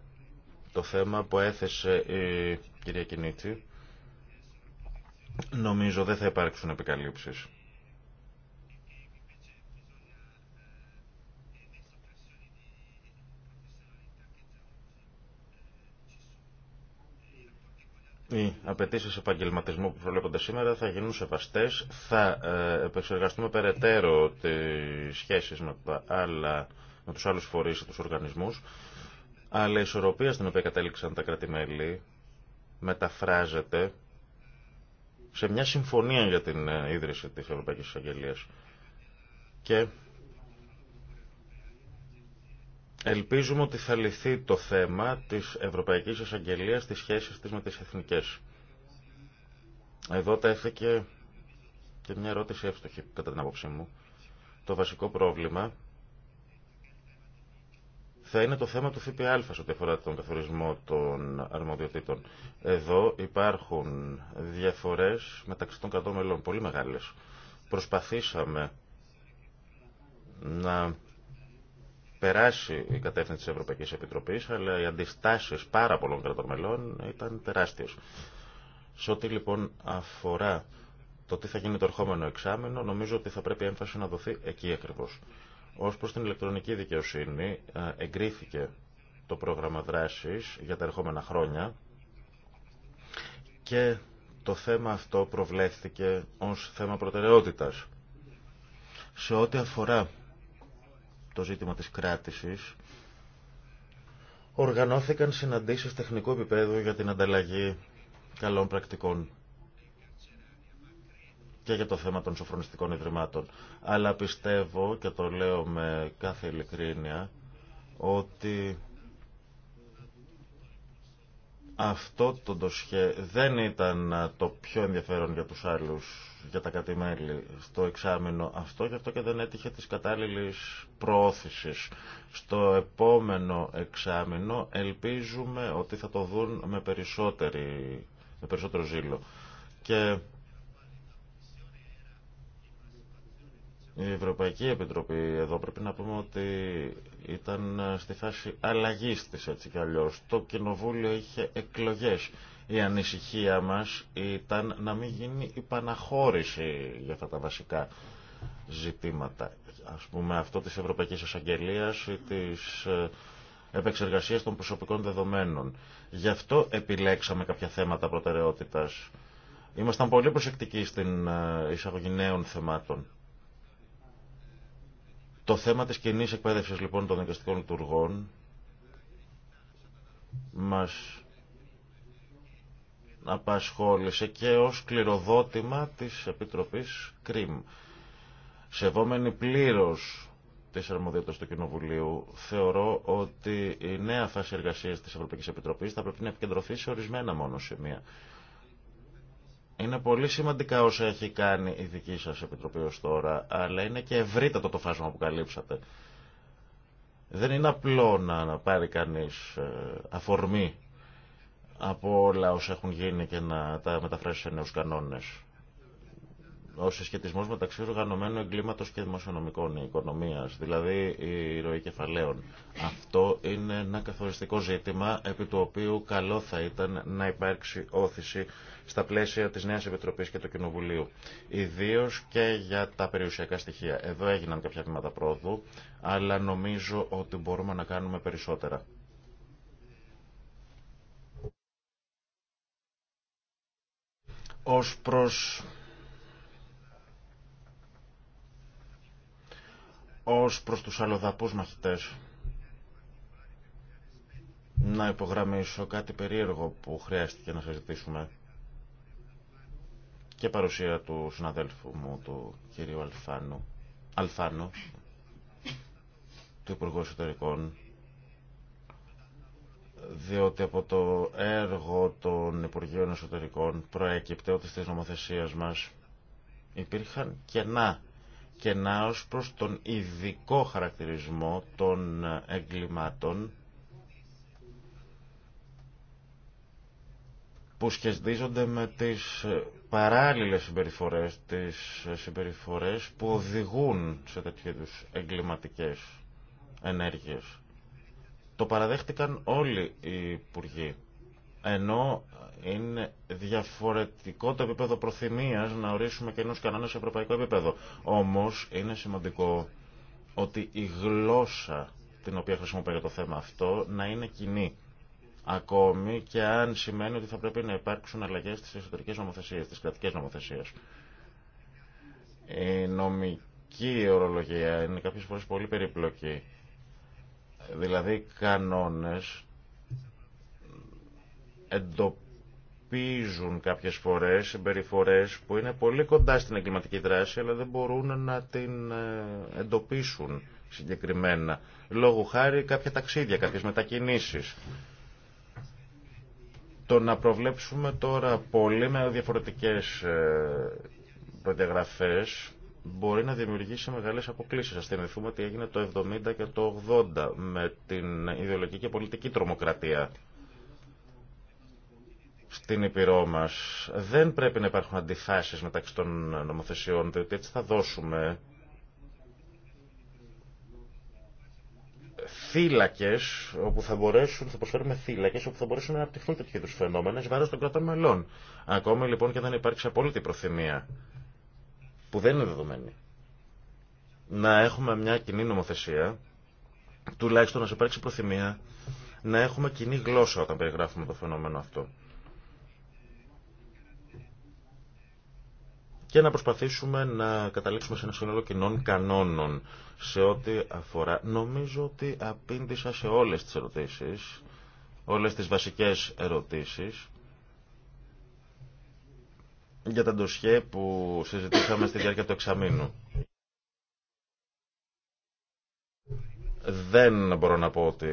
το θέμα που έθεσε η κυρία Κινίτσι, νομίζω δεν θα υπάρξουν επικαλύψεις. οι απαιτήσει επαγγελματισμού που προβλέπονται σήμερα θα γίνουν σεβαστέ. Θα ε, επεξεργαστούμε περαιτέρω τι σχέσει με, με του άλλου φορεί και του οργανισμού. Αλλά η ισορροπία στην οποία κατέληξαν τα κράτη-μέλη μεταφράζεται σε μια συμφωνία για την ε, ίδρυση τη Ευρωπαϊκής Αγγελίας. Και Ελπίζουμε ότι θα λυθεί το θέμα της Ευρωπαϊκής Εισαγγελίας στις σχέσεις της με τις εθνικές. Εδώ τέθηκε και μια ερώτηση εύστοχη κατά την άποψή μου. Το βασικό πρόβλημα θα είναι το θέμα του ΦΠΑ σε ό,τι αφορά τον καθορισμό των αρμοδιοτήτων. Εδώ υπάρχουν διαφορές μεταξύ των κρατών μελών, πολύ μεγάλες. Προσπαθήσαμε να περάσει η κατεύθυνση της Ευρωπαϊκής Επιτροπής, αλλά οι αντιστάσεις πάρα πολλών κρατών μελών ήταν τεράστιες. Σε ό,τι λοιπόν αφορά το τι θα γίνει το ερχόμενο εξάμεινο, νομίζω ότι θα πρέπει έμφαση να δοθεί εκεί ακριβώς. Ως προς την ηλεκτρονική δικαιοσύνη, εγκρίθηκε το πρόγραμμα δράσης για τα ερχόμενα χρόνια και το θέμα αυτό προβλέφθηκε ως θέμα προτεραιότητας. Σε ό,τι αφορά το ζήτημα της κράτησης, οργανώθηκαν συναντήσεις τεχνικού επίπεδου για την ανταλλαγή καλών πρακτικών και για το θέμα των σοφρονιστικών ιδρυμάτων. Αλλά πιστεύω, και το λέω με κάθε ειλικρίνεια, ότι αυτό το ντοσχέ δεν ήταν το πιο ενδιαφέρον για τους άλλους, για τα κατημέλη στο εξάμεινο αυτό, γι' αυτό και δεν έτυχε της κατάλληλης προώθησης. Στο επόμενο εξάμεινο ελπίζουμε ότι θα το δουν με, περισσότερη, με περισσότερο ζήλο. Και η Ευρωπαϊκή Επιτροπή εδώ πρέπει να πούμε ότι ήταν ε, στη φάση αλλαγής της έτσι κι αλλιώς. Το κοινοβούλιο είχε εκλογές. Η ανησυχία μας ήταν να μην γίνει υπαναχώρηση για αυτά τα βασικά ζητήματα. Ας πούμε αυτό της Ευρωπαϊκής Εισαγγελίας ή της ε, επεξεργασίας των προσωπικών δεδομένων. Γι' αυτό επιλέξαμε κάποια θέματα προτεραιότητας. Ήμασταν πολύ προσεκτικοί στην ε, εισαγωγή νέων θεμάτων. Το θέμα της κοινή εκπαίδευσης λοιπόν των δικαστικών λειτουργών μας απασχόλησε και ως κληροδότημα της Επιτροπής ΚΡΙΜ. Σεβόμενη πλήρως της αρμοδιότητας του Κοινοβουλίου, θεωρώ ότι η νέα φάση εργασίας της Ευρωπαϊκής Επιτροπής θα πρέπει να επικεντρωθεί σε ορισμένα μόνο σημεία. Είναι πολύ σημαντικά όσα έχει κάνει η δική σας Επιτροπή ως τώρα, αλλά είναι και ευρύτατο το φάσμα που καλύψατε. Δεν είναι απλό να πάρει κανείς ε, αφορμή από όλα όσα έχουν γίνει και να τα μεταφράσει σε νέους κανόνες ο συσχετισμό μεταξύ οργανωμένου εγκλήματο και δημοσιονομικών οικονομία, δηλαδή η ροή κεφαλαίων. Αυτό είναι ένα καθοριστικό ζήτημα επί του οποίου καλό θα ήταν να υπάρξει όθηση στα πλαίσια τη Νέα Επιτροπή και του Κοινοβουλίου. Ιδίω και για τα περιουσιακά στοιχεία. Εδώ έγιναν κάποια βήματα πρόοδου, αλλά νομίζω ότι μπορούμε να κάνουμε περισσότερα. Ως προς Ως προς τους αλλοδαπούς μαθητές, να υπογραμμίσω κάτι περίεργο που χρειάστηκε να συζητήσουμε και παρουσία του συναδέλφου μου, του κυρίου Αλφάνου, Αλφάνου του Υπουργού Εσωτερικών, διότι από το έργο των Υπουργείων Εσωτερικών προέκυπτε ότι στις νομοθεσίες μας υπήρχαν κενά και να ως προς τον ειδικό χαρακτηρισμό των εγκλημάτων που σχετίζονται με τις παράλληλες συμπεριφορές, τις συμπεριφορές που οδηγούν σε τέτοιου είδου εγκληματικές ενέργειες. Το παραδέχτηκαν όλοι οι υπουργοί ενώ είναι διαφορετικό το επίπεδο προθυμίας να ορίσουμε καινούς κανόνες σε ευρωπαϊκό επίπεδο. Όμως είναι σημαντικό ότι η γλώσσα την οποία χρησιμοποιεί το θέμα αυτό να είναι κοινή. Ακόμη και αν σημαίνει ότι θα πρέπει να υπάρξουν αλλαγές στις εσωτερικές νομοθεσίες, στις κρατικές νομοθεσίες. Η νομική ορολογία είναι κάποιες φορές πολύ περιπλοκή. Δηλαδή, οι κανόνες εντοπίζουν κάποιες φορές συμπεριφορέ που είναι πολύ κοντά στην εγκληματική δράση αλλά δεν μπορούν να την ε, εντοπίσουν συγκεκριμένα. Λόγω χάρη κάποια ταξίδια, κάποιες μετακινήσεις. Το να προβλέψουμε τώρα πολύ με διαφορετικές ε, προδιαγραφές μπορεί να δημιουργήσει μεγάλες αποκλήσεις. Ας θυμηθούμε ότι έγινε το 70 και το 80 με την ιδεολογική και πολιτική τρομοκρατία στην Ήπειρό μα. Δεν πρέπει να υπάρχουν αντιφάσει μεταξύ των νομοθεσιών, διότι έτσι θα δώσουμε θύλακες όπου θα μπορέσουν, θα προσφέρουμε θύλακες όπου θα μπορέσουν να αναπτυχθούν τέτοιου είδου φαινόμενα εις βάρος των κρατών μελών. Ακόμη λοιπόν και δεν υπάρξει απόλυτη προθυμία, που δεν είναι δεδομένη, να έχουμε μια κοινή νομοθεσία, τουλάχιστον να υπάρξει προθυμία να έχουμε κοινή γλώσσα όταν περιγράφουμε το φαινόμενο αυτό. και να προσπαθήσουμε να καταλήξουμε σε ένα σύνολο κοινών κανόνων σε ό,τι αφορά. Νομίζω ότι απήντησα σε όλες τις ερωτήσεις, όλες τις βασικές ερωτήσεις για τα ντοσιέ που συζητήσαμε στη διάρκεια του εξαμήνου. Δεν μπορώ να πω ότι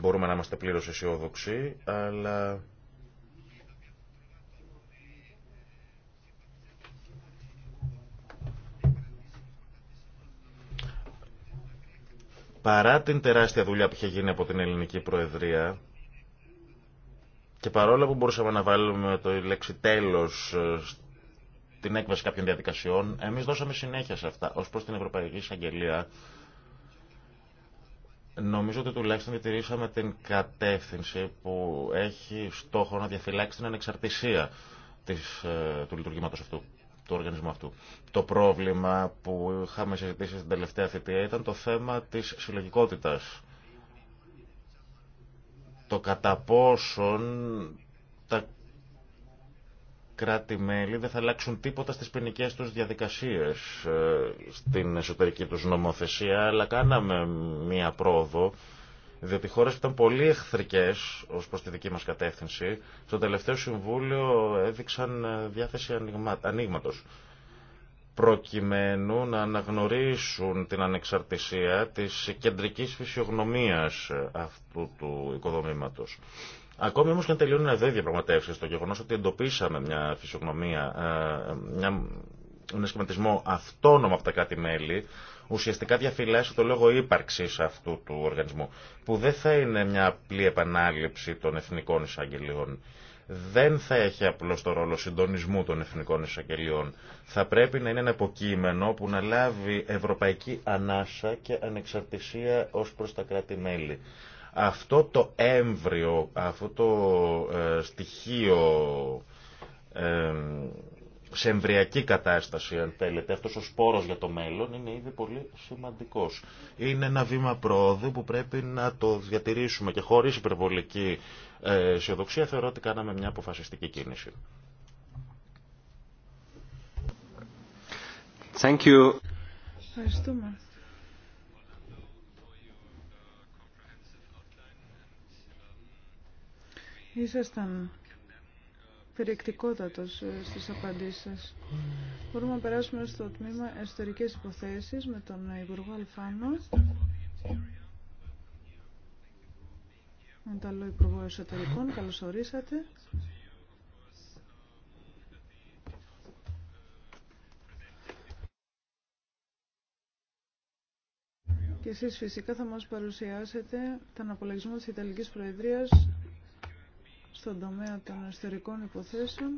μπορούμε να είμαστε πλήρως αισιόδοξοι, αλλά Παρά την τεράστια δουλειά που είχε γίνει από την ελληνική προεδρία και παρόλα που μπορούσαμε να βάλουμε το λέξη τέλος ε, την έκβαση κάποιων διαδικασιών, εμείς δώσαμε συνέχεια σε αυτά. Ως προς την Ευρωπαϊκή Εισαγγελία, νομίζω ότι τουλάχιστον διατηρήσαμε την κατεύθυνση που έχει στόχο να διαφυλάξει την ανεξαρτησία της, ε, του λειτουργήματος αυτού του οργανισμού αυτού. Το πρόβλημα που είχαμε συζητήσει στην τελευταία θητεία ήταν το θέμα της συλλογικότητας. Το κατά πόσον τα κράτη-μέλη δεν θα αλλάξουν τίποτα στις ποινικέ τους διαδικασίες ε, στην εσωτερική τους νομοθεσία, αλλά κάναμε μία πρόοδο διότι χώρε που ήταν πολύ εχθρικές ως προς τη δική μας κατεύθυνση, στο τελευταίο Συμβούλιο έδειξαν ε, διάθεση ανοίγματο προκειμένου να αναγνωρίσουν την ανεξαρτησία της κεντρικής φυσιογνωμίας ε, αυτού του οικοδομήματος. Ακόμη όμως και αν τελειώνουν εδώ οι διαπραγματεύσεις, το γεγονός ότι εντοπίσαμε μια φυσιογνωμία, ε, μια, ένα σχηματισμό αυτόνομα από τα κάτι μέλη, ουσιαστικά διαφυλάσσει το λόγο ύπαρξη αυτού του οργανισμού, που δεν θα είναι μια απλή επανάληψη των εθνικών εισαγγελιών. Δεν θα έχει απλώς το ρόλο συντονισμού των εθνικών εισαγγελιών. Θα πρέπει να είναι ένα υποκείμενο που να λάβει ευρωπαϊκή ανάσα και ανεξαρτησία ω προ τα κράτη-μέλη αυτό το έμβριο, αυτό το ε, στοιχείο ε, σε εμβριακή κατάσταση, αν θέλετε, αυτός ο σπόρος για το μέλλον είναι ήδη πολύ σημαντικό. Είναι ένα βήμα πρόοδου που πρέπει να το διατηρήσουμε και χωρί υπερβολική ε, αισιοδοξία θεωρώ ότι κάναμε μια αποφασιστική κίνηση. Thank you. Ευχαριστούμε. Ήσασταν περιεκτικότατος ε, στις απαντήσεις σας. Μπορούμε να περάσουμε στο τμήμα εσωτερικές υποθέσεις με τον Υπουργό Αλφάνο. τον Υπουργό Εσωτερικών, καλώς ορίσατε. Και εσείς φυσικά θα μας παρουσιάσετε τον απολογισμό της Ιταλικής Προεδρίας στον τομέα των εσωτερικών υποθέσεων.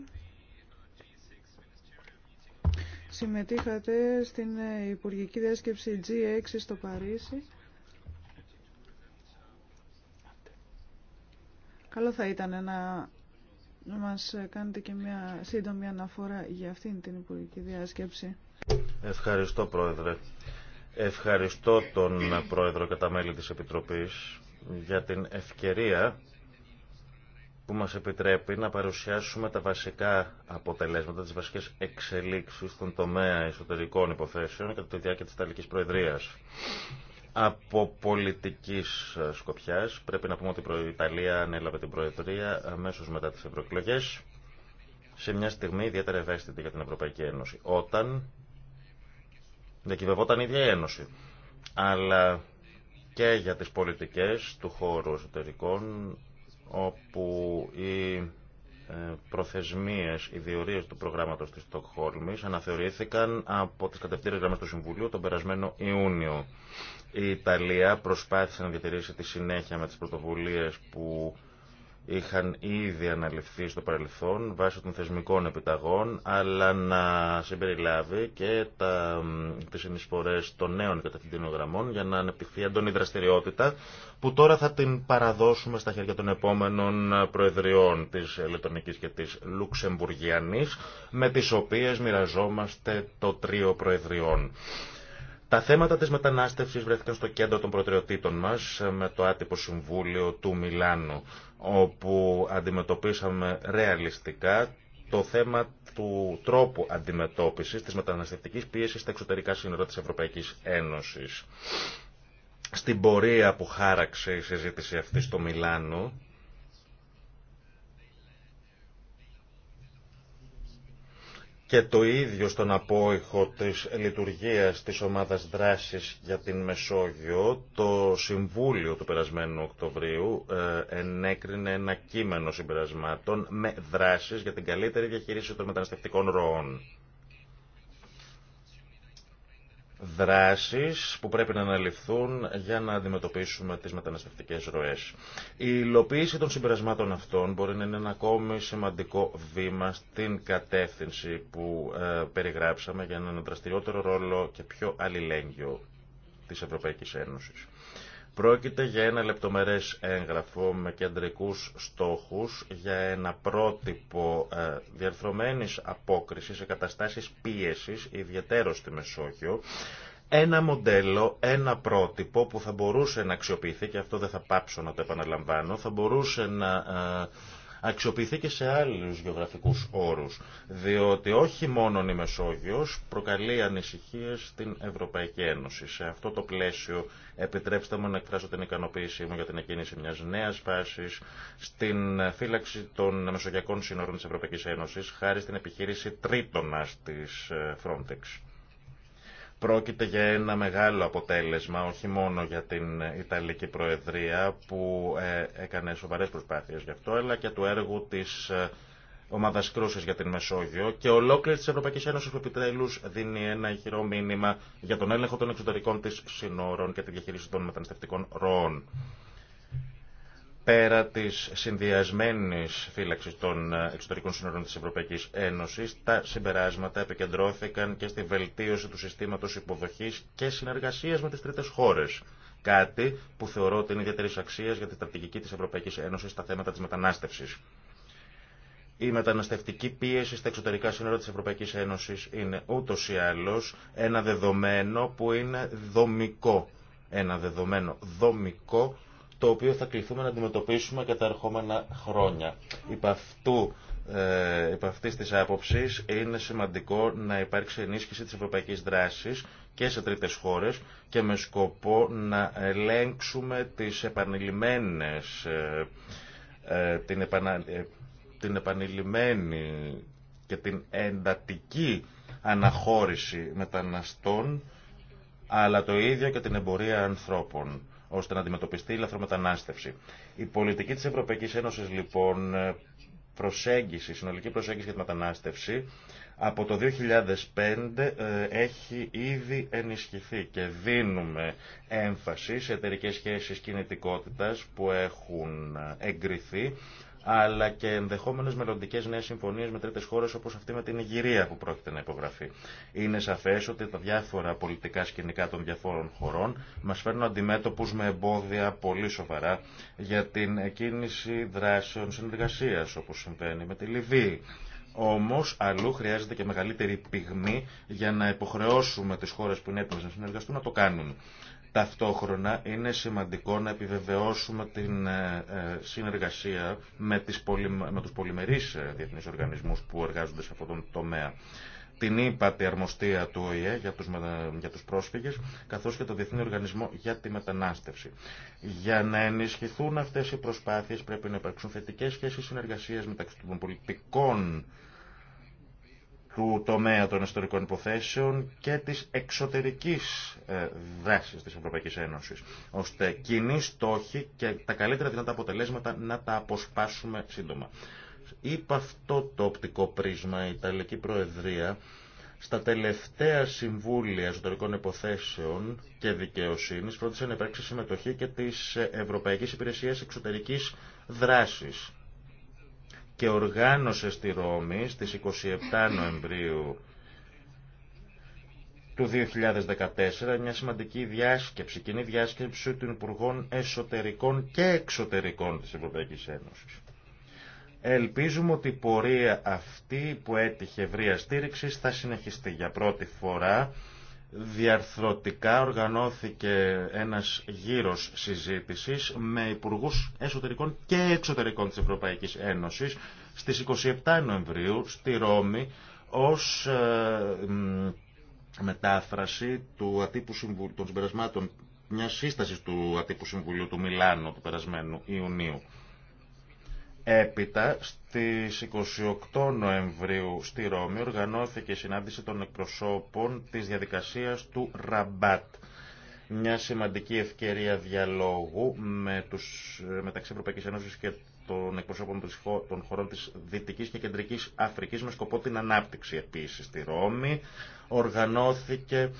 Συμμετείχατε στην ε, Υπουργική Διάσκεψη G6 στο Παρίσι. Καλό θα ήταν να μας κάνετε και μια σύντομη αναφορά για αυτήν την Υπουργική Διάσκεψη. Ευχαριστώ Πρόεδρε. Ευχαριστώ τον Πρόεδρο και τα μέλη της Επιτροπής για την ευκαιρία που μας επιτρέπει να παρουσιάσουμε τα βασικά αποτελέσματα, τις βασικές εξελίξεις στον τομέα εσωτερικών υποθέσεων κατά τη διάρκεια της Ιταλικής Προεδρίας. Από πολιτικής σκοπιάς πρέπει να πούμε ότι η Ιταλία ανέλαβε την Προεδρία αμέσως μετά τις ευρωεκλογέ σε μια στιγμή ιδιαίτερα ευαίσθητη για την Ευρωπαϊκή Ένωση. Όταν διακυβευόταν η ίδια η Ένωση. Αλλά και για τις πολιτικές του χώρου εσωτερικών όπου οι ε, προθεσμίες, οι διορίες του προγράμματος της Στοκχόλμης αναθεωρήθηκαν από τις κατευθύνες γραμμές του Συμβουλίου τον περασμένο Ιούνιο. Η Ιταλία προσπάθησε να διατηρήσει τη συνέχεια με τις πρωτοβουλίες που είχαν ήδη αναλυφθεί στο παρελθόν βάσει των θεσμικών επιταγών, αλλά να συμπεριλάβει και τα, τις συνεισφορές των νέων κατευθυντήνων γραμμών για να αναπτυχθεί αντώνη δραστηριότητα που τώρα θα την παραδώσουμε στα χέρια των επόμενων προεδριών της Λετωνικής και της Λουξεμβουργιανής με τις οποίες μοιραζόμαστε το τρίο προεδριών. Τα θέματα της μετανάστευσης βρέθηκαν στο κέντρο των προτεραιοτήτων μας με το άτυπο συμβούλιο του Μιλάνου, όπου αντιμετωπίσαμε ρεαλιστικά το θέμα του τρόπου αντιμετώπισης της μεταναστευτικής πίεσης στα εξωτερικά σύνορα της Ευρωπαϊκής Ένωσης. Στην πορεία που χάραξε η συζήτηση αυτή στο Μιλάνο, και το ίδιο στον απόϊχο της λειτουργίας της ομάδας δράσης για την Μεσόγειο, το Συμβούλιο του περασμένου Οκτωβρίου ε, ενέκρινε ένα κείμενο συμπερασμάτων με δράσεις για την καλύτερη διαχείριση των μεταναστευτικών ροών δράσεις που πρέπει να αναλυθούν για να αντιμετωπίσουμε τις μεταναστευτικές ροές. Η υλοποίηση των συμπερασμάτων αυτών μπορεί να είναι ένα ακόμη σημαντικό βήμα στην κατεύθυνση που ε, περιγράψαμε για έναν δραστηριότερο ρόλο και πιο αλληλέγγυο της Ευρωπαϊκής Ένωσης. Πρόκειται για ένα λεπτομερές έγγραφο με κεντρικούς στόχους για ένα πρότυπο ε, διαρθρωμένης απόκρισης σε καταστάσεις πίεσης, ιδιαίτερο στη Μεσόγειο, ένα μοντέλο, ένα πρότυπο που θα μπορούσε να αξιοποιηθεί, και αυτό δεν θα πάψω να το επαναλαμβάνω, θα μπορούσε να ε, αξιοποιηθεί και σε άλλους γεωγραφικούς όρους, διότι όχι μόνο η Μεσόγειος προκαλεί ανησυχίες στην Ευρωπαϊκή Ένωση. Σε αυτό το πλαίσιο επιτρέψτε μου να εκφράσω την ικανοποίησή μου για την εκκίνηση μιας νέας φάσης στην φύλαξη των μεσογειακών σύνορων της Ευρωπαϊκής Ένωσης χάρη στην επιχείρηση τρίτονας της ε, Frontex. Πρόκειται για ένα μεγάλο αποτέλεσμα, όχι μόνο για την Ιταλική Προεδρία που ε, έκανε σοβαρές προσπάθειες γι' αυτό, αλλά και του έργου της ε, Ομάδας Κρούσης για την Μεσόγειο και ολόκληρη της Ευρωπαϊκής Ένωσης που επιτέλου δίνει ένα ηχηρό μήνυμα για τον έλεγχο των εξωτερικών της συνόρων και τη διαχείριση των μεταναστευτικών ροών πέρα της συνδυασμένης φύλαξης των εξωτερικών σύνορων της Ευρωπαϊκής Ένωσης, τα συμπεράσματα επικεντρώθηκαν και στη βελτίωση του συστήματος υποδοχής και συνεργασίας με τις τρίτες χώρες. Κάτι που θεωρώ ότι είναι ιδιαίτερη αξία για τη στρατηγική της Ευρωπαϊκής Ένωσης στα θέματα της μετανάστευσης. Η μεταναστευτική πίεση στα εξωτερικά σύνορα της Ευρωπαϊκής Ένωσης είναι ούτως ή άλλως ένα δεδομένο που είναι δομικό. Ένα δεδομένο δομικό το οποίο θα κληθούμε να αντιμετωπίσουμε τα ερχόμενα χρόνια. Υπ' αυτού ε, αυτή τη άποψη είναι σημαντικό να υπάρξει ενίσχυση της ευρωπαϊκή δράσης και σε τρίτες χώρες και με σκοπό να ελέγξουμε τις επανειλημμένες, ε, ε, την, επανα, ε, την επανειλημμένη και την εντατική αναχώρηση μεταναστών αλλά το ίδιο και την εμπορία ανθρώπων ώστε να αντιμετωπιστεί η λαθρομετανάστευση. Η πολιτική της Ευρωπαϊκής Ένωσης λοιπόν προσέγγιση, συνολική προσέγγιση για τη μετανάστευση από το 2005 ε, έχει ήδη ενισχυθεί και δίνουμε έμφαση σε εταιρικέ σχέσεις κινητικότητας που έχουν εγκριθεί αλλά και ενδεχόμενε μελλοντικέ νέε συμφωνίε με τρίτε χώρε όπω αυτή με την Ιγυρία που πρόκειται να υπογραφεί. Είναι σαφέ ότι τα διάφορα πολιτικά σκηνικά των διαφόρων χωρών μα φέρνουν αντιμέτωπου με εμπόδια πολύ σοβαρά για την κίνηση δράσεων συνεργασία όπω συμβαίνει με τη Λιβύη. Όμω, αλλού χρειάζεται και μεγαλύτερη πυγμή για να υποχρεώσουμε τι χώρε που είναι έτοιμε να συνεργαστούν να το κάνουν. Ταυτόχρονα είναι σημαντικό να επιβεβαιώσουμε την ε, ε, συνεργασία με, τις πολυ... με τους πολυμερείς ε, διεθνείς οργανισμούς που εργάζονται σε αυτόν τον τομέα την τη αρμοστία του ΟΗΕ για τους, για τους πρόσφυγες, καθώς και το Διεθνή Οργανισμό για τη Μετανάστευση. Για να ενισχυθούν αυτές οι προσπάθειες πρέπει να υπάρξουν θετικές σχέσεις συνεργασίας μεταξύ των πολιτικών του τομέα των ιστορικών υποθέσεων και της εξωτερικής ε, δράσης της Ευρωπαϊκής Ένωσης, ώστε κοινή στόχη και τα καλύτερα δυνατά αποτελέσματα να τα αποσπάσουμε σύντομα. Είπα αυτό το οπτικό πρίσμα η Ιταλική Προεδρία στα τελευταία συμβούλια εσωτερικών υποθέσεων και δικαιοσύνης φρόντισε να υπάρξει συμμετοχή και της Ευρωπαϊκής Υπηρεσίας Εξωτερικής Δράσης και οργάνωσε στη Ρώμη στις 27 Νοεμβρίου του 2014 μια σημαντική διάσκεψη, κοινή διάσκεψη των Υπουργών Εσωτερικών και Εξωτερικών της Ευρωπαϊκής Ένωσης. Ελπίζουμε ότι η πορεία αυτή που έτυχε ευρεία στήριξη θα συνεχιστεί για πρώτη φορά διαρθρωτικά οργανώθηκε ένας γύρος συζήτησης με υπουργούς εσωτερικών και εξωτερικών της Ευρωπαϊκής Ένωσης στις 27 Νοεμβρίου στη Ρώμη ως ε, μετάφραση του ατύπου των συμπερασμάτων μιας σύστασης του Ατύπου Συμβουλίου του Μιλάνου του περασμένου Ιουνίου. Έπειτα, στις 28 Νοεμβρίου στη Ρώμη οργανώθηκε η συνάντηση των εκπροσώπων της διαδικασίας του Ραμπάτ. Μια σημαντική ευκαιρία διαλόγου με τους, μεταξύ Ευρωπαϊκής Ένωσης και των εκπροσώπων των χωρών της Δυτικής και Κεντρικής Αφρικής με σκοπό την ανάπτυξη επίσης στη Ρώμη. Οργανώθηκε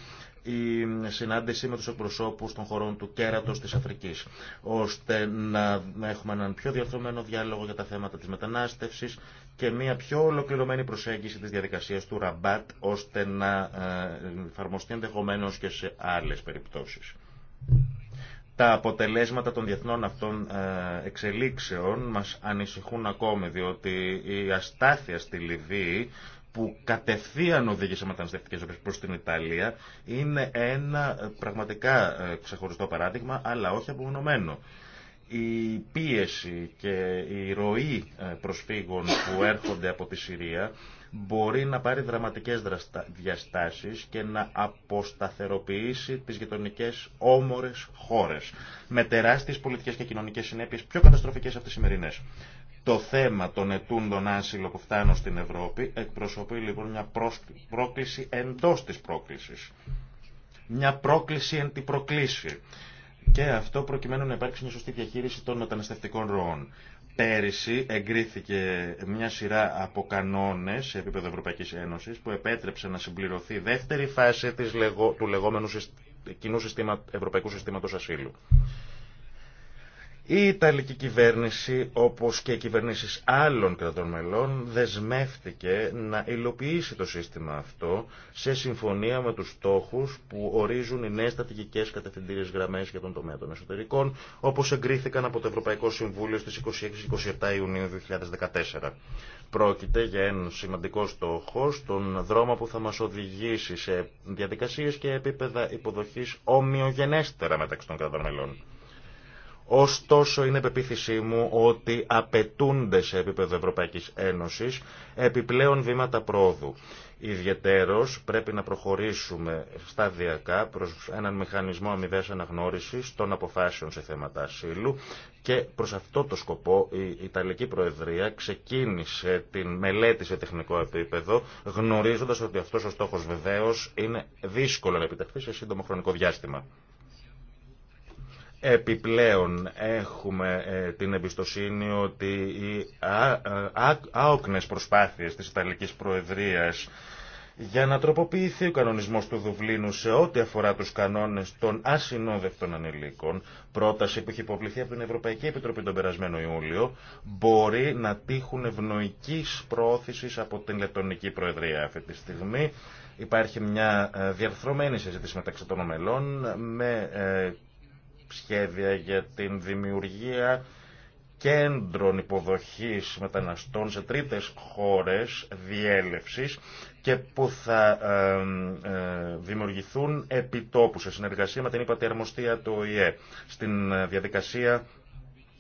η συνάντησή με τους εκπροσώπους των χωρών του κέρατος της Αφρικής, ώστε να έχουμε έναν πιο διαρθρωμένο διάλογο για τα θέματα της μετανάστευσης και μια πιο ολοκληρωμένη προσέγγιση της διαδικασίας του Ραμπάτ, ώστε να ε, εφαρμοστεί ενδεχομένω και σε άλλες περιπτώσεις. Τα αποτελέσματα των διεθνών αυτών ε, εξελίξεων μας ανησυχούν ακόμη, διότι η αστάθεια στη Λιβύη που κατευθείαν οδήγησε μεταναστευτικέ ζωέ προ την Ιταλία είναι ένα ε, πραγματικά ε, ξεχωριστό παράδειγμα, αλλά όχι απομονωμένο. Η πίεση και η ροή ε, προσφύγων που έρχονται από τη Συρία μπορεί να πάρει δραματικές διαστάσεις και να αποσταθεροποιήσει τις γειτονικέ όμορες χώρες με τεράστιες πολιτικές και κοινωνικές συνέπειες πιο καταστροφικές από τις σημερινές. Το θέμα των ετούντων άσυλο που φτάνουν στην Ευρώπη εκπροσωπεί λοιπόν μια πρόκληση εντός της πρόκλησης. Μια πρόκληση εν την προκλήση. Και αυτό προκειμένου να υπάρξει μια σωστή διαχείριση των μεταναστευτικών ροών. Πέρυσι εγκρίθηκε μια σειρά από κανόνε σε επίπεδο Ευρωπαϊκή Ένωση που επέτρεψε να συμπληρωθεί η δεύτερη φάση της, του λεγόμενου κοινού συστήμα, Ευρωπαϊκού Συστήματο Ασύλου. Η Ιταλική κυβέρνηση, όπως και οι κυβερνήσεις άλλων κρατών μελών, δεσμεύτηκε να υλοποιήσει το σύστημα αυτό σε συμφωνία με τους στόχους που ορίζουν οι νέες στατικικές κατευθυντήριες γραμμές για τον τομέα των εσωτερικών, όπως εγκρίθηκαν από το Ευρωπαϊκό Συμβούλιο στις 26-27 Ιουνίου 2014. Πρόκειται για έναν σημαντικό στόχο στον δρόμο που θα μας οδηγήσει σε διαδικασίες και επίπεδα υποδοχής ομοιογενέστερα μεταξύ των κρατών μελών. Ωστόσο, είναι πεποίθησή μου ότι απαιτούνται σε επίπεδο Ευρωπαϊκής Ένωσης επιπλέον βήματα πρόοδου. Ιδιαιτέρως πρέπει να προχωρήσουμε σταδιακά προς έναν μηχανισμό αμοιβές αναγνώρισης των αποφάσεων σε θέματα ασύλου και προς αυτό το σκοπό η Ιταλική Προεδρία ξεκίνησε την μελέτη σε τεχνικό επίπεδο γνωρίζοντας ότι αυτός ο στόχος βεβαίως είναι δύσκολο να επιτευχθεί σε σύντομο χρονικό διάστημα. Επιπλέον έχουμε ε, την εμπιστοσύνη ότι οι άοκνες προσπάθειες της Ιταλικής Προεδρίας για να τροποποιηθεί ο κανονισμός του Δουβλίνου σε ό,τι αφορά τους κανόνες των ασυνόδευτων ανηλίκων, πρόταση που έχει υποβληθεί από την Ευρωπαϊκή Επιτροπή τον περασμένο Ιούλιο, μπορεί να τύχουν ευνοϊκής προώθησης από την Λεπτονική Προεδρία αυτή τη στιγμή. Υπάρχει μια ε, διαρθρωμένη συζήτηση μεταξύ των ομελών με ε, σχέδια για την δημιουργία κέντρων υποδοχής μεταναστών σε τρίτες χώρες διέλευσης και που θα ε, δημιουργηθούν επιτόπου σε συνεργασία με την υπατερμοστία του ΟΗΕ στην ε, διαδικασία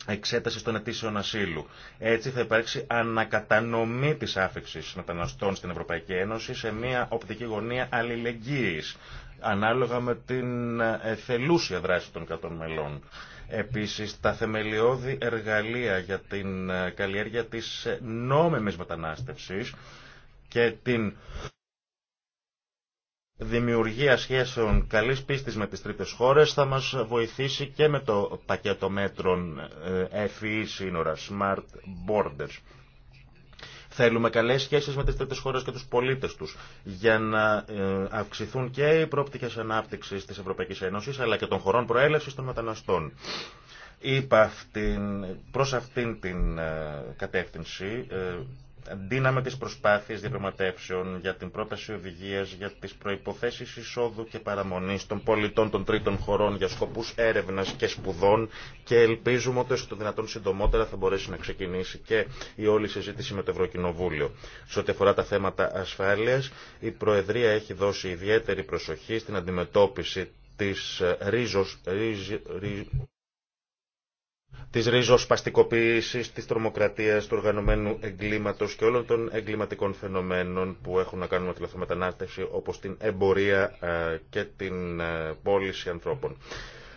εξέταση των αιτήσεων ασύλου. Έτσι θα υπάρξει ανακατανομή της άφηξης μεταναστών στην Ευρωπαϊκή Ένωση σε μια οπτική γωνία αλληλεγγύης ανάλογα με την ε, θελούσια δράση των κατών μελών. Επίσης, τα θεμελιώδη εργαλεία για την ε, καλλιέργεια της ε, νόμιμης μετανάστευσης και την δημιουργία σχέσεων καλής πίστης με τις τρίτες χώρες θα μας βοηθήσει και με το πακέτο μέτρων FEE e, σύνορα, Smart Borders. Θέλουμε καλέ σχέσει με τι τρίτε χώρε και του πολίτε του για να ε, αυξηθούν και οι πρόπτυχε ανάπτυξη τη Ευρωπαϊκή Ένωση αλλά και των χωρών προέλευση των μεταναστών. Είπα αυτήν, προς αυτήν την ε, κατεύθυνση ε, Αντίναμε τις προσπάθειες διαπραγματεύσεων για την πρόταση οδηγίας για τις προϋποθέσεις εισόδου και παραμονής των πολιτών των τρίτων χωρών για σκοπούς έρευνας και σπουδών και ελπίζουμε ότι στο δυνατόν συντομότερα θα μπορέσει να ξεκινήσει και η όλη συζήτηση με το Ευρωκοινοβούλιο. Σε ό,τι αφορά τα θέματα ασφάλειας, η Προεδρία έχει δώσει ιδιαίτερη προσοχή στην αντιμετώπιση της ρίζος, ρίζ, της ριζοσπαστικοποίησης, τη τρομοκρατίας, του οργανωμένου εγκλήματος και όλων των εγκληματικών φαινομένων που έχουν να κάνουν με τη λαθρομετανάστευση όπως την εμπορία ε, και την ε, πώληση ανθρώπων.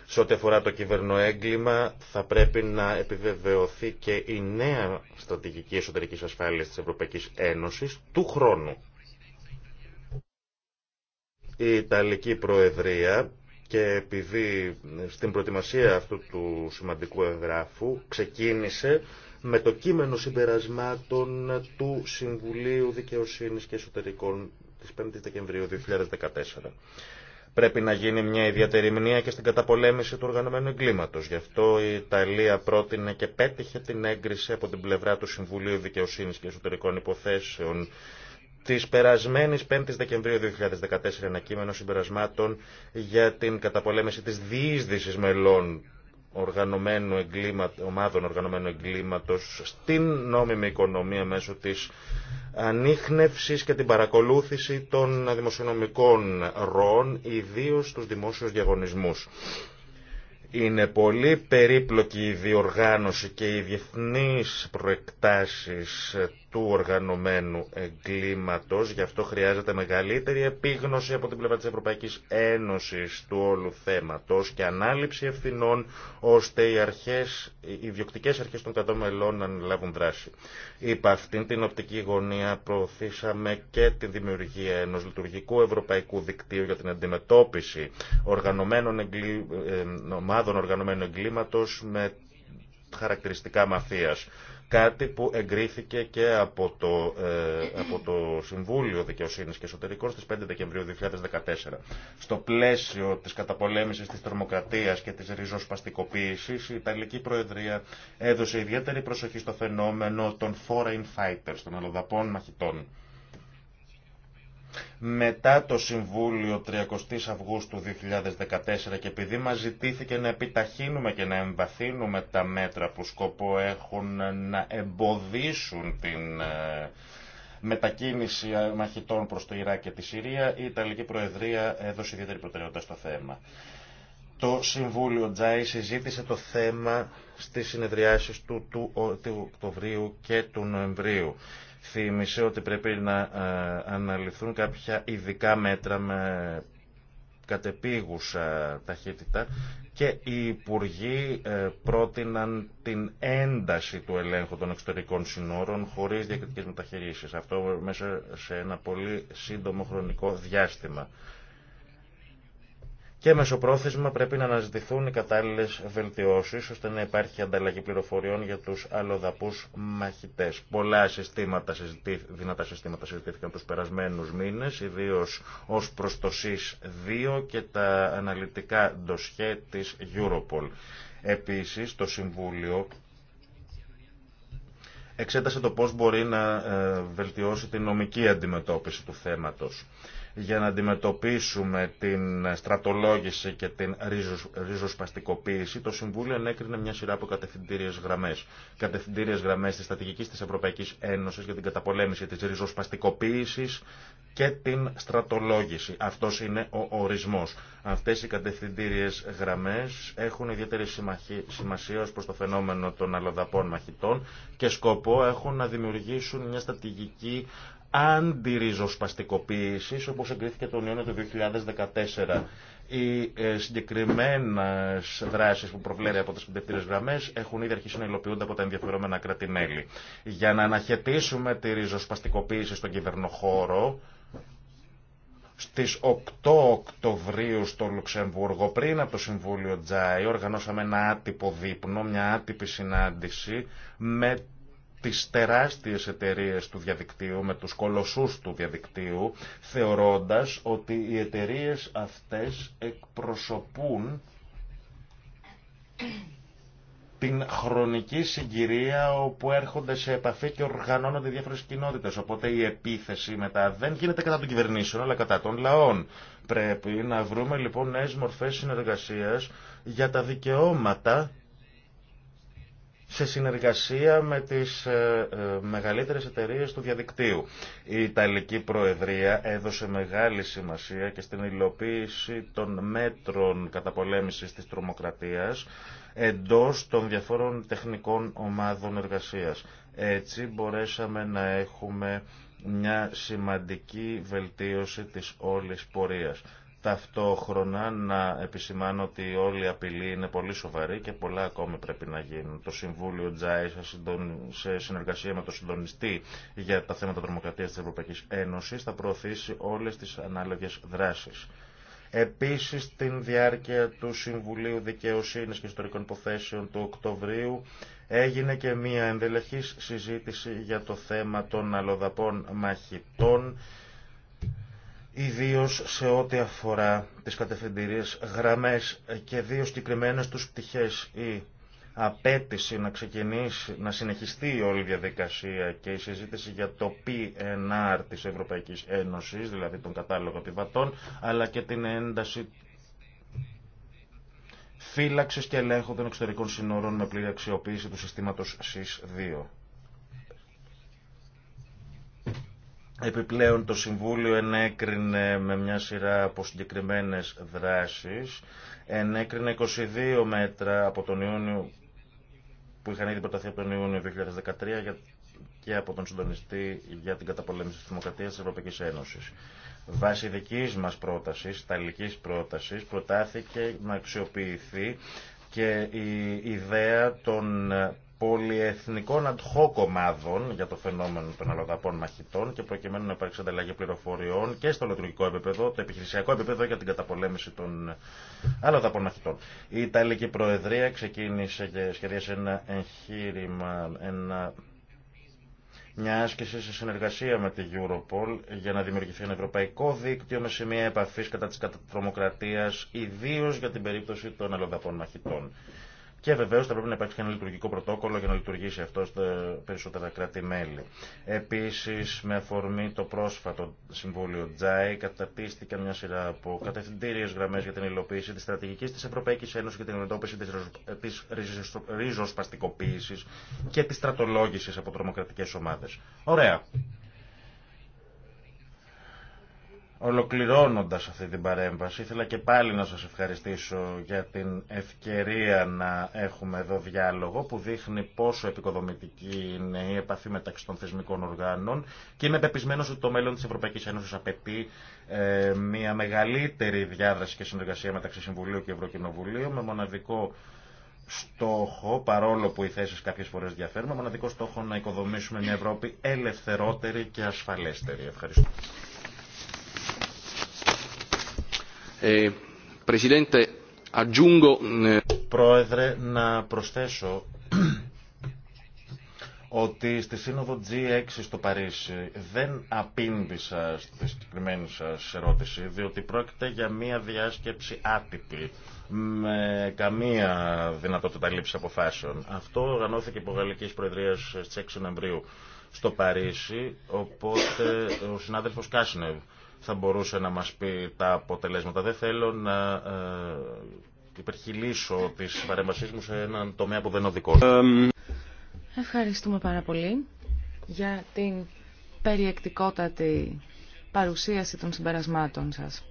Σε ό,τι αφορά το κυβερνοέγκλημα θα πρέπει να επιβεβαιωθεί και η νέα στρατηγική εσωτερικής ασφάλειας της Ευρωπαϊκή Ένωση, του χρόνου. Η Ιταλική Προεδρία και επειδή στην προετοιμασία αυτού του σημαντικού εγγράφου ξεκίνησε με το κείμενο συμπερασμάτων του Συμβουλίου Δικαιοσύνης και Εσωτερικών της 5 η Δεκεμβρίου 2014. Πρέπει να γίνει μια ιδιαίτερη μνήμα και στην καταπολέμηση του οργανωμένου εγκλήματος. Γι' αυτό η Ιταλία πρότεινε και πέτυχε την έγκριση από την πλευρά του Συμβουλίου Δικαιοσύνης και Εσωτερικών Υποθέσεων της περασμένης 5ης Δεκεμβρίου 2014 ένα κείμενο συμπερασμάτων για την καταπολέμηση της διείσδυσης μελών οργανωμένου ομάδων οργανωμένου εγκλήματος στην νόμιμη οικονομία μέσω της ανείχνευσης και την παρακολούθηση των δημοσιονομικών ροών, ιδίως στους δημόσιους διαγωνισμούς. Είναι πολύ περίπλοκη η διοργάνωση και οι διεθνείς προεκτάσεις του οργανωμένου εγκλήματος, γι' αυτό χρειάζεται μεγαλύτερη επίγνωση από την πλευρά της Ευρωπαϊκής Ένωσης του όλου θέματος και ανάληψη ευθυνών ώστε οι, αρχές, οι αρχές των κρατών να λάβουν δράση. Υπ' αυτήν την οπτική γωνία προωθήσαμε και τη δημιουργία ενός λειτουργικού ευρωπαϊκού δικτύου για την αντιμετώπιση οργανωμένων ε, ομάδων οργανωμένου εγκλήματος με χαρακτηριστικά μαφίας κάτι που εγκρίθηκε και από το, ε, από το Συμβούλιο Δικαιοσύνης και Εσωτερικών στις 5 Δεκεμβρίου 2014. Στο πλαίσιο της καταπολέμησης της τρομοκρατίας και της ριζοσπαστικοποίησης, η Ιταλική Προεδρία έδωσε ιδιαίτερη προσοχή στο φαινόμενο των foreign fighters, των αλλοδαπών μαχητών μετά το Συμβούλιο 30 Αυγούστου 2014 και επειδή μας ζητήθηκε να επιταχύνουμε και να εμβαθύνουμε τα μέτρα που σκοπό έχουν να εμποδίσουν την ε, μετακίνηση μαχητών προς το Ιράκ και τη Συρία, η Ιταλική Προεδρία έδωσε ιδιαίτερη προτεραιότητα στο θέμα. Το Συμβούλιο Τζάι συζήτησε το θέμα στις συνεδριάσεις του, του, του Οκτωβρίου και του Νοεμβρίου θύμισε ότι πρέπει να ε, αναλυθούν κάποια ειδικά μέτρα με κατεπίγουσα ταχύτητα και οι υπουργοί ε, πρότειναν την ένταση του ελέγχου των εξωτερικών συνόρων χωρίς διακριτικές μεταχειρήσεις. Αυτό μέσα σε ένα πολύ σύντομο χρονικό διάστημα και μεσοπρόθεσμα πρέπει να αναζητηθούν οι κατάλληλε βελτιώσει ώστε να υπάρχει ανταλλαγή πληροφοριών για του αλλοδαπού μαχητέ. Πολλά συστήματα, δυνατά συστήματα συζητήθηκαν του περασμένου μήνε, ιδίω ω προ το ΣΥΣ 2 και τα αναλυτικά ντοσιέ τη Europol. Επίση, το Συμβούλιο εξέτασε το πώς μπορεί να ε, βελτιώσει την νομική αντιμετώπιση του θέματος για να αντιμετωπίσουμε την στρατολόγηση και την ριζοσπαστικοποίηση, το Συμβούλιο ανέκρινε μια σειρά από κατευθυντήριε γραμμέ. Κατευθυντήριε γραμμέ τη στρατηγική τη Ευρωπαϊκή Ένωση για την καταπολέμηση τη ριζοσπαστικοποίηση και την στρατολόγηση. Αυτό είναι ο ορισμό. Αυτέ οι κατευθυντήριε γραμμέ έχουν ιδιαίτερη σημασία ω προ το φαινόμενο των αλλοδαπών μαχητών και σκοπό έχουν να δημιουργήσουν μια στρατηγική αντιριζοσπαστικοποίησης όπως εγκρίθηκε τον Ιούνιο του 2014. Οι ε, συγκεκριμένες δράσεις που προβλέπει από τις συντεκτήρε γραμμές έχουν ήδη αρχίσει να υλοποιούνται από τα ενδιαφερόμενα Για να αναχαιτήσουμε τη ριζοσπαστικοποίηση στον κυβερνοχώρο, στις 8 Οκτωβρίου στο Λουξεμβούργο, πριν από το Συμβούλιο Τζάι, οργανώσαμε ένα άτυπο δείπνο, μια άτυπη συνάντηση με τις τεράστιες εταιρείες του διαδικτύου, με τους κολοσσούς του διαδικτύου, θεωρώντας ότι οι εταιρείες αυτές εκπροσωπούν την χρονική συγκυρία όπου έρχονται σε επαφή και οργανώνονται διάφορες κοινότητες. Οπότε η επίθεση μετά δεν γίνεται κατά των κυβερνήσεων αλλά κατά των λαών. Πρέπει να βρούμε λοιπόν νέες μορφές συνεργασίας για τα δικαιώματα σε συνεργασία με τις ε, ε, μεγαλύτερες εταιρείες του διαδικτύου. Η Ιταλική Προεδρία έδωσε μεγάλη σημασία και στην υλοποίηση των μέτρων καταπολέμησης της τρομοκρατίας εντός των διαφόρων τεχνικών ομάδων εργασίας. Έτσι μπορέσαμε να έχουμε μια σημαντική βελτίωση της όλης πορείας. Ταυτόχρονα να επισημάνω ότι όλη η απειλή είναι πολύ σοβαρή και πολλά ακόμη πρέπει να γίνουν. Το Συμβούλιο Τζάι σε συνεργασία με το συντονιστή για τα θέματα τρομοκρατίας της Ευρωπαϊκής Ένωσης θα προωθήσει όλες τις ανάλογες δράσεις. Επίσης, την διάρκεια του Συμβουλίου Δικαιοσύνης και Ιστορικών Υποθέσεων του Οκτωβρίου έγινε και μία ενδελεχής συζήτηση για το θέμα των αλλοδαπών μαχητών ιδίως σε ό,τι αφορά τις κατευθυντήριες γραμμές και δύο συγκεκριμένε τους πτυχές ή απέτηση να ξεκινήσει, να συνεχιστεί η όλη διαδικασία και η συζήτηση για το PNR της Ευρωπαϊκής Ένωσης, δηλαδή τον κατάλογο επιβατών, αλλά και την ένταση φύλαξης και ελέγχου των εξωτερικών συνόρων με πλήρη αξιοποίηση του συστήματος SIS-2. Επιπλέον το Συμβούλιο ενέκρινε με μια σειρά από συγκεκριμένε δράσεις. Ενέκρινε 22 μέτρα από τον Ιούνιο που είχαν ήδη προταθεί από τον Ιούνιο 2013 και από τον συντονιστή για την καταπολέμηση της δημοκρατίας της Ευρωπαϊκής Ένωσης. Βάσει δική μας πρότασης, ταλικής πρότασης, προτάθηκε να αξιοποιηθεί και η ιδέα των πολυεθνικών ad hoc ομάδων για το φαινόμενο των αλλοδαπών μαχητών και προκειμένου να υπάρξει ανταλλαγή πληροφοριών και στο λειτουργικό επίπεδο, το επιχειρησιακό επίπεδο για την καταπολέμηση των αλλοδαπών μαχητών. Η Ιταλική Προεδρία ξεκίνησε και σχεδίασε ένα εγχείρημα, ένα μια άσκηση σε συνεργασία με τη Europol για να δημιουργηθεί ένα ευρωπαϊκό δίκτυο με σημεία επαφή κατά τη τρομοκρατία, ιδίω για την περίπτωση των αλλοδαπών μαχητών. Και βεβαίω θα πρέπει να υπάρξει και ένα λειτουργικό πρωτόκολλο για να λειτουργήσει αυτό στα περισσότερα κράτη-μέλη. Επίση, με αφορμή το πρόσφατο συμβούλιο Τζάι, κατατίστηκαν μια σειρά από κατευθυντήριε γραμμέ για την υλοποίηση τη στρατηγική τη Ευρωπαϊκή Ένωση για την αντιμετώπιση τη ριζοσπαστικοποίηση και τη στρατολόγηση από τρομοκρατικέ ομάδε. Ωραία. Ολοκληρώνοντας αυτή την παρέμβαση, ήθελα και πάλι να σας ευχαριστήσω για την ευκαιρία να έχουμε εδώ διάλογο που δείχνει πόσο επικοδομητική είναι η επαφή μεταξύ των θεσμικών οργάνων και είμαι πεπισμένος ότι το μέλλον της Ευρωπαϊκής Ένωσης απαιτεί ε, μια μεγαλύτερη διάδραση και συνεργασία μεταξύ Συμβουλίου και Ευρωκοινοβουλίου με μοναδικό στόχο, παρόλο που οι θέσεις κάποιες φορές διαφέρουν, με μοναδικό στόχο να οικοδομήσουμε μια Ευρώπη ελευθερότερη και ασφαλέστερη. Ευχαριστώ. Ε, mm, Πρόεδρε, να προσθέσω ότι στη σύνοδο G6 στο Παρίσι δεν απήντησα στη συγκεκριμένη σας ερώτηση, διότι πρόκειται για μία διάσκεψη άτυπη, με καμία δυνατότητα λήψη αποφάσεων. Αυτό οργανώθηκε υπό Γαλλικής Προεδρίας στι 6 Νοεμβρίου στο Παρίσι, οπότε ο συνάδελφος Κάσινευ θα μπορούσε να μας πει τα αποτελέσματα. Δεν θέλω να ε, υπερχιλήσω τις παρεμβάσεις μου σε έναν τομέα που δεν είναι ο Ευχαριστούμε πάρα πολύ για την περιεκτικότατη παρουσίαση των συμπερασμάτων σας.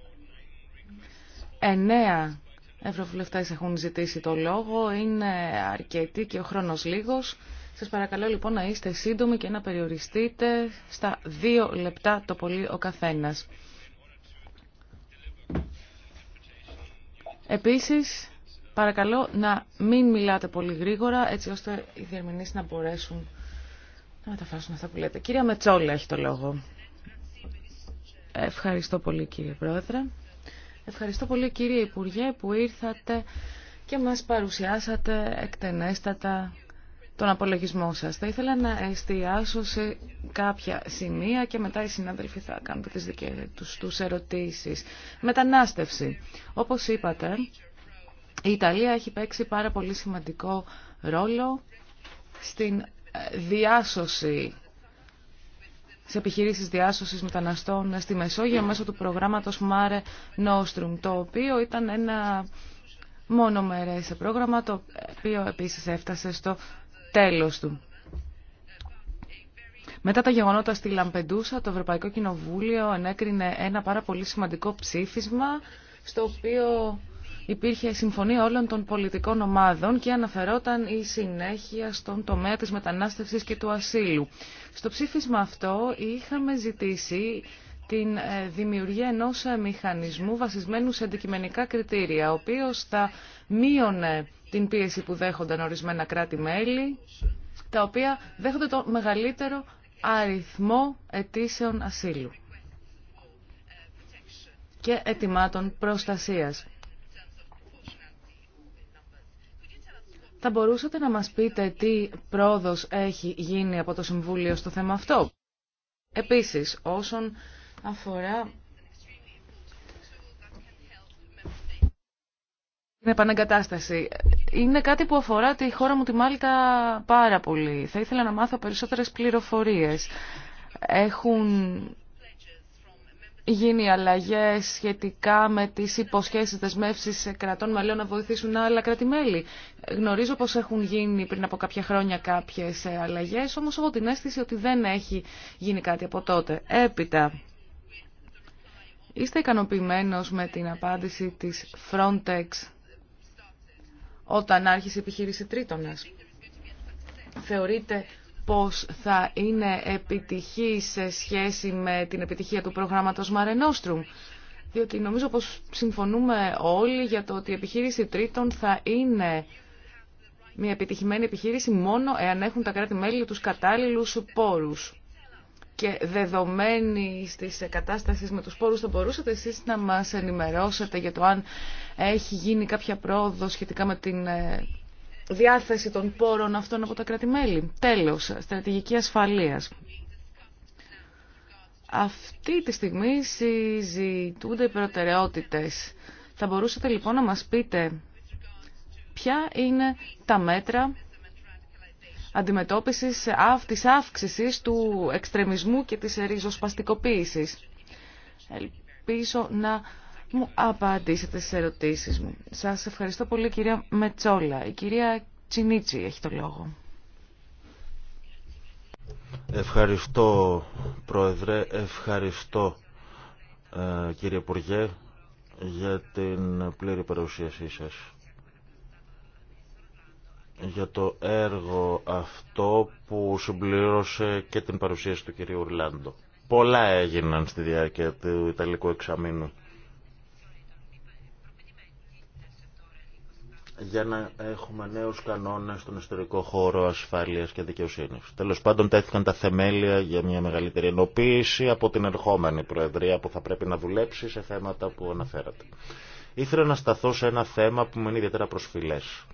Εννέα ευρωβουλευτές έχουν ζητήσει το λόγο, είναι αρκετή και ο χρόνος λίγος. Σας παρακαλώ λοιπόν να είστε σύντομοι και να περιοριστείτε στα δύο λεπτά το πολύ ο καθένας. Επίσης, παρακαλώ να μην μιλάτε πολύ γρήγορα, έτσι ώστε οι διερμηνείς να μπορέσουν να μεταφράσουν αυτά που λέτε. Κυρία Μετσόλα έχει το λόγο. Ευχαριστώ πολύ κύριε Πρόεδρε. Ευχαριστώ πολύ κύριε Υπουργέ που ήρθατε και μας παρουσιάσατε εκτενέστατα τον απολογισμό σας. Θα ήθελα να εστιάσω σε κάποια σημεία και μετά οι συνάδελφοι θα κάνουν τις δικές τους, τους ερωτήσεις. Μετανάστευση. Όπως είπατε, η Ιταλία έχει παίξει πάρα πολύ σημαντικό ρόλο στην ε, διάσωση σε επιχειρήσεις διάσωσης μεταναστών στη Μεσόγειο μέσω του προγράμματος Mare Nostrum, το οποίο ήταν ένα μόνο μερές πρόγραμμα, το οποίο επίσης έφτασε στο τέλος του. Μετά τα γεγονότα στη Λαμπεντούσα, το Ευρωπαϊκό Κοινοβούλιο ενέκρινε ένα πάρα πολύ σημαντικό ψήφισμα, στο οποίο υπήρχε συμφωνία όλων των πολιτικών ομάδων και αναφερόταν η συνέχεια στον τομέα της μετανάστευσης και του ασύλου. Στο ψήφισμα αυτό είχαμε ζητήσει την ε, δημιουργία ενός ε, μηχανισμού βασισμένου σε αντικειμενικά κριτήρια, ο οποίος θα μείωνε την πίεση που δέχονταν ορισμένα κράτη-μέλη, τα οποία δέχονται το μεγαλύτερο αριθμό αιτήσεων ασύλου και ετοιμάτων προστασίας. Θα μπορούσατε να μας πείτε τι πρόοδος έχει γίνει από το Συμβούλιο στο θέμα αυτό. Επίσης, όσον αφορά την επαναγκατάσταση, είναι κάτι που αφορά τη χώρα μου τη Μάλτα πάρα πολύ. Θα ήθελα να μάθω περισσότερες πληροφορίες. Έχουν γίνει αλλαγές σχετικά με τις υποσχέσεις δεσμεύσεις κρατών μαλλιών να βοηθήσουν άλλα κρατημέλη. Γνωρίζω πως έχουν γίνει πριν από κάποια χρόνια κάποιες αλλαγές, όμως έχω την αίσθηση ότι δεν έχει γίνει κάτι από τότε. Έπειτα, είστε ικανοποιημένος με την απάντηση της Frontex όταν άρχισε η επιχείρηση τρίτονας. Θεωρείτε πώς θα είναι επιτυχή σε σχέση με την επιτυχία του προγράμματος Nostrum; Διότι νομίζω πως συμφωνούμε όλοι για το ότι η επιχείρηση τρίτων θα είναι μια επιτυχημένη επιχείρηση μόνο εάν έχουν τα κράτη-μέλη τους κατάλληλους πόρους και δεδομένη τη κατάσταση με του πόρου, θα μπορούσατε εσεί να μα ενημερώσετε για το αν έχει γίνει κάποια πρόοδο σχετικά με την ε, διάθεση των πόρων αυτών από τα κράτη-μέλη. Τέλο, στρατηγική ασφαλεία. Αυτή τη στιγμή συζητούνται οι προτεραιότητες. Θα μπορούσατε λοιπόν να μας πείτε ποια είναι τα μέτρα αντιμετώπισης της αύξησης του εξτρεμισμού και της ριζοσπαστικοποίησης. Ελπίζω να μου απαντήσετε στις ερωτήσεις μου. Σας ευχαριστώ πολύ κυρία Μετσόλα. Η κυρία Τσινίτσι έχει το λόγο. Ευχαριστώ Πρόεδρε, ευχαριστώ ε, κύριε Υπουργέ για την πλήρη παρουσίασή σας για το έργο αυτό που συμπλήρωσε και την παρουσίαση του κυρίου Ουρλάντο. Πολλά έγιναν στη διάρκεια του Ιταλικού εξαμήνου. για να έχουμε νέους κανόνες στον ιστορικό χώρο ασφάλειας και δικαιοσύνης. Τέλος πάντων τέθηκαν τα θεμέλια για μια μεγαλύτερη ενοποίηση από την ερχόμενη Προεδρία που θα πρέπει να δουλέψει σε θέματα που αναφέρατε. Ήθελα να σταθώ σε ένα θέμα που μου είναι ιδιαίτερα προσφυλές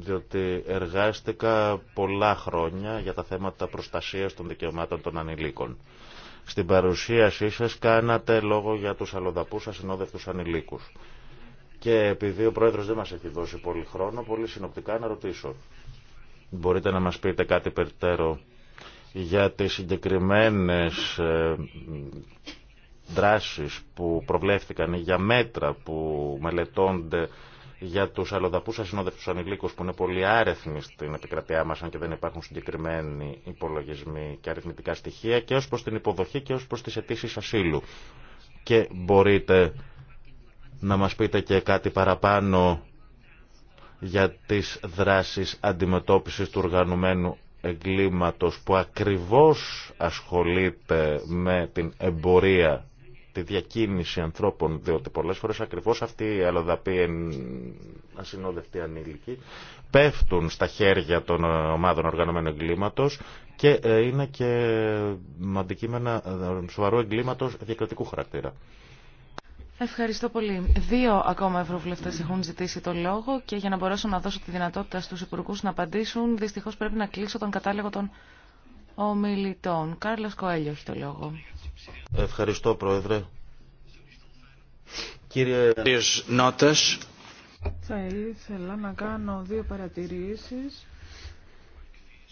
διότι εργάστηκα πολλά χρόνια για τα θέματα προστασίας των δικαιωμάτων των ανηλίκων. Στην παρουσίασή σας κάνατε λόγο για τους αλλοδαπούς ασυνόδευτους ανηλίκους. Και επειδή ο Πρόεδρος δεν μας έχει δώσει πολύ χρόνο, πολύ συνοπτικά να ρωτήσω. Μπορείτε να μας πείτε κάτι περιττέρω για τις συγκεκριμένες ε, δράσεις που προβλέφθηκαν, για μέτρα που μελετώνται για τους αλλοδαπού ασυνόδευτου ανήλικου που είναι πολύ άρεθμοι στην επικρατειά μας αν και δεν υπάρχουν συγκεκριμένοι υπολογισμοί και αριθμητικά στοιχεία και ω προ την υποδοχή και ω προ τι αιτήσει ασύλου. Και μπορείτε να μας πείτε και κάτι παραπάνω για τις δράσεις αντιμετώπισης του οργανωμένου εγκλήματος που ακριβώς ασχολείται με την εμπορία τη διακίνηση ανθρώπων, διότι πολλές φορές ακριβώς αυτοί οι αλλοδαποί ασυνόδευτοι ανήλικοι πέφτουν στα χέρια των ομάδων οργανωμένου εγκλήματος και ε, είναι και αντικείμενα ε, σοβαρού εγκλήματος διακριτικού χαρακτήρα. Ευχαριστώ πολύ. Δύο ακόμα ευρωβουλευτές έχουν ζητήσει το λόγο και για να μπορέσω να δώσω τη δυνατότητα στους υπουργού να απαντήσουν, δυστυχώς πρέπει να κλείσω τον κατάλογο των ομιλητών. Κάρλος Κοέλιο έχει το λόγο. Ευχαριστώ, Πρόεδρε. Κύριε Νότας. Θα ήθελα να κάνω δύο παρατηρήσεις.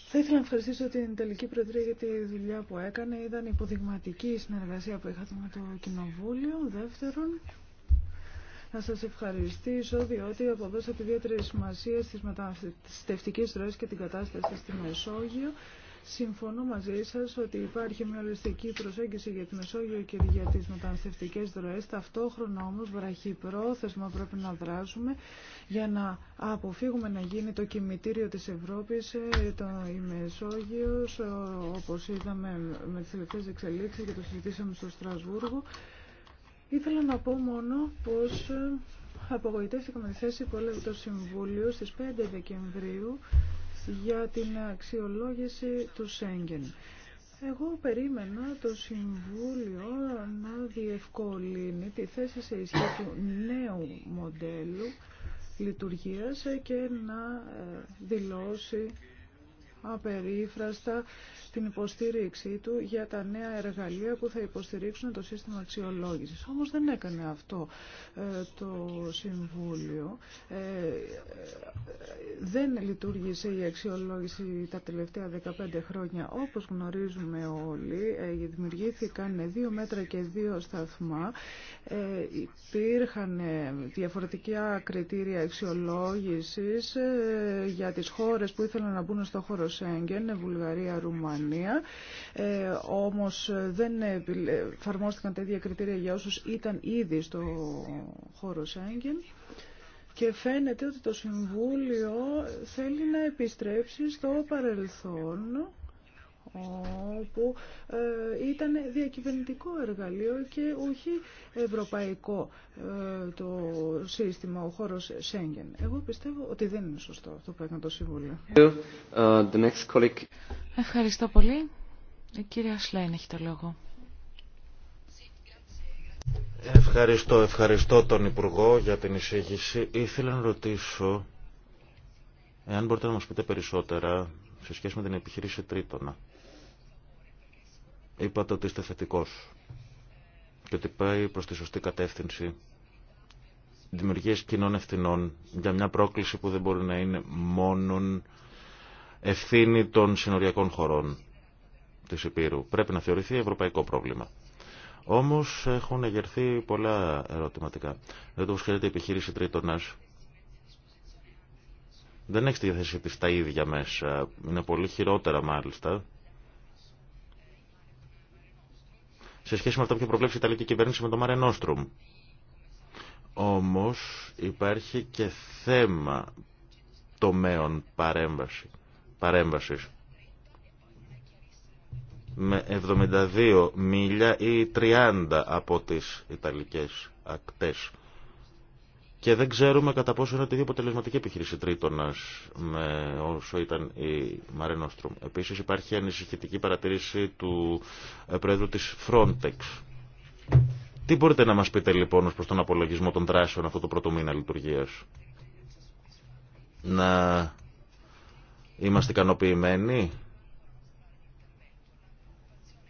Θα ήθελα να ευχαριστήσω την τελική Προεδρία για τη δουλειά που έκανε. Ήταν υποδειγματική η συνεργασία που είχατε με το Κοινοβούλιο. Δεύτερον, να σας ευχαριστήσω διότι αποδώσατε ιδιαίτερη σημασία στις μεταναστευτικές ροές και την κατάσταση στη Μεσόγειο. Συμφωνώ μαζί σας ότι υπάρχει μια οριστική προσέγγιση για τη Μεσόγειο και για τις μεταναστευτικές δροές. Ταυτόχρονα όμως βραχυπρόθεσμα πρέπει να δράσουμε για να αποφύγουμε να γίνει το κημητήριο της Ευρώπης ε, η Μεσόγειος, ε, όπως είδαμε με τις τελευταίες εξελίξεις και το συζητήσαμε στο Στρασβούργο. Ήθελα να πω μόνο πως ε, απογοητεύτηκα με τη θέση που έλεγε το Συμβούλιο στις 5 Δεκεμβρίου για την αξιολόγηση του Σέγγεν. Εγώ περίμενα το Συμβούλιο να διευκολύνει τη θέση σε ισχύ του νέου μοντέλου λειτουργίας και να ε, δηλώσει απερίφραστα την υποστήριξή του για τα νέα εργαλεία που θα υποστηρίξουν το σύστημα αξιολόγησης. Όμως δεν έκανε αυτό ε, το Συμβούλιο. Ε, δεν λειτουργήσε η αξιολόγηση τα τελευταία 15 χρόνια. Όπως γνωρίζουμε όλοι, ε, δημιουργήθηκαν δύο μέτρα και δύο σταθμά. υπήρχαν διαφορετικά κριτήρια αξιολόγησης για τις χώρες που ήθελαν να μπουν στο χώρο Σέγγεν, Βουλγαρία, Ρουμανία. Ε, όμως ε, δεν εφαρμόστηκαν τέτοια κριτήρια για όσους ήταν ήδη στο χώρο Σέγγεν. Και φαίνεται ότι το Συμβούλιο θέλει να επιστρέψει στο παρελθόν όπου ε, ήταν διακυβερνητικό εργαλείο και όχι ευρωπαϊκό ε, το σύστημα, ο χώρος Σέγγεν. Εγώ πιστεύω ότι δεν είναι σωστό αυτό που έκανε το Συμβούλιο. Uh, ευχαριστώ πολύ. Η κυρία Σλέν έχει το λόγο. Ευχαριστώ, ευχαριστώ τον Υπουργό για την εισήγηση. Ήθελα να ρωτήσω, εάν μπορείτε να μας πείτε περισσότερα σε σχέση με την επιχείρηση Τρίτονα. Είπατε ότι είστε θετικός και ότι πάει προς τη σωστή κατεύθυνση δημιουργίες κοινών ευθυνών για μια πρόκληση που δεν μπορεί να είναι μόνον ευθύνη των συνοριακών χωρών της Επίρου. Πρέπει να θεωρηθεί ευρωπαϊκό πρόβλημα. Όμως έχουν εγερθεί πολλά ερωτηματικά. Δεν το η επιχείρηση τρίτονας. Δεν έχει τη διαθέση της τα ίδια μέσα. Είναι πολύ χειρότερα μάλιστα σε σχέση με αυτό που είχε προβλέψει η Ιταλική κυβέρνηση με τον Μάρε Νόστρουμ. Όμως υπάρχει και θέμα τομέων παρέμβαση, παρέμβασης με 72 μίλια ή 30 από τις Ιταλικές ακτές και δεν ξέρουμε κατά πόσο είναι τη αποτελεσματική επιχείρηση τρίτονα με όσο ήταν η Μαρενόστρουμ. Επίση υπάρχει ανησυχητική παρατήρηση του ε, πρόεδρου τη Frontex. Τι μπορείτε να μα πείτε λοιπόν ω προ τον απολογισμό των δράσεων αυτό το πρώτο μήνα λειτουργία. Να είμαστε ικανοποιημένοι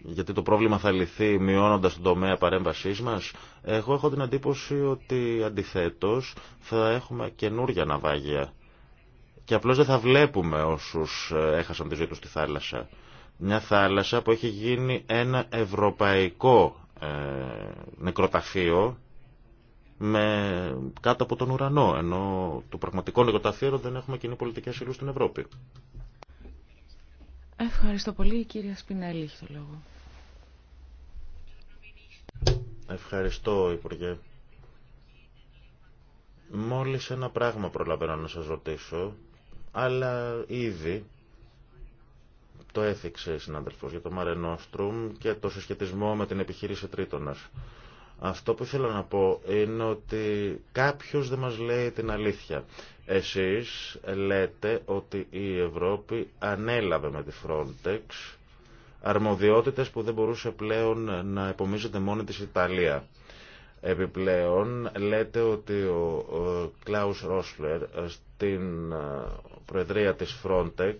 γιατί το πρόβλημα θα λυθεί μειώνοντας τον τομέα παρέμβασής μας. Εγώ έχω την αντίποση ότι αντιθέτως θα έχουμε καινούργια ναυάγια και απλώς δεν θα βλέπουμε όσους ε, έχασαν τη ζωή τους στη θάλασσα. Μια θάλασσα που έχει γίνει ένα ευρωπαϊκό ε, νεκροταφείο με κάτω από τον ουρανό, ενώ το πραγματικό νεκροταφείο δεν έχουμε κοινή πολιτική ασύλου στην Ευρώπη. Ευχαριστώ πολύ. Η κυρία Σπινέλη έχει το λόγο. Ευχαριστώ, Υπουργέ. Μόλις ένα πράγμα προλαβαίνω να σας ρωτήσω, αλλά ήδη το έθιξε η συνάδελφος για το Μαρενόστρουμ και το συσχετισμό με την επιχείρηση Τρίτονας. Αυτό που θέλω να πω είναι ότι κάποιος δεν μας λέει την αλήθεια. Εσείς λέτε ότι η Ευρώπη ανέλαβε με τη Frontex αρμοδιότητες που δεν μπορούσε πλέον να επομίζεται μόνη της Ιταλία. Επιπλέον λέτε ότι ο Κλάους Ρόσλερ ε, στην ε, Προεδρία της Frontex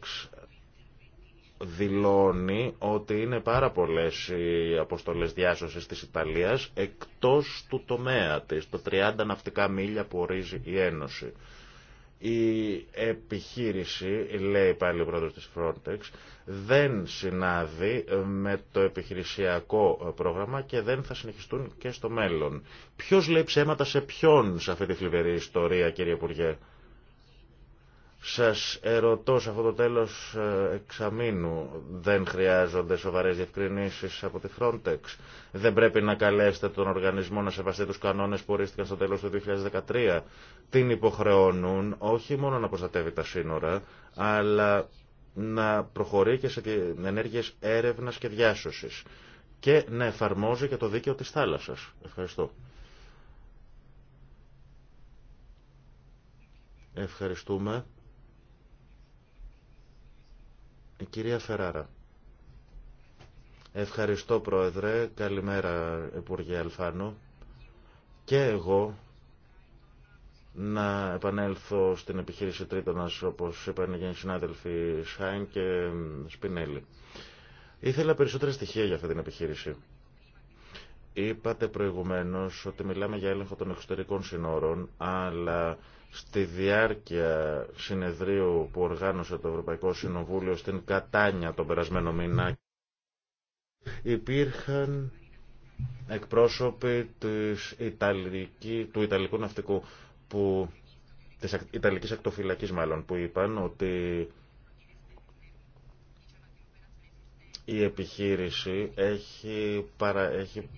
δηλώνει ότι είναι πάρα πολλές οι αποστολές διάσωσης της Ιταλίας εκτός του τομέα της, το 30 ναυτικά μίλια που ορίζει η Ένωση. Η επιχείρηση, λέει πάλι ο πρόεδρος της Frontex, δεν συνάδει με το επιχειρησιακό πρόγραμμα και δεν θα συνεχιστούν και στο μέλλον. Ποιος λέει ψέματα σε ποιον σε αυτή τη θλιβερή ιστορία, κύριε Υπουργέ. Σας ερωτώ σε αυτό το τέλος ε, εξαμήνου, δεν χρειάζονται σοβαρές διευκρινήσεις από τη Frontex. Δεν πρέπει να καλέσετε τον οργανισμό να σεβαστεί τους κανόνες που ορίστηκαν στο τέλος του 2013. Την υποχρεώνουν όχι μόνο να προστατεύει τα σύνορα, αλλά να προχωρεί και σε ενέργειες έρευνας και διάσωσης και να εφαρμόζει και το δίκαιο της θάλασσας. Ευχαριστώ. Ευχαριστούμε. Η ε, κυρία Φεράρα. Ευχαριστώ Πρόεδρε. Καλημέρα Υπουργέ Αλφάνου. Και εγώ να επανέλθω στην επιχείρηση τρίτονας όπως είπαν οι συνάδελφοι Σχάιν και Σπινέλη. Ήθελα περισσότερα στοιχεία για αυτή την επιχείρηση. Είπατε προηγουμένως ότι μιλάμε για έλεγχο των εξωτερικών συνόρων, αλλά στη διάρκεια συνεδρίου που οργάνωσε το Ευρωπαϊκό Συνοβούλιο στην Κατάνια τον περασμένο μήνα υπήρχαν εκπρόσωποι της Ιταλική, του Ιταλικού Ναυτικού που, της Ιταλικής Ακτοφυλακής μάλλον που είπαν ότι η επιχείρηση έχει, παρα, έχει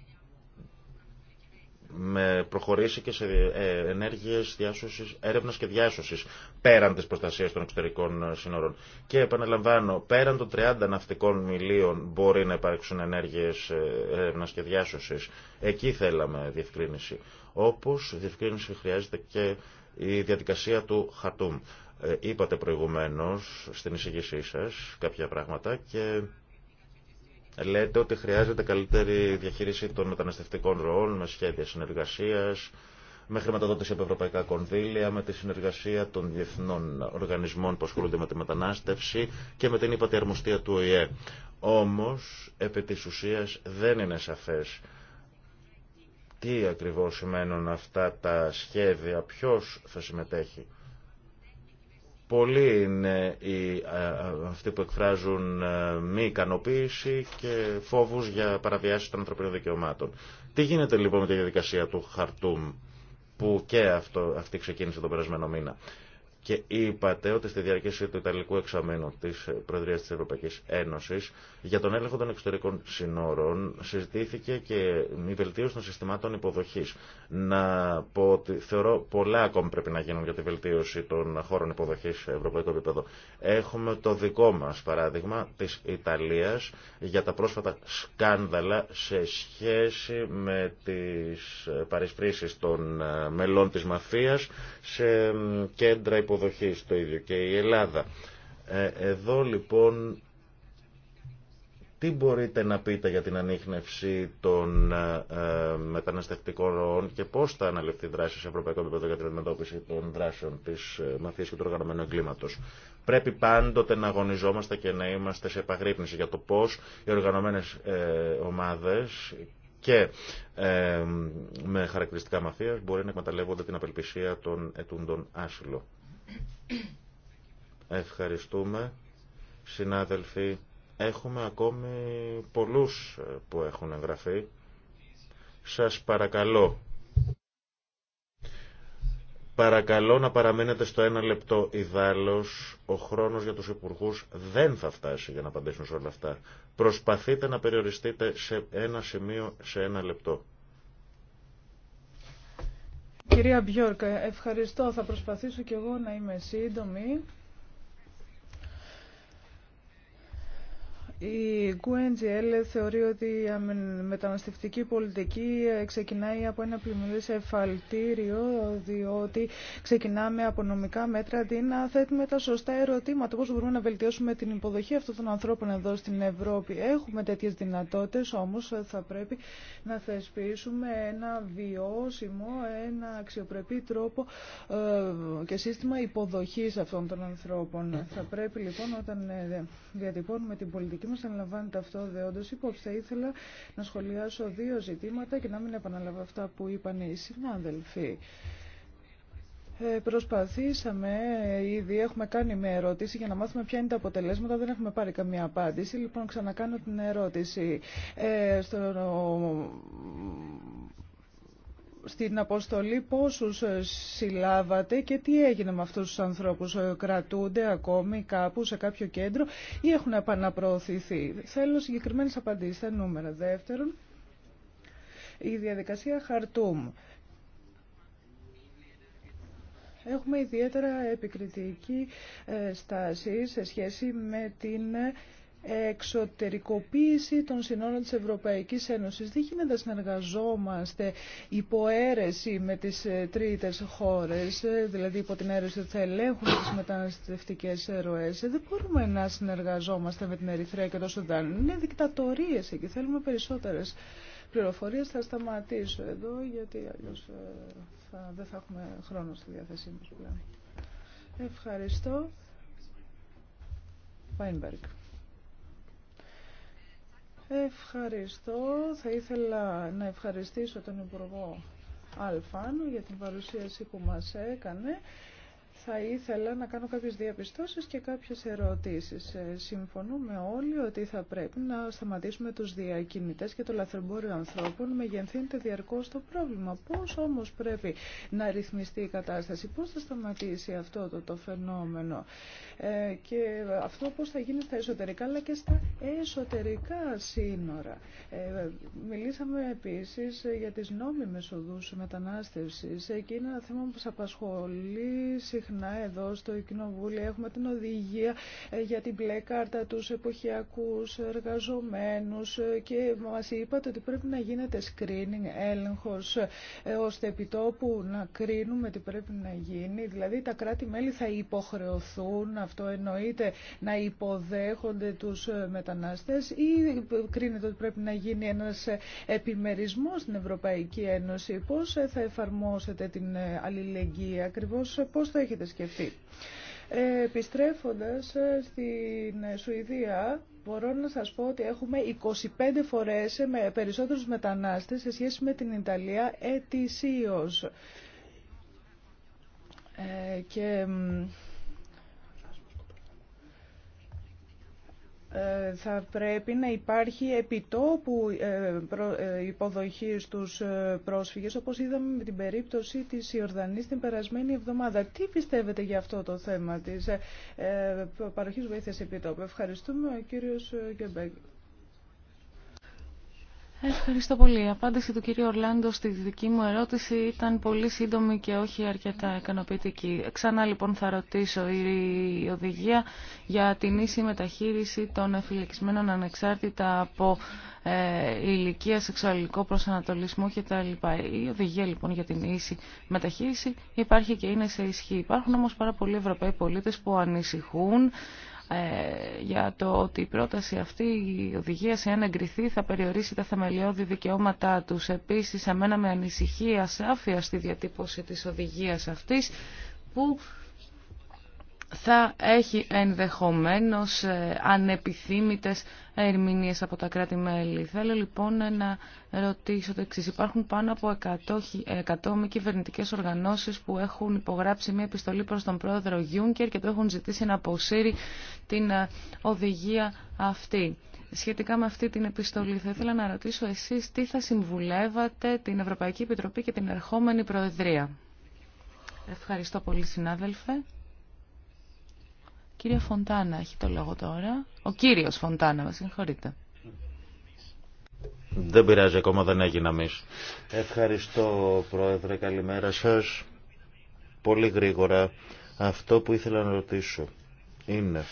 με προχωρήσει και σε ε, ενέργειες διάσωσης, έρευνας και διάσωσης πέραν της προστασίας των εξωτερικών ε, σύνορων. Και επαναλαμβάνω, πέραν των 30 ναυτικών μιλίων μπορεί να υπάρξουν ενέργειες ε, έρευνας και διάσωσης. Εκεί θέλαμε διευκρίνηση. Όπως διευκρίνηση χρειάζεται και η διαδικασία του χατούμ. Είπατε προηγουμένως στην εισηγήσή σας κάποια πράγματα και Λέτε ότι χρειάζεται καλύτερη διαχείριση των μεταναστευτικών ροών με σχέδια συνεργασία, με χρηματοδότηση από ευρωπαϊκά κονδύλια, με τη συνεργασία των διεθνών οργανισμών που ασχολούνται με τη μετανάστευση και με την υπατιαρμοστία του ΟΗΕ. Όμως, επί τη ουσία δεν είναι σαφέ τι ακριβώς σημαίνουν αυτά τα σχέδια, ποιος θα συμμετέχει. Πολλοί είναι ε, ε, αυτοί που εκφράζουν ε, μη ικανοποίηση και φόβους για παραβιάσεις των ανθρωπίνων δικαιωμάτων. Τι γίνεται λοιπόν με τη διαδικασία του Χαρτούμ που και αυτό, αυτή ξεκίνησε τον περασμένο μήνα και είπατε ότι στη διάρκεια του Ιταλικού εξαμένου τη Προεδρία τη Ευρωπαϊκή Ένωση για τον έλεγχο των εξωτερικών συνόρων συζητήθηκε και η βελτίωση των συστημάτων υποδοχή. Να πω ότι θεωρώ πολλά ακόμη πρέπει να γίνουν για τη βελτίωση των χώρων υποδοχή σε ευρωπαϊκό επίπεδο. Έχουμε το δικό μα παράδειγμα τη Ιταλία για τα πρόσφατα σκάνδαλα σε σχέση με τι παρισπρήσει των μελών τη μαφία σε κέντρα υποδοχής το ίδιο και η Ελλάδα. Ε, εδώ λοιπόν τι μπορείτε να πείτε για την ανείχνευση των ε, ε, μεταναστευτικών ροών και πώς θα αναλυφθεί η δράση σε ευρωπαϊκό επίπεδο για την αντιμετώπιση των δράσεων της μαθής και του οργανωμένου εγκλήματος. Πρέπει πάντοτε να αγωνιζόμαστε και να είμαστε σε επαγρύπνηση για το πώς οι οργανωμένες ομάδες και με χαρακτηριστικά μαφία, μπορεί να εκμεταλλεύονται την απελπισία των ετούντων άσυλο. Ευχαριστούμε. Συνάδελφοι, έχουμε ακόμη πολλούς ε, που έχουν εγγραφεί. Σας παρακαλώ. Παρακαλώ να παραμένετε στο ένα λεπτό ιδάλως. Ο χρόνος για τους υπουργού δεν θα φτάσει για να απαντήσουν σε όλα αυτά. Προσπαθείτε να περιοριστείτε σε ένα σημείο, σε ένα λεπτό. Κυρία Μπιόρκα, ευχαριστώ. Θα προσπαθήσω κι εγώ να είμαι σύντομη. Η QNGL θεωρεί ότι η μεταναστευτική πολιτική ε, ξεκινάει από ένα σε εφαλτήριο, διότι ξεκινάμε από νομικά μέτρα αντί να θέτουμε τα σωστά ερωτήματα. Πώς μπορούμε να βελτιώσουμε την υποδοχή αυτών των ανθρώπων εδώ στην Ευρώπη. Έχουμε τέτοιες δυνατότητες, όμως ε, θα πρέπει να θεσπίσουμε ένα βιώσιμο, ένα αξιοπρεπή τρόπο ε, και σύστημα υποδοχής αυτών των ανθρώπων. Θα πρέπει λοιπόν όταν διατυπώνουμε την πολιτική μας λαμβάνετε αυτό δεόντως υπόψη. Θα ήθελα να σχολιάσω δύο ζητήματα και να μην επαναλάβω αυτά που είπαν οι συνάδελφοι. Ε, προσπαθήσαμε ήδη, έχουμε κάνει μια ερώτηση για να μάθουμε ποια είναι τα αποτελέσματα, δεν έχουμε πάρει καμία απάντηση. Λοιπόν, ξανακάνω την ερώτηση. Ε, στο στην αποστολή πόσους ε, συλλάβατε και τι έγινε με αυτούς τους ανθρώπους. Ε, κρατούνται ακόμη κάπου σε κάποιο κέντρο ή έχουν επαναπροωθηθεί. Θέλω συγκεκριμένες απαντήσεις στα νούμερα. Δεύτερον, η διαδικασία χαρτούμ. νουμερο νουμερα δευτερον ιδιαίτερα επικριτική ε, στάση σε σχέση με την εξωτερικοποίηση των συνόρων της Ευρωπαϊκής Ένωσης. Δεν γίνεται να συνεργαζόμαστε υπό αίρεση με τις ε, τρίτες χώρες, ε, δηλαδή υπό την αίρεση ότι θα ελέγχουν τις μεταναστευτικές ροές. Ε, δεν μπορούμε να συνεργαζόμαστε με την Ερυθρέα και το Σουδάν. Είναι δικτατορίες εκεί. Θέλουμε περισσότερες πληροφορίες. Θα σταματήσω εδώ γιατί αλλιώς θα, δεν θα έχουμε χρόνο στη διάθεσή μας Ευχαριστώ. Weinberg. Ευχαριστώ. Θα ήθελα να ευχαριστήσω τον Υπουργό Αλφάνου για την παρουσίαση που μας έκανε θα ήθελα να κάνω κάποιες διαπιστώσεις και κάποιες ερωτήσεις. Ε, συμφωνούμε όλοι ότι θα πρέπει να σταματήσουμε τους διακινητές και το λαθρεμπόριο ανθρώπων. Μεγενθύνεται διαρκώς το πρόβλημα. Πώς όμως πρέπει να ρυθμιστεί η κατάσταση, πώς θα σταματήσει αυτό το, το φαινόμενο ε, και αυτό πώς θα γίνει στα εσωτερικά αλλά και στα εσωτερικά σύνορα. Ε, μιλήσαμε επίσης για τις νόμιμες οδούς μετανάστευσης και είναι ένα θέμα που μας απασχολεί συχνά εδώ στο Κοινοβούλιο έχουμε την οδηγία ε, για την μπλε κάρτα, τους εποχιακούς εργαζομένους ε, και μας είπατε ότι πρέπει να γίνεται screening, έλεγχος, ε, ώστε επιτόπου να κρίνουμε τι πρέπει να γίνει. Δηλαδή τα κράτη-μέλη θα υποχρεωθούν, αυτό εννοείται, να υποδέχονται τους μετανάστες ή κρίνεται ότι πρέπει να γίνει ένας επιμερισμός στην Ευρωπαϊκή Ένωση. Πώς θα εφαρμόσετε την αλληλεγγύη ακριβώς, πώς θα έχετε έχετε ε, επιστρέφοντας ε, στην Σουηδία, μπορώ να σας πω ότι έχουμε 25 φορές με περισσότερους μετανάστες σε σχέση με την Ιταλία ετησίως. Ε, και Ε, θα πρέπει να υπάρχει επιτόπου ε, ε, υποδοχή στους πρόσφυγες, όπως είδαμε με την περίπτωση της Ιορδανής την περασμένη εβδομάδα. Τι πιστεύετε για αυτό το θέμα της παροχής βοήθειας επιτόπου. Ευχαριστούμε, ο κύριος Γκεμπέγκ. Ευχαριστώ πολύ. Η απάντηση του κύριου Ορλάντο στη δική μου ερώτηση ήταν πολύ σύντομη και όχι αρκετά ικανοποιητική. Ξανά λοιπόν θα ρωτήσω η οδηγία για την ίση μεταχείριση των εφηλεκισμένων ανεξάρτητα από ε, ηλικία, σεξουαλικό προσανατολισμό κτλ. Η οδηγία λοιπόν για την ίση μεταχείριση υπάρχει και είναι σε ισχύ. Υπάρχουν όμως πάρα πολλοί Ευρωπαίοι πολίτες που ανησυχούν ε, για το ότι η πρόταση αυτή, η οδηγία, αν εγκριθεί, θα περιορίσει τα θεμελιώδη δικαιώματά τους. Επίσης, εμένα με ανησυχία σάφια στη διατύπωση της οδηγίας αυτής, που θα έχει ενδεχομένως ε, ανεπιθύμητες ερμηνείες από τα κράτη-μέλη. Θέλω λοιπόν να ρωτήσω το εξής. Υπάρχουν πάνω από 100, 100 μη κυβερνητικέ οργανώσεις που έχουν υπογράψει μια επιστολή προς τον πρόεδρο Γιούνκερ και του έχουν ζητήσει να αποσύρει την ε, οδηγία αυτή. Σχετικά με αυτή την επιστολή θα ήθελα να ρωτήσω εσείς τι θα συμβουλεύατε την Ευρωπαϊκή Επιτροπή και την ερχόμενη Προεδρία. Ευχαριστώ πολύ συνάδελφε. Κύριε Φοντάνα, έχει το λόγο τώρα. Ο κύριος Φοντάνα, με συγχωρείτε. Δεν πειράζει, ακόμα δεν έγινα εμεί. Ευχαριστώ, Πρόεδρε. Καλημέρα σας. Πολύ γρήγορα. Αυτό που ήθελα να ρωτήσω είναι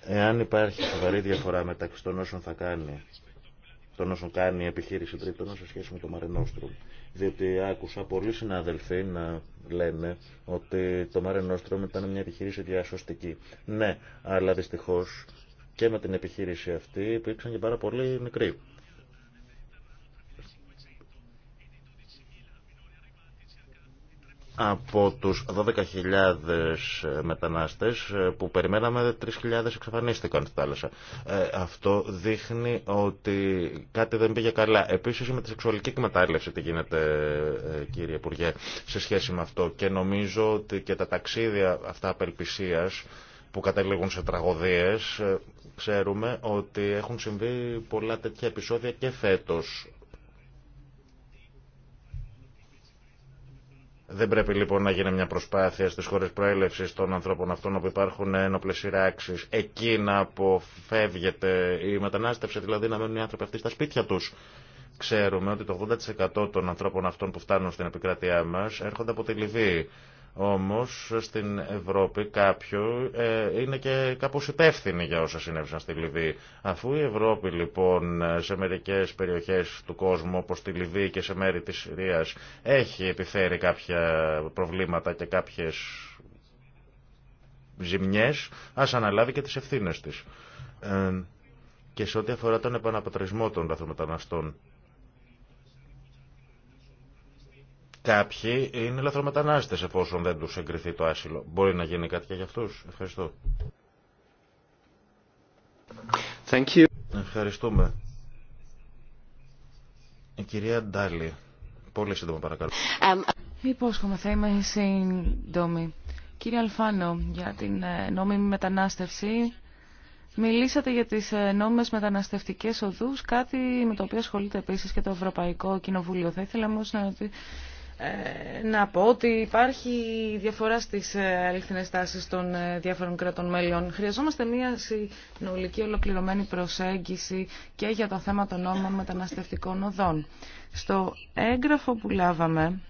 εάν υπάρχει σοβαρή διαφορά μεταξύ των όσων θα κάνει, των όσων κάνει η επιχείρηση τρίτων σε σχέση με το Μαρενόστρουμ. Διότι άκουσα πολλοί συνάδελφοι να λένε ότι το Mare Nostrum ήταν μια επιχείρηση διασωστική. Ναι, αλλά δυστυχώς και με την επιχείρηση αυτή υπήρξαν και πάρα πολύ μικροί από τους 12.000 ε, μετανάστες ε, που περιμέναμε 3.000 εξαφανίστηκαν στη θάλασσα. Ε, αυτό δείχνει ότι κάτι δεν πήγε καλά. Επίσης με τη σεξουαλική εκμετάλλευση τι γίνεται κύριε Υπουργέ σε σχέση με αυτό και νομίζω ότι και τα ταξίδια αυτά απελπισίας που καταλήγουν σε τραγωδίες ξέρουμε ότι έχουν συμβεί πολλά τέτοια επεισόδια και φέτος Δεν πρέπει λοιπόν να γίνει μια προσπάθεια στις χώρες προέλευσης των ανθρώπων αυτών όπου υπάρχουν ένοπλες σειράξεις, εκεί να αποφεύγεται η μετανάστευση, δηλαδή να μένουν οι άνθρωποι αυτοί στα σπίτια τους. Ξέρουμε ότι το 80% των ανθρώπων αυτών που φτάνουν στην επικράτειά μας έρχονται από τη Λιβύη. Όμως στην Ευρώπη κάποιο ε, είναι και κάπως υπεύθυνη για όσα συνέβησαν στη Λιβύη. Αφού η Ευρώπη λοιπόν σε μερικές περιοχές του κόσμου όπως τη Λιβύη και σε μέρη της Συρίας έχει επιφέρει κάποια προβλήματα και κάποιες ζημιές, ας αναλάβει και τις ευθύνες της. Ε, και σε ό,τι αφορά τον επαναπατρισμό των λαθρομεταναστών Κάποιοι είναι λαθρομετανάστες εφόσον δεν τους εγκριθεί το άσυλο. Μπορεί να γίνει κάτι και για αυτούς. Ευχαριστώ. Thank you. Ευχαριστούμε. Η κυρία Ντάλη. Πολύ σύντομα παρακαλώ. Um... Υπόσχομαι, θα είμαι σύντομη. Κύριε Αλφάνο, για την ε, νόμιμη μετανάστευση, μιλήσατε για τις ε, νόμιμες μεταναστευτικές οδούς, κάτι με το οποίο ασχολείται επίσης και το Ευρωπαϊκό Κοινοβούλιο. Θα ήθελα όμως να ε, να πω ότι υπάρχει διαφορά στις ε, αληθινές τάσεις των ε, διάφορων κρατών μέλων. Χρειαζόμαστε μια συνολική ολοκληρωμένη προσέγγιση και για το θέμα των νόμων μεταναστευτικών οδών. Στο έγγραφο που λάβαμε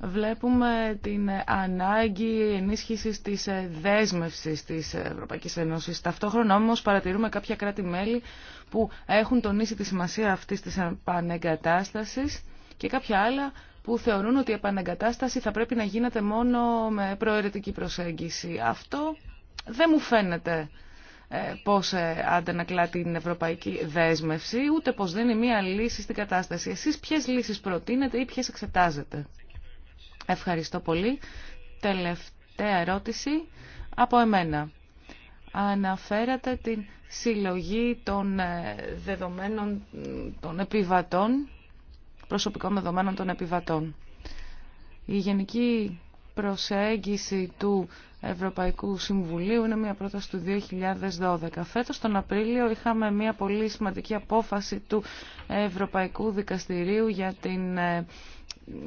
βλέπουμε την ανάγκη ενίσχυσης της δέσμευσης της Ευρωπαϊκής Ένωσης. Ταυτόχρονα όμως παρατηρούμε κάποια κράτη-μέλη που έχουν τονίσει τη σημασία αυτής της πανεγκατάστασης και κάποια άλλα που θεωρούν ότι η επανεγκατάσταση θα πρέπει να γίνεται μόνο με προαιρετική προσέγγιση. Αυτό δεν μου φαίνεται ε, πώς αντανακλά ε, την ευρωπαϊκή δέσμευση, ούτε πως δίνει μία λύση στην κατάσταση. Εσείς ποιες λύσεις προτείνετε ή ποιες εξετάζετε. Ευχαριστώ πολύ. Τελευταία ερώτηση από εμένα. Αναφέρατε την συλλογή των ε, δεδομένων των επιβατών προσωπικών δεδομένων των επιβατών. Η γενική προσέγγιση του Ευρωπαϊκού Συμβουλίου είναι μια πρόταση του 2012. Φέτος τον Απρίλιο είχαμε μια πολύ σημαντική απόφαση του Ευρωπαϊκού Δικαστηρίου για την ε,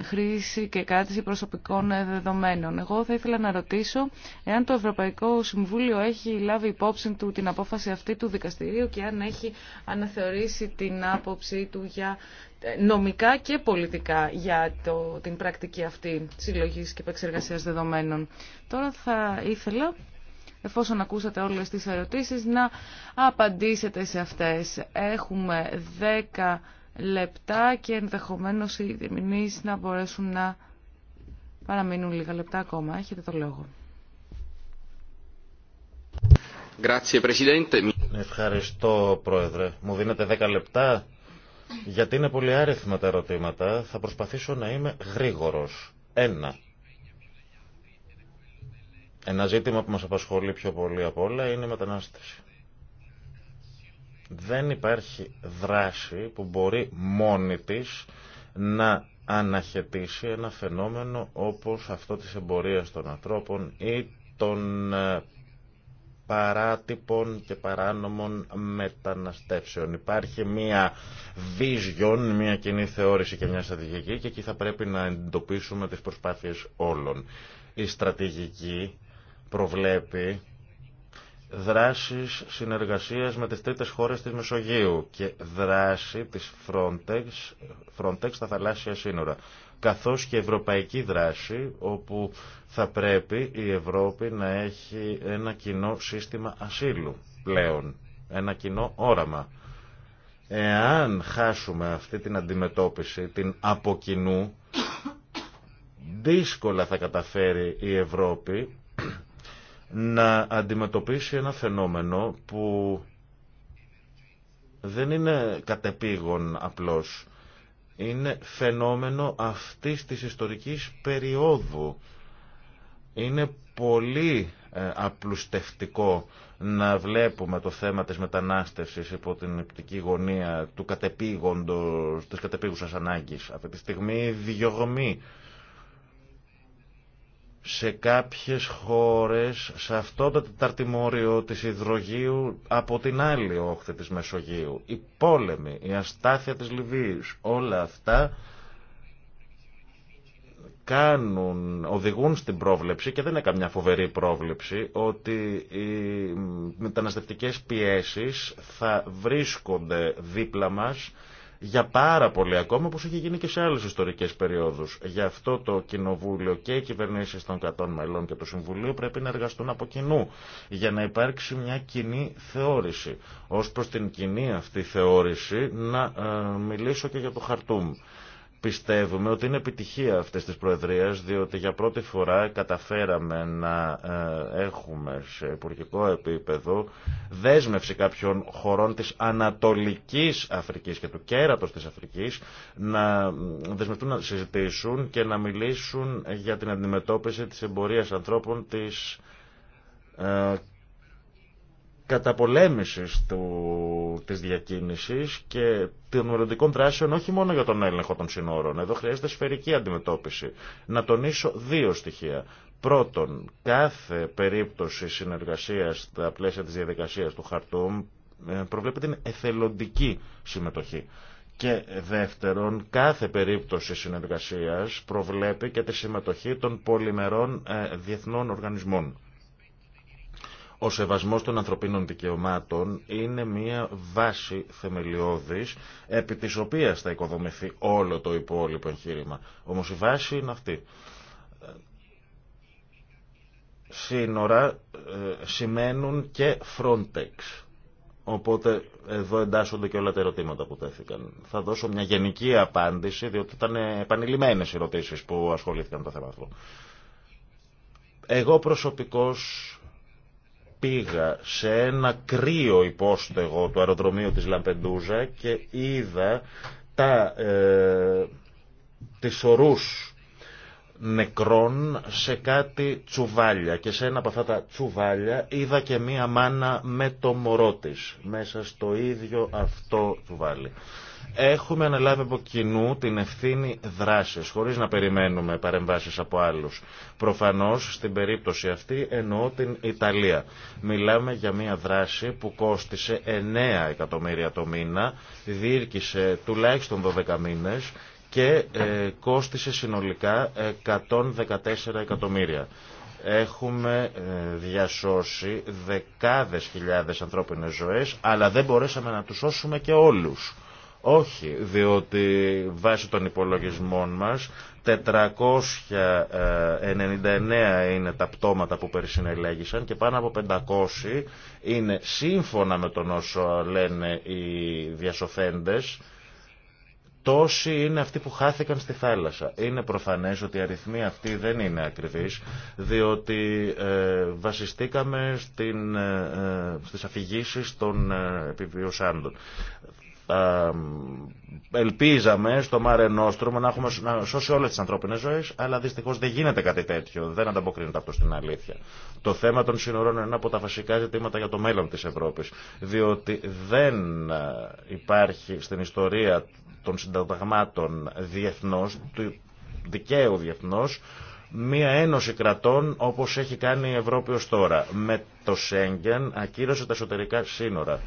χρήση και κράτηση προσωπικών ε, δεδομένων. Εγώ θα ήθελα να ρωτήσω εάν το Ευρωπαϊκό Συμβούλιο έχει λάβει υπόψη του την απόφαση αυτή του δικαστηρίου και αν έχει αναθεωρήσει την άποψή του για ε, νομικά και πολιτικά για την πρακτική αυτή συλλογής και επεξεργασίας δεδομένων. Τώρα θα ήθελα εφόσον ακούσατε όλες τις ερωτήσεις, να απαντήσετε σε αυτές. Έχουμε 10 λεπτά και ενδεχομένως οι διεμηνείς να μπορέσουν να παραμείνουν λίγα λεπτά ακόμα. Έχετε το λόγο. Ευχαριστώ, Πρόεδρε. Μου δίνετε δέκα λεπτά, γιατί είναι πολύ άριθμα τα ερωτήματα. Θα προσπαθήσω να είμαι γρήγορος. Ένα. Ένα ζήτημα που μας απασχολεί πιο πολύ από όλα είναι η μετανάστευση. Δεν υπάρχει δράση που μπορεί μόνη της να αναχαιτήσει ένα φαινόμενο όπως αυτό της εμπορίας των ανθρώπων ή των ε, παράτυπων και παράνομων μεταναστεύσεων. Υπάρχει μία vision, μία κοινή θεώρηση και μια στρατηγική και εκεί θα πρέπει να εντοπίσουμε τις προσπάθειες όλων. Η στρατηγική προβλέπει δράσεις συνεργασίας με τις τρίτες χώρες της Μεσογείου και δράση της Frontex, Frontex στα θαλάσσια σύνορα, καθώς και ευρωπαϊκή δράση όπου θα πρέπει η Ευρώπη να έχει ένα κοινό σύστημα ασύλου πλέον, ένα κοινό όραμα. Εάν χάσουμε αυτή την αντιμετώπιση, την αποκοινού, δύσκολα θα καταφέρει η Ευρώπη να αντιμετωπίσει ένα φαινόμενο που δεν είναι κατεπήγον απλώς. Είναι φαινόμενο αυτής της ιστορικής περίοδου. Είναι πολύ ε, απλουστευτικό να βλέπουμε το θέμα της μετανάστευσης υπό την οπτική γωνία του κατεπήγοντος, της κατεπήγουσας ανάγκης. Αυτή τη στιγμή διωγμή σε κάποιες χώρες σε αυτό το τεταρτημόριο της υδρογείου από την άλλη όχθη της Μεσογείου η πόλεμη, η αστάθεια της Λιβύης όλα αυτά κάνουν, οδηγούν στην πρόβλεψη και δεν είναι καμιά φοβερή πρόβλεψη ότι οι μεταναστευτικές πιέσεις θα βρίσκονται δίπλα μας για πάρα πολύ ακόμα, όπως έχει γίνει και σε άλλες ιστορικές περιόδους. Γι' αυτό το Κοινοβούλιο και οι κυβερνήσεις των 100 μελών και το Συμβουλίο πρέπει να εργαστούν από κοινού, για να υπάρξει μια κοινή θεώρηση. Ως προς την κοινή αυτή θεώρηση να ε, μιλήσω και για το Χαρτούμ. Πιστεύουμε ότι είναι επιτυχία αυτές της προεδρίες, διότι για πρώτη φορά καταφέραμε να ε, έχουμε σε υπουργικό επίπεδο δέσμευση κάποιων χωρών της Ανατολικής Αφρικής και του κέρατος της Αφρικής να δεσμευτούν να συζητήσουν και να μιλήσουν για την αντιμετώπιση της εμπορίας ανθρώπων της ε, καταπολέμησης του, της διακίνησης και των μελλοντικών δράσεων όχι μόνο για τον έλεγχο των συνόρων. Εδώ χρειάζεται σφαιρική αντιμετώπιση. Να τονίσω δύο στοιχεία. Πρώτον, κάθε περίπτωση συνεργασίας στα πλαίσια της διαδικασίας του Χαρτούμ ε, προβλέπει την εθελοντική συμμετοχή. Και δεύτερον, κάθε περίπτωση συνεργασίας προβλέπει και τη συμμετοχή των πολυμερών ε, διεθνών οργανισμών ο σεβασμός των ανθρωπίνων δικαιωμάτων είναι μια βάση θεμελιώδης επί της οποίας θα οικοδομηθεί όλο το υπόλοιπο εγχείρημα. Όμως η βάση είναι αυτή. Σύνορα ε, σημαίνουν και Frontex. Οπότε εδώ εντάσσονται και όλα τα ερωτήματα που τέθηκαν. Θα δώσω μια γενική απάντηση, διότι ήταν επανειλημμένε οι ερωτήσει που ασχολήθηκαν με το θέμα αυτό. Εγώ προσωπικώς πήγα σε ένα κρύο υπόστεγο του αεροδρομίου της Λαμπεντούζα και είδα τα, ε, τις ορούς νεκρών σε κάτι τσουβάλια και σε ένα από αυτά τα τσουβάλια είδα και μία μάνα με το μωρό της μέσα στο ίδιο αυτό τσουβάλι. Έχουμε αναλάβει από κοινού την ευθύνη δράσης, χωρίς να περιμένουμε παρεμβάσεις από άλλους. Προφανώς, στην περίπτωση αυτή, εννοώ την Ιταλία. Μιλάμε για μια δράση που κόστισε 9 εκατομμύρια το μήνα, διήρκησε τουλάχιστον 12 μήνες και ε, κόστισε συνολικά 114 εκατομμύρια έχουμε ε, διασώσει δεκάδες χιλιάδες ανθρώπινες ζωές, αλλά δεν μπορέσαμε να τους σώσουμε και όλους. Όχι, διότι βάσει των υπολογισμών μας 499 είναι τα πτώματα που περισυνελέγησαν και πάνω από 500 είναι σύμφωνα με τον όσο λένε οι διασωθέντες τόσοι είναι αυτοί που χάθηκαν στη θάλασσα. Είναι προφανές ότι η αριθμή αυτή δεν είναι ακριβής διότι ε, βασιστήκαμε στην, ε, ε, στις αφηγήσεις των επιβιωσάντων. Ε, ελπίζαμε στο Μάρε Νόστρομ να έχουμε να σώσει όλε τι ανθρώπινε ζωέ, αλλά δυστυχώς δεν γίνεται κάτι τέτοιο. Δεν ανταποκρίνεται αυτό στην αλήθεια. Το θέμα των σύνορων είναι ένα από τα βασικά ζητήματα για το μέλλον της Ευρώπης Διότι δεν ε, υπάρχει στην ιστορία των συνταγμάτων διεθνώς του δικαίου διεθνώς μια ένωση κρατών όπως έχει κάνει η Ευρώπη ως τώρα. Με το Σέγγεν ακύρωσε τα εσωτερικά σύνορα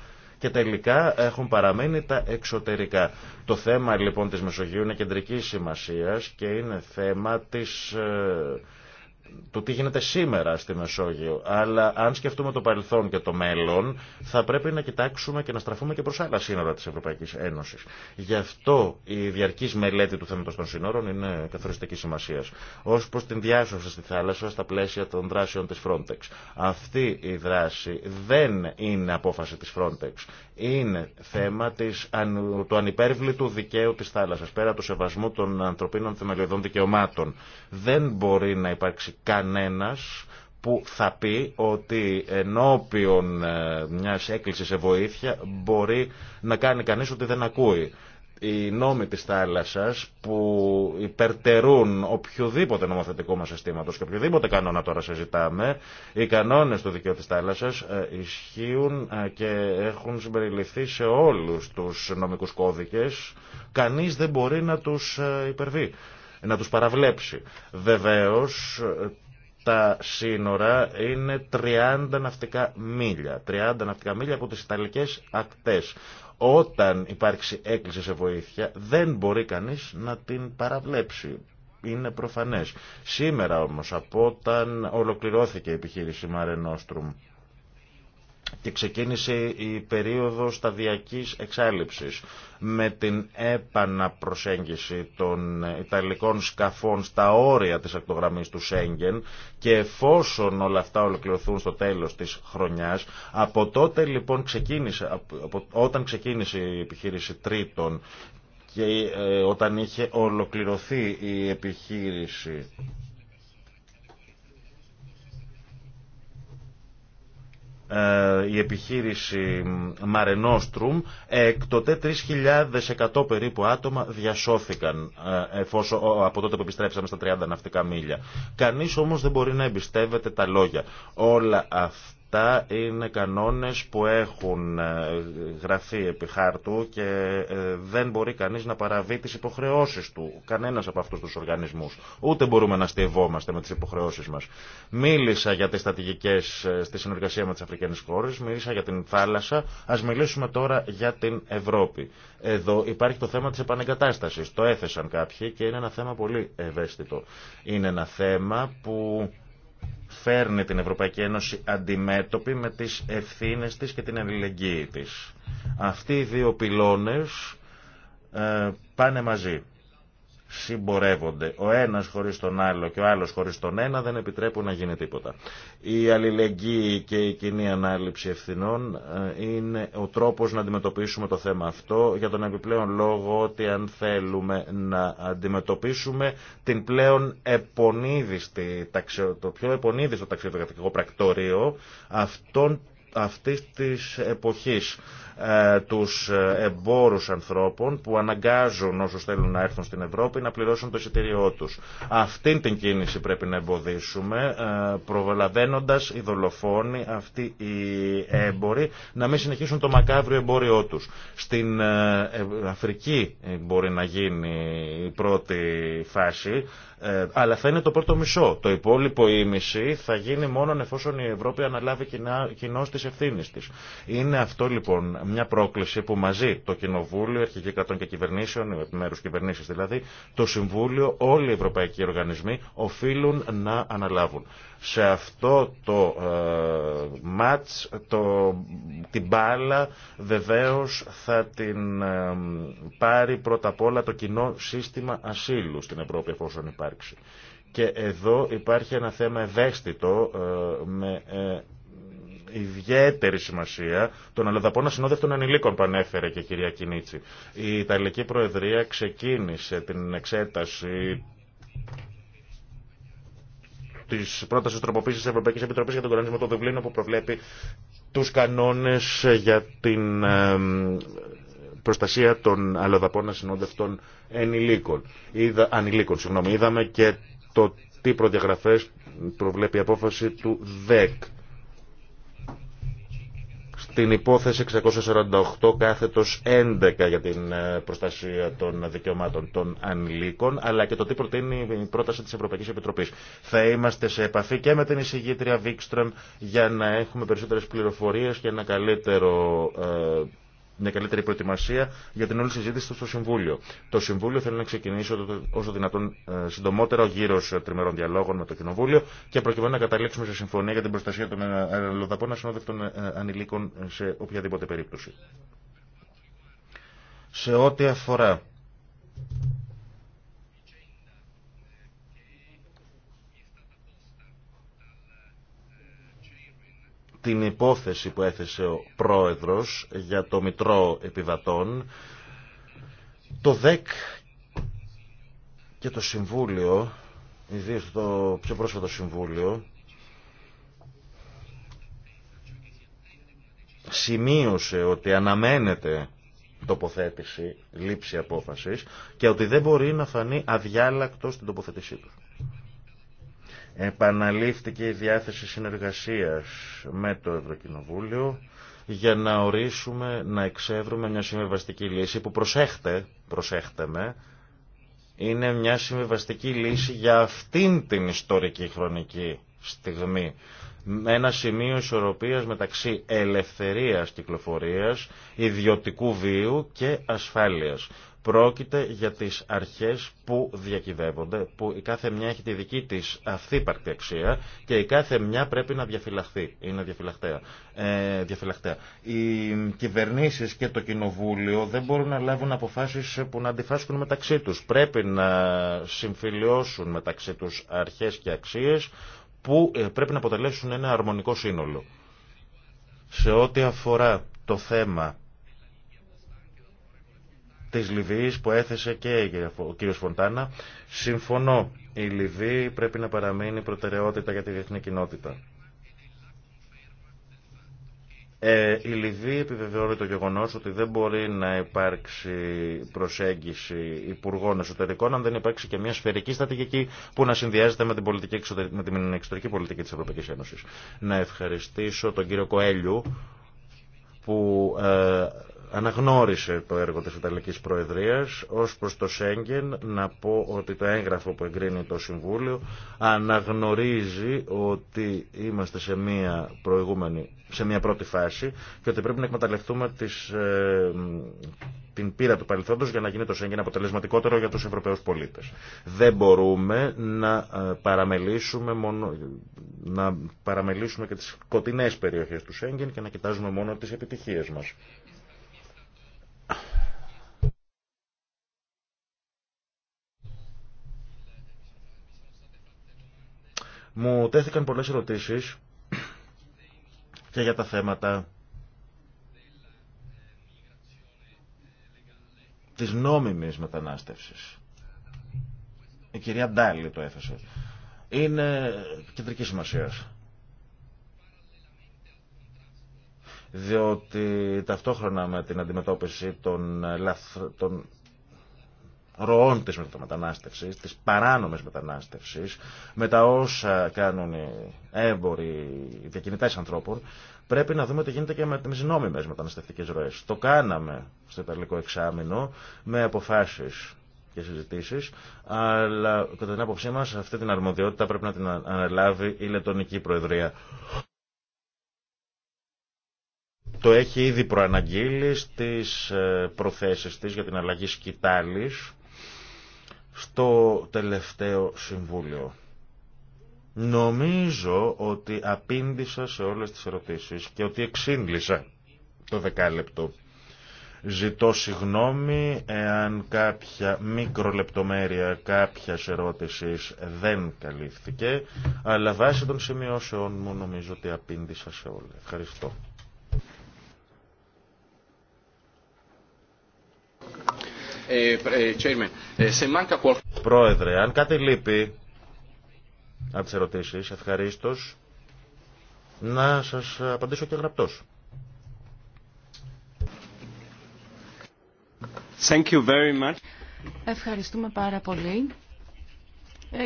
και τελικά έχουν παραμείνει τα εξωτερικά. Το θέμα λοιπόν της Μεσογείου είναι κεντρικής σημασίας και είναι θέμα της ε, το τι γίνεται σήμερα στη Μεσόγειο. Αλλά αν σκεφτούμε το παρελθόν και το μέλλον, θα πρέπει να κοιτάξουμε και να στραφούμε και προ άλλα σύνορα τη Ευρωπαϊκή Ένωση. Γι' αυτό η διαρκή μελέτη του θέματο των σύνορων είναι καθοριστική σημασία. Ω προ την διάσωση στη θάλασσα στα πλαίσια των δράσεων τη Frontex. Αυτή η δράση δεν είναι απόφαση τη Frontex. Είναι θέμα της, του ανυπέρβλητου δικαίου τη θάλασσα, πέρα του σεβασμού των ανθρωπίνων θεμελιωδών δικαιωμάτων. Δεν μπορεί να υπάρξει κανένας που θα πει ότι ενώπιον ε, μιας έκκλησης σε βοήθεια μπορεί να κάνει κανείς ότι δεν ακούει. Οι νόμοι της θάλασσας που υπερτερούν οποιοδήποτε νομοθετικό μας αισθήματος και οποιοδήποτε κανόνα τώρα συζητάμε, οι κανόνες του δικαίου της θάλασσας ε, ισχύουν ε, και έχουν συμπεριληφθεί σε όλους τους νομικούς κώδικες. Κανείς δεν μπορεί να τους υπερβεί. Ε, να τους παραβλέψει. Βεβαίως τα σύνορα είναι 30 ναυτικά μίλια, 30 ναυτικά μίλια από τις Ιταλικές ακτές. Όταν υπάρξει έκκληση σε βοήθεια δεν μπορεί κανείς να την παραβλέψει. Είναι προφανές. Σήμερα όμως από όταν ολοκληρώθηκε η επιχείρηση Μαρενόστρουμ και ξεκίνησε η περίοδος σταδιακής εξάλληψης με την επαναπροσέγγιση των Ιταλικών σκαφών στα όρια της ακτογραμμής του Σέγγεν και εφόσον όλα αυτά ολοκληρωθούν στο τέλος της χρονιάς, από τότε λοιπόν ξεκίνησε, όταν ξεκίνησε η επιχείρηση τρίτων και ε, όταν είχε ολοκληρωθεί η επιχείρηση Ε, η επιχείρηση Μαρενόστρουμ, εκ εκτοτε 3.100 περίπου άτομα διασώθηκαν ε, εφόσον, από τότε που επιστρέψαμε στα 30 ναυτικά μίλια. Κανείς όμως δεν μπορεί να εμπιστεύεται τα λόγια. Όλα αυτά Αυτά είναι κανόνες που έχουν ε, γραφεί επί χάρτου και ε, δεν μπορεί κανείς να παραβεί τις υποχρεώσεις του, κανένας από αυτούς τους οργανισμούς. Ούτε μπορούμε να στεβόμαστε με τις υποχρεώσεις μας. Μίλησα για τις στατηγικές ε, στη συνεργασία με τις Αφρικανικές χώρες, μίλησα για την θάλασσα, ας μιλήσουμε τώρα για την Ευρώπη. Εδώ υπάρχει το θέμα της επανεγκατάστασης, το έθεσαν κάποιοι και είναι ένα θέμα πολύ ευαίσθητο. Είναι ένα θέμα που φέρνει την Ευρωπαϊκή Ένωση αντιμέτωπη με τις ευθύνες της και την αλληλεγγύη της. Αυτοί οι δύο πυλώνες ε, πάνε μαζί συμπορεύονται. Ο ένας χωρί τον άλλο και ο άλλος χωρί τον ένα δεν επιτρέπουν να γίνει τίποτα. Η αλληλεγγύη και η κοινή ανάληψη ευθυνών ε, είναι ο τρόπος να αντιμετωπίσουμε το θέμα αυτό για τον επιπλέον λόγο ότι αν θέλουμε να αντιμετωπίσουμε την πλέον επονίδιστη, το πιο επονίδιστο ταξιδιωτικό πρακτορείο αυτών αυτής της εποχής ε, τους ε, εμπόρους ανθρώπων που αναγκάζουν όσους θέλουν να έρθουν στην Ευρώπη να πληρώσουν το εισιτήριό τους. Αυτή την κίνηση πρέπει να εμποδίσουμε ε, προβαλαβαίνοντας οι δολοφόνοι, αυτοί οι έμποροι να μην συνεχίσουν το μακάβριο εμπόριό τους. Στην Αφρική μπορεί να γίνει η πρώτη φάση ε, αλλά θα είναι το πρώτο μισό. Το υπόλοιπο Ευρώπη αναλάβει κοινώς θα γίνει μόνο εφόσον η Ευρώπη αναλάβει κοινώ τι ευθύνε τη. Είναι αυτό λοιπόν μια πρόκληση που μαζί το Κοινοβούλιο, αρχικη κρατών και κυβερνήσεων, επιμέρου κυβερνήσει δηλαδή, το Συμβούλιο, όλοι οι ευρωπαϊκοί οργανισμοί οφείλουν να αναλάβουν σε αυτό το ε, μάτς το, την μπάλα βεβαίως θα την ε, πάρει πρώτα απ' όλα το κοινό σύστημα ασύλου στην Ευρώπη εφόσον υπάρξει. Και εδώ υπάρχει ένα θέμα ευαίσθητο ε, με ιδιαίτερη σημασία των αλλοδαπών ασυνόδευτων ανηλίκων που ανέφερε και η κυρία Κινίτσι. Η Ιταλική Προεδρία ξεκίνησε την εξέταση τη πρόταση τροποποίηση τη Ευρωπαϊκή Επιτροπή για τον κανονισμό του Δουβλίνου που προβλέπει του κανόνε για την προστασία των αλλοδαπών ασυνόδευτων ενηλίκων. Είδα, ανηλίκων. Συγγνώμη, είδαμε και το τι προδιαγραφέ προβλέπει η απόφαση του ΔΕΚ την υπόθεση 648 κάθετος 11 για την ε, προστασία των δικαιωμάτων των ανηλίκων, αλλά και το τι προτείνει η πρόταση της Ευρωπαϊκής Επιτροπής. Θα είμαστε σε επαφή και με την εισηγήτρια Βίξτρον για να έχουμε περισσότερες πληροφορίες και ένα καλύτερο ε, μια καλύτερη προετοιμασία για την όλη συζήτηση στο Συμβούλιο. Το Συμβούλιο θέλει να ξεκινήσει όσο δυνατόν ε, συντομότερα ο γύρο τριμερών διαλόγων με το Κοινοβούλιο και προκειμένου να καταλήξουμε σε συμφωνία για την προστασία των ε, αλλοδαπών ασυνόδευτων ε, ανηλίκων σε οποιαδήποτε περίπτωση. Σε ό,τι αφορά την υπόθεση που έθεσε ο πρόεδρος για το Μητρό Επιβατών, το ΔΕΚ και το Συμβούλιο, ιδίω το πιο πρόσφατο Συμβούλιο, σημείωσε ότι αναμένεται τοποθέτηση, λήψη απόφασης και ότι δεν μπορεί να φανεί αδιάλακτο στην τοποθέτησή του. Επαναλήφθηκε η διάθεση συνεργασίας με το Ευρωκοινοβούλιο για να ορίσουμε, να εξεύρουμε μια συμβιβαστική λύση που προσέχτε, προσέχτε με, είναι μια συμβιβαστική λύση για αυτήν την ιστορική χρονική στιγμή. ένα σημείο ισορροπίας μεταξύ ελευθερίας κυκλοφορίας, ιδιωτικού βίου και ασφάλειας. Πρόκειται για τις αρχές που διακυβεύονται, που η κάθε μια έχει τη δική της αυθύπαρκτη αξία και η κάθε μια πρέπει να διαφυλαχθεί, είναι διαφυλαχτέα. Ε, διαφυλαχτέα. Οι κυβερνήσεις και το κοινοβούλιο δεν μπορούν να λάβουν αποφάσεις που να αντιφάσκουν μεταξύ τους. Πρέπει να συμφιλιώσουν μεταξύ τους αρχές και αξίες που ε, πρέπει να αποτελέσουν ένα αρμονικό σύνολο. Σε ό,τι αφορά το θέμα της Λιβύης που έθεσε και ο κύριος Φοντάνα. Συμφωνώ, η Λιβύη πρέπει να παραμείνει προτεραιότητα για τη διεθνή κοινότητα. Ε, η Λιβύη επιβεβαιώνει το γεγονός ότι δεν μπορεί να υπάρξει προσέγγιση υπουργών εσωτερικών αν δεν υπάρξει και μια σφαιρική στρατηγική που να συνδυάζεται με την, πολιτική, με την εξωτερική πολιτική της Ευρωπαϊκής Ένωσης. Να ευχαριστήσω τον κύριο Κοέλιου που ε, αναγνώρισε το έργο της Ιταλικής Προεδρίας ως προς το Σέγγεν να πω ότι το έγγραφο που εγκρίνει το Συμβούλιο αναγνωρίζει ότι είμαστε σε μια προηγούμενη σε μια πρώτη φάση και ότι πρέπει να εκμεταλλευτούμε τις, ε, την πείρα του παρελθόντος για να γίνει το Σέγγεν αποτελεσματικότερο για τους Ευρωπαίους πολίτες. Δεν μπορούμε να ε, παραμελήσουμε, μόνο, να παραμελήσουμε και τις κοντινές περιοχές του Σέγγεν και να κοιτάζουμε μόνο τις επιτυχίες μας. Μου τέθηκαν πολλές ερωτήσεις και για τα θέματα της νόμιμης μετανάστευσης. Η κυρία Ντάλη το έθεσε. Είναι κεντρική σημασία. Διότι ταυτόχρονα με την αντιμετώπιση των, λαθ, ροών της μεταναστευσης, της παράνομης μετανάστευσης, με τα όσα κάνουν οι έμποροι, οι διακινητές ανθρώπων, πρέπει να δούμε τι γίνεται και με τις νόμιμες μεταναστευτικές ροές. Το κάναμε στο Ιταλικό εξάμεινο με αποφάσεις και συζητήσεις, αλλά κατά την άποψή μας αυτή την αρμοδιότητα πρέπει να την αναλάβει η Λετωνική Προεδρία. Το έχει ήδη προαναγγείλει στις ε, προθέσεις της για την αλλαγή σκητάλης στο τελευταίο Συμβούλιο. Νομίζω ότι απήντησα σε όλες τις ερωτήσεις και ότι εξήγησα το δεκάλεπτο. Ζητώ συγγνώμη εάν κάποια μικρολεπτομέρεια κάποια ερώτηση δεν καλύφθηκε, αλλά βάσει των σημειώσεων μου νομίζω ότι απήντησα σε όλα. Ευχαριστώ. Ε, ε, ε, Πρόεδρε, αν κάτι λείπει από τι ερωτήσεις, ευχαρίστως να σας απαντήσω και γραπτός. Thank you Ευχαριστούμε πάρα πολύ.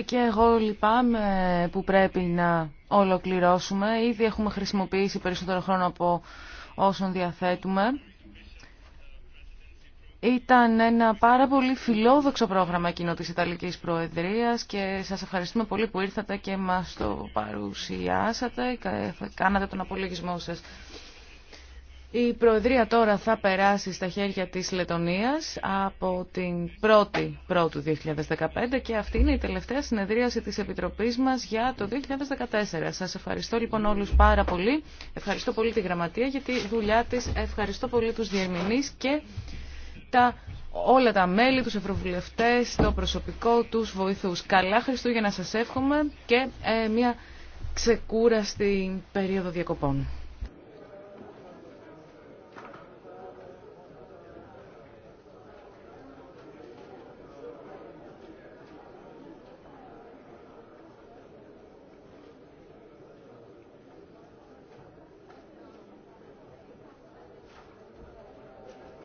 Και εγώ λυπάμαι που πρέπει να ολοκληρώσουμε. Ήδη έχουμε χρησιμοποιήσει περισσότερο χρόνο από όσον διαθέτουμε. Ήταν ένα πάρα πολύ φιλόδοξο πρόγραμμα εκείνο της Ιταλικής Προεδρίας και σας ευχαριστούμε πολύ που ήρθατε και μας το παρουσιάσατε, και κάνατε τον απολογισμό σας. Η Προεδρία τώρα θα περάσει στα χέρια της Λετωνίας από την 1η Πρώτου 2015 και αυτή είναι η τελευταία συνεδρίαση της Επιτροπής μας για το 2014. Σας ευχαριστώ λοιπόν όλους πάρα πολύ. Ευχαριστώ πολύ τη Γραμματεία για τη δουλειά της. Ευχαριστώ πολύ τους διερμηνείς και τα, όλα τα μέλη, τους ευρωβουλευτές, το προσωπικό, τους βοηθούς. Καλά Χριστούγεννα σας εύχομαι και ε, μια ξεκούραστη περίοδο διακοπών.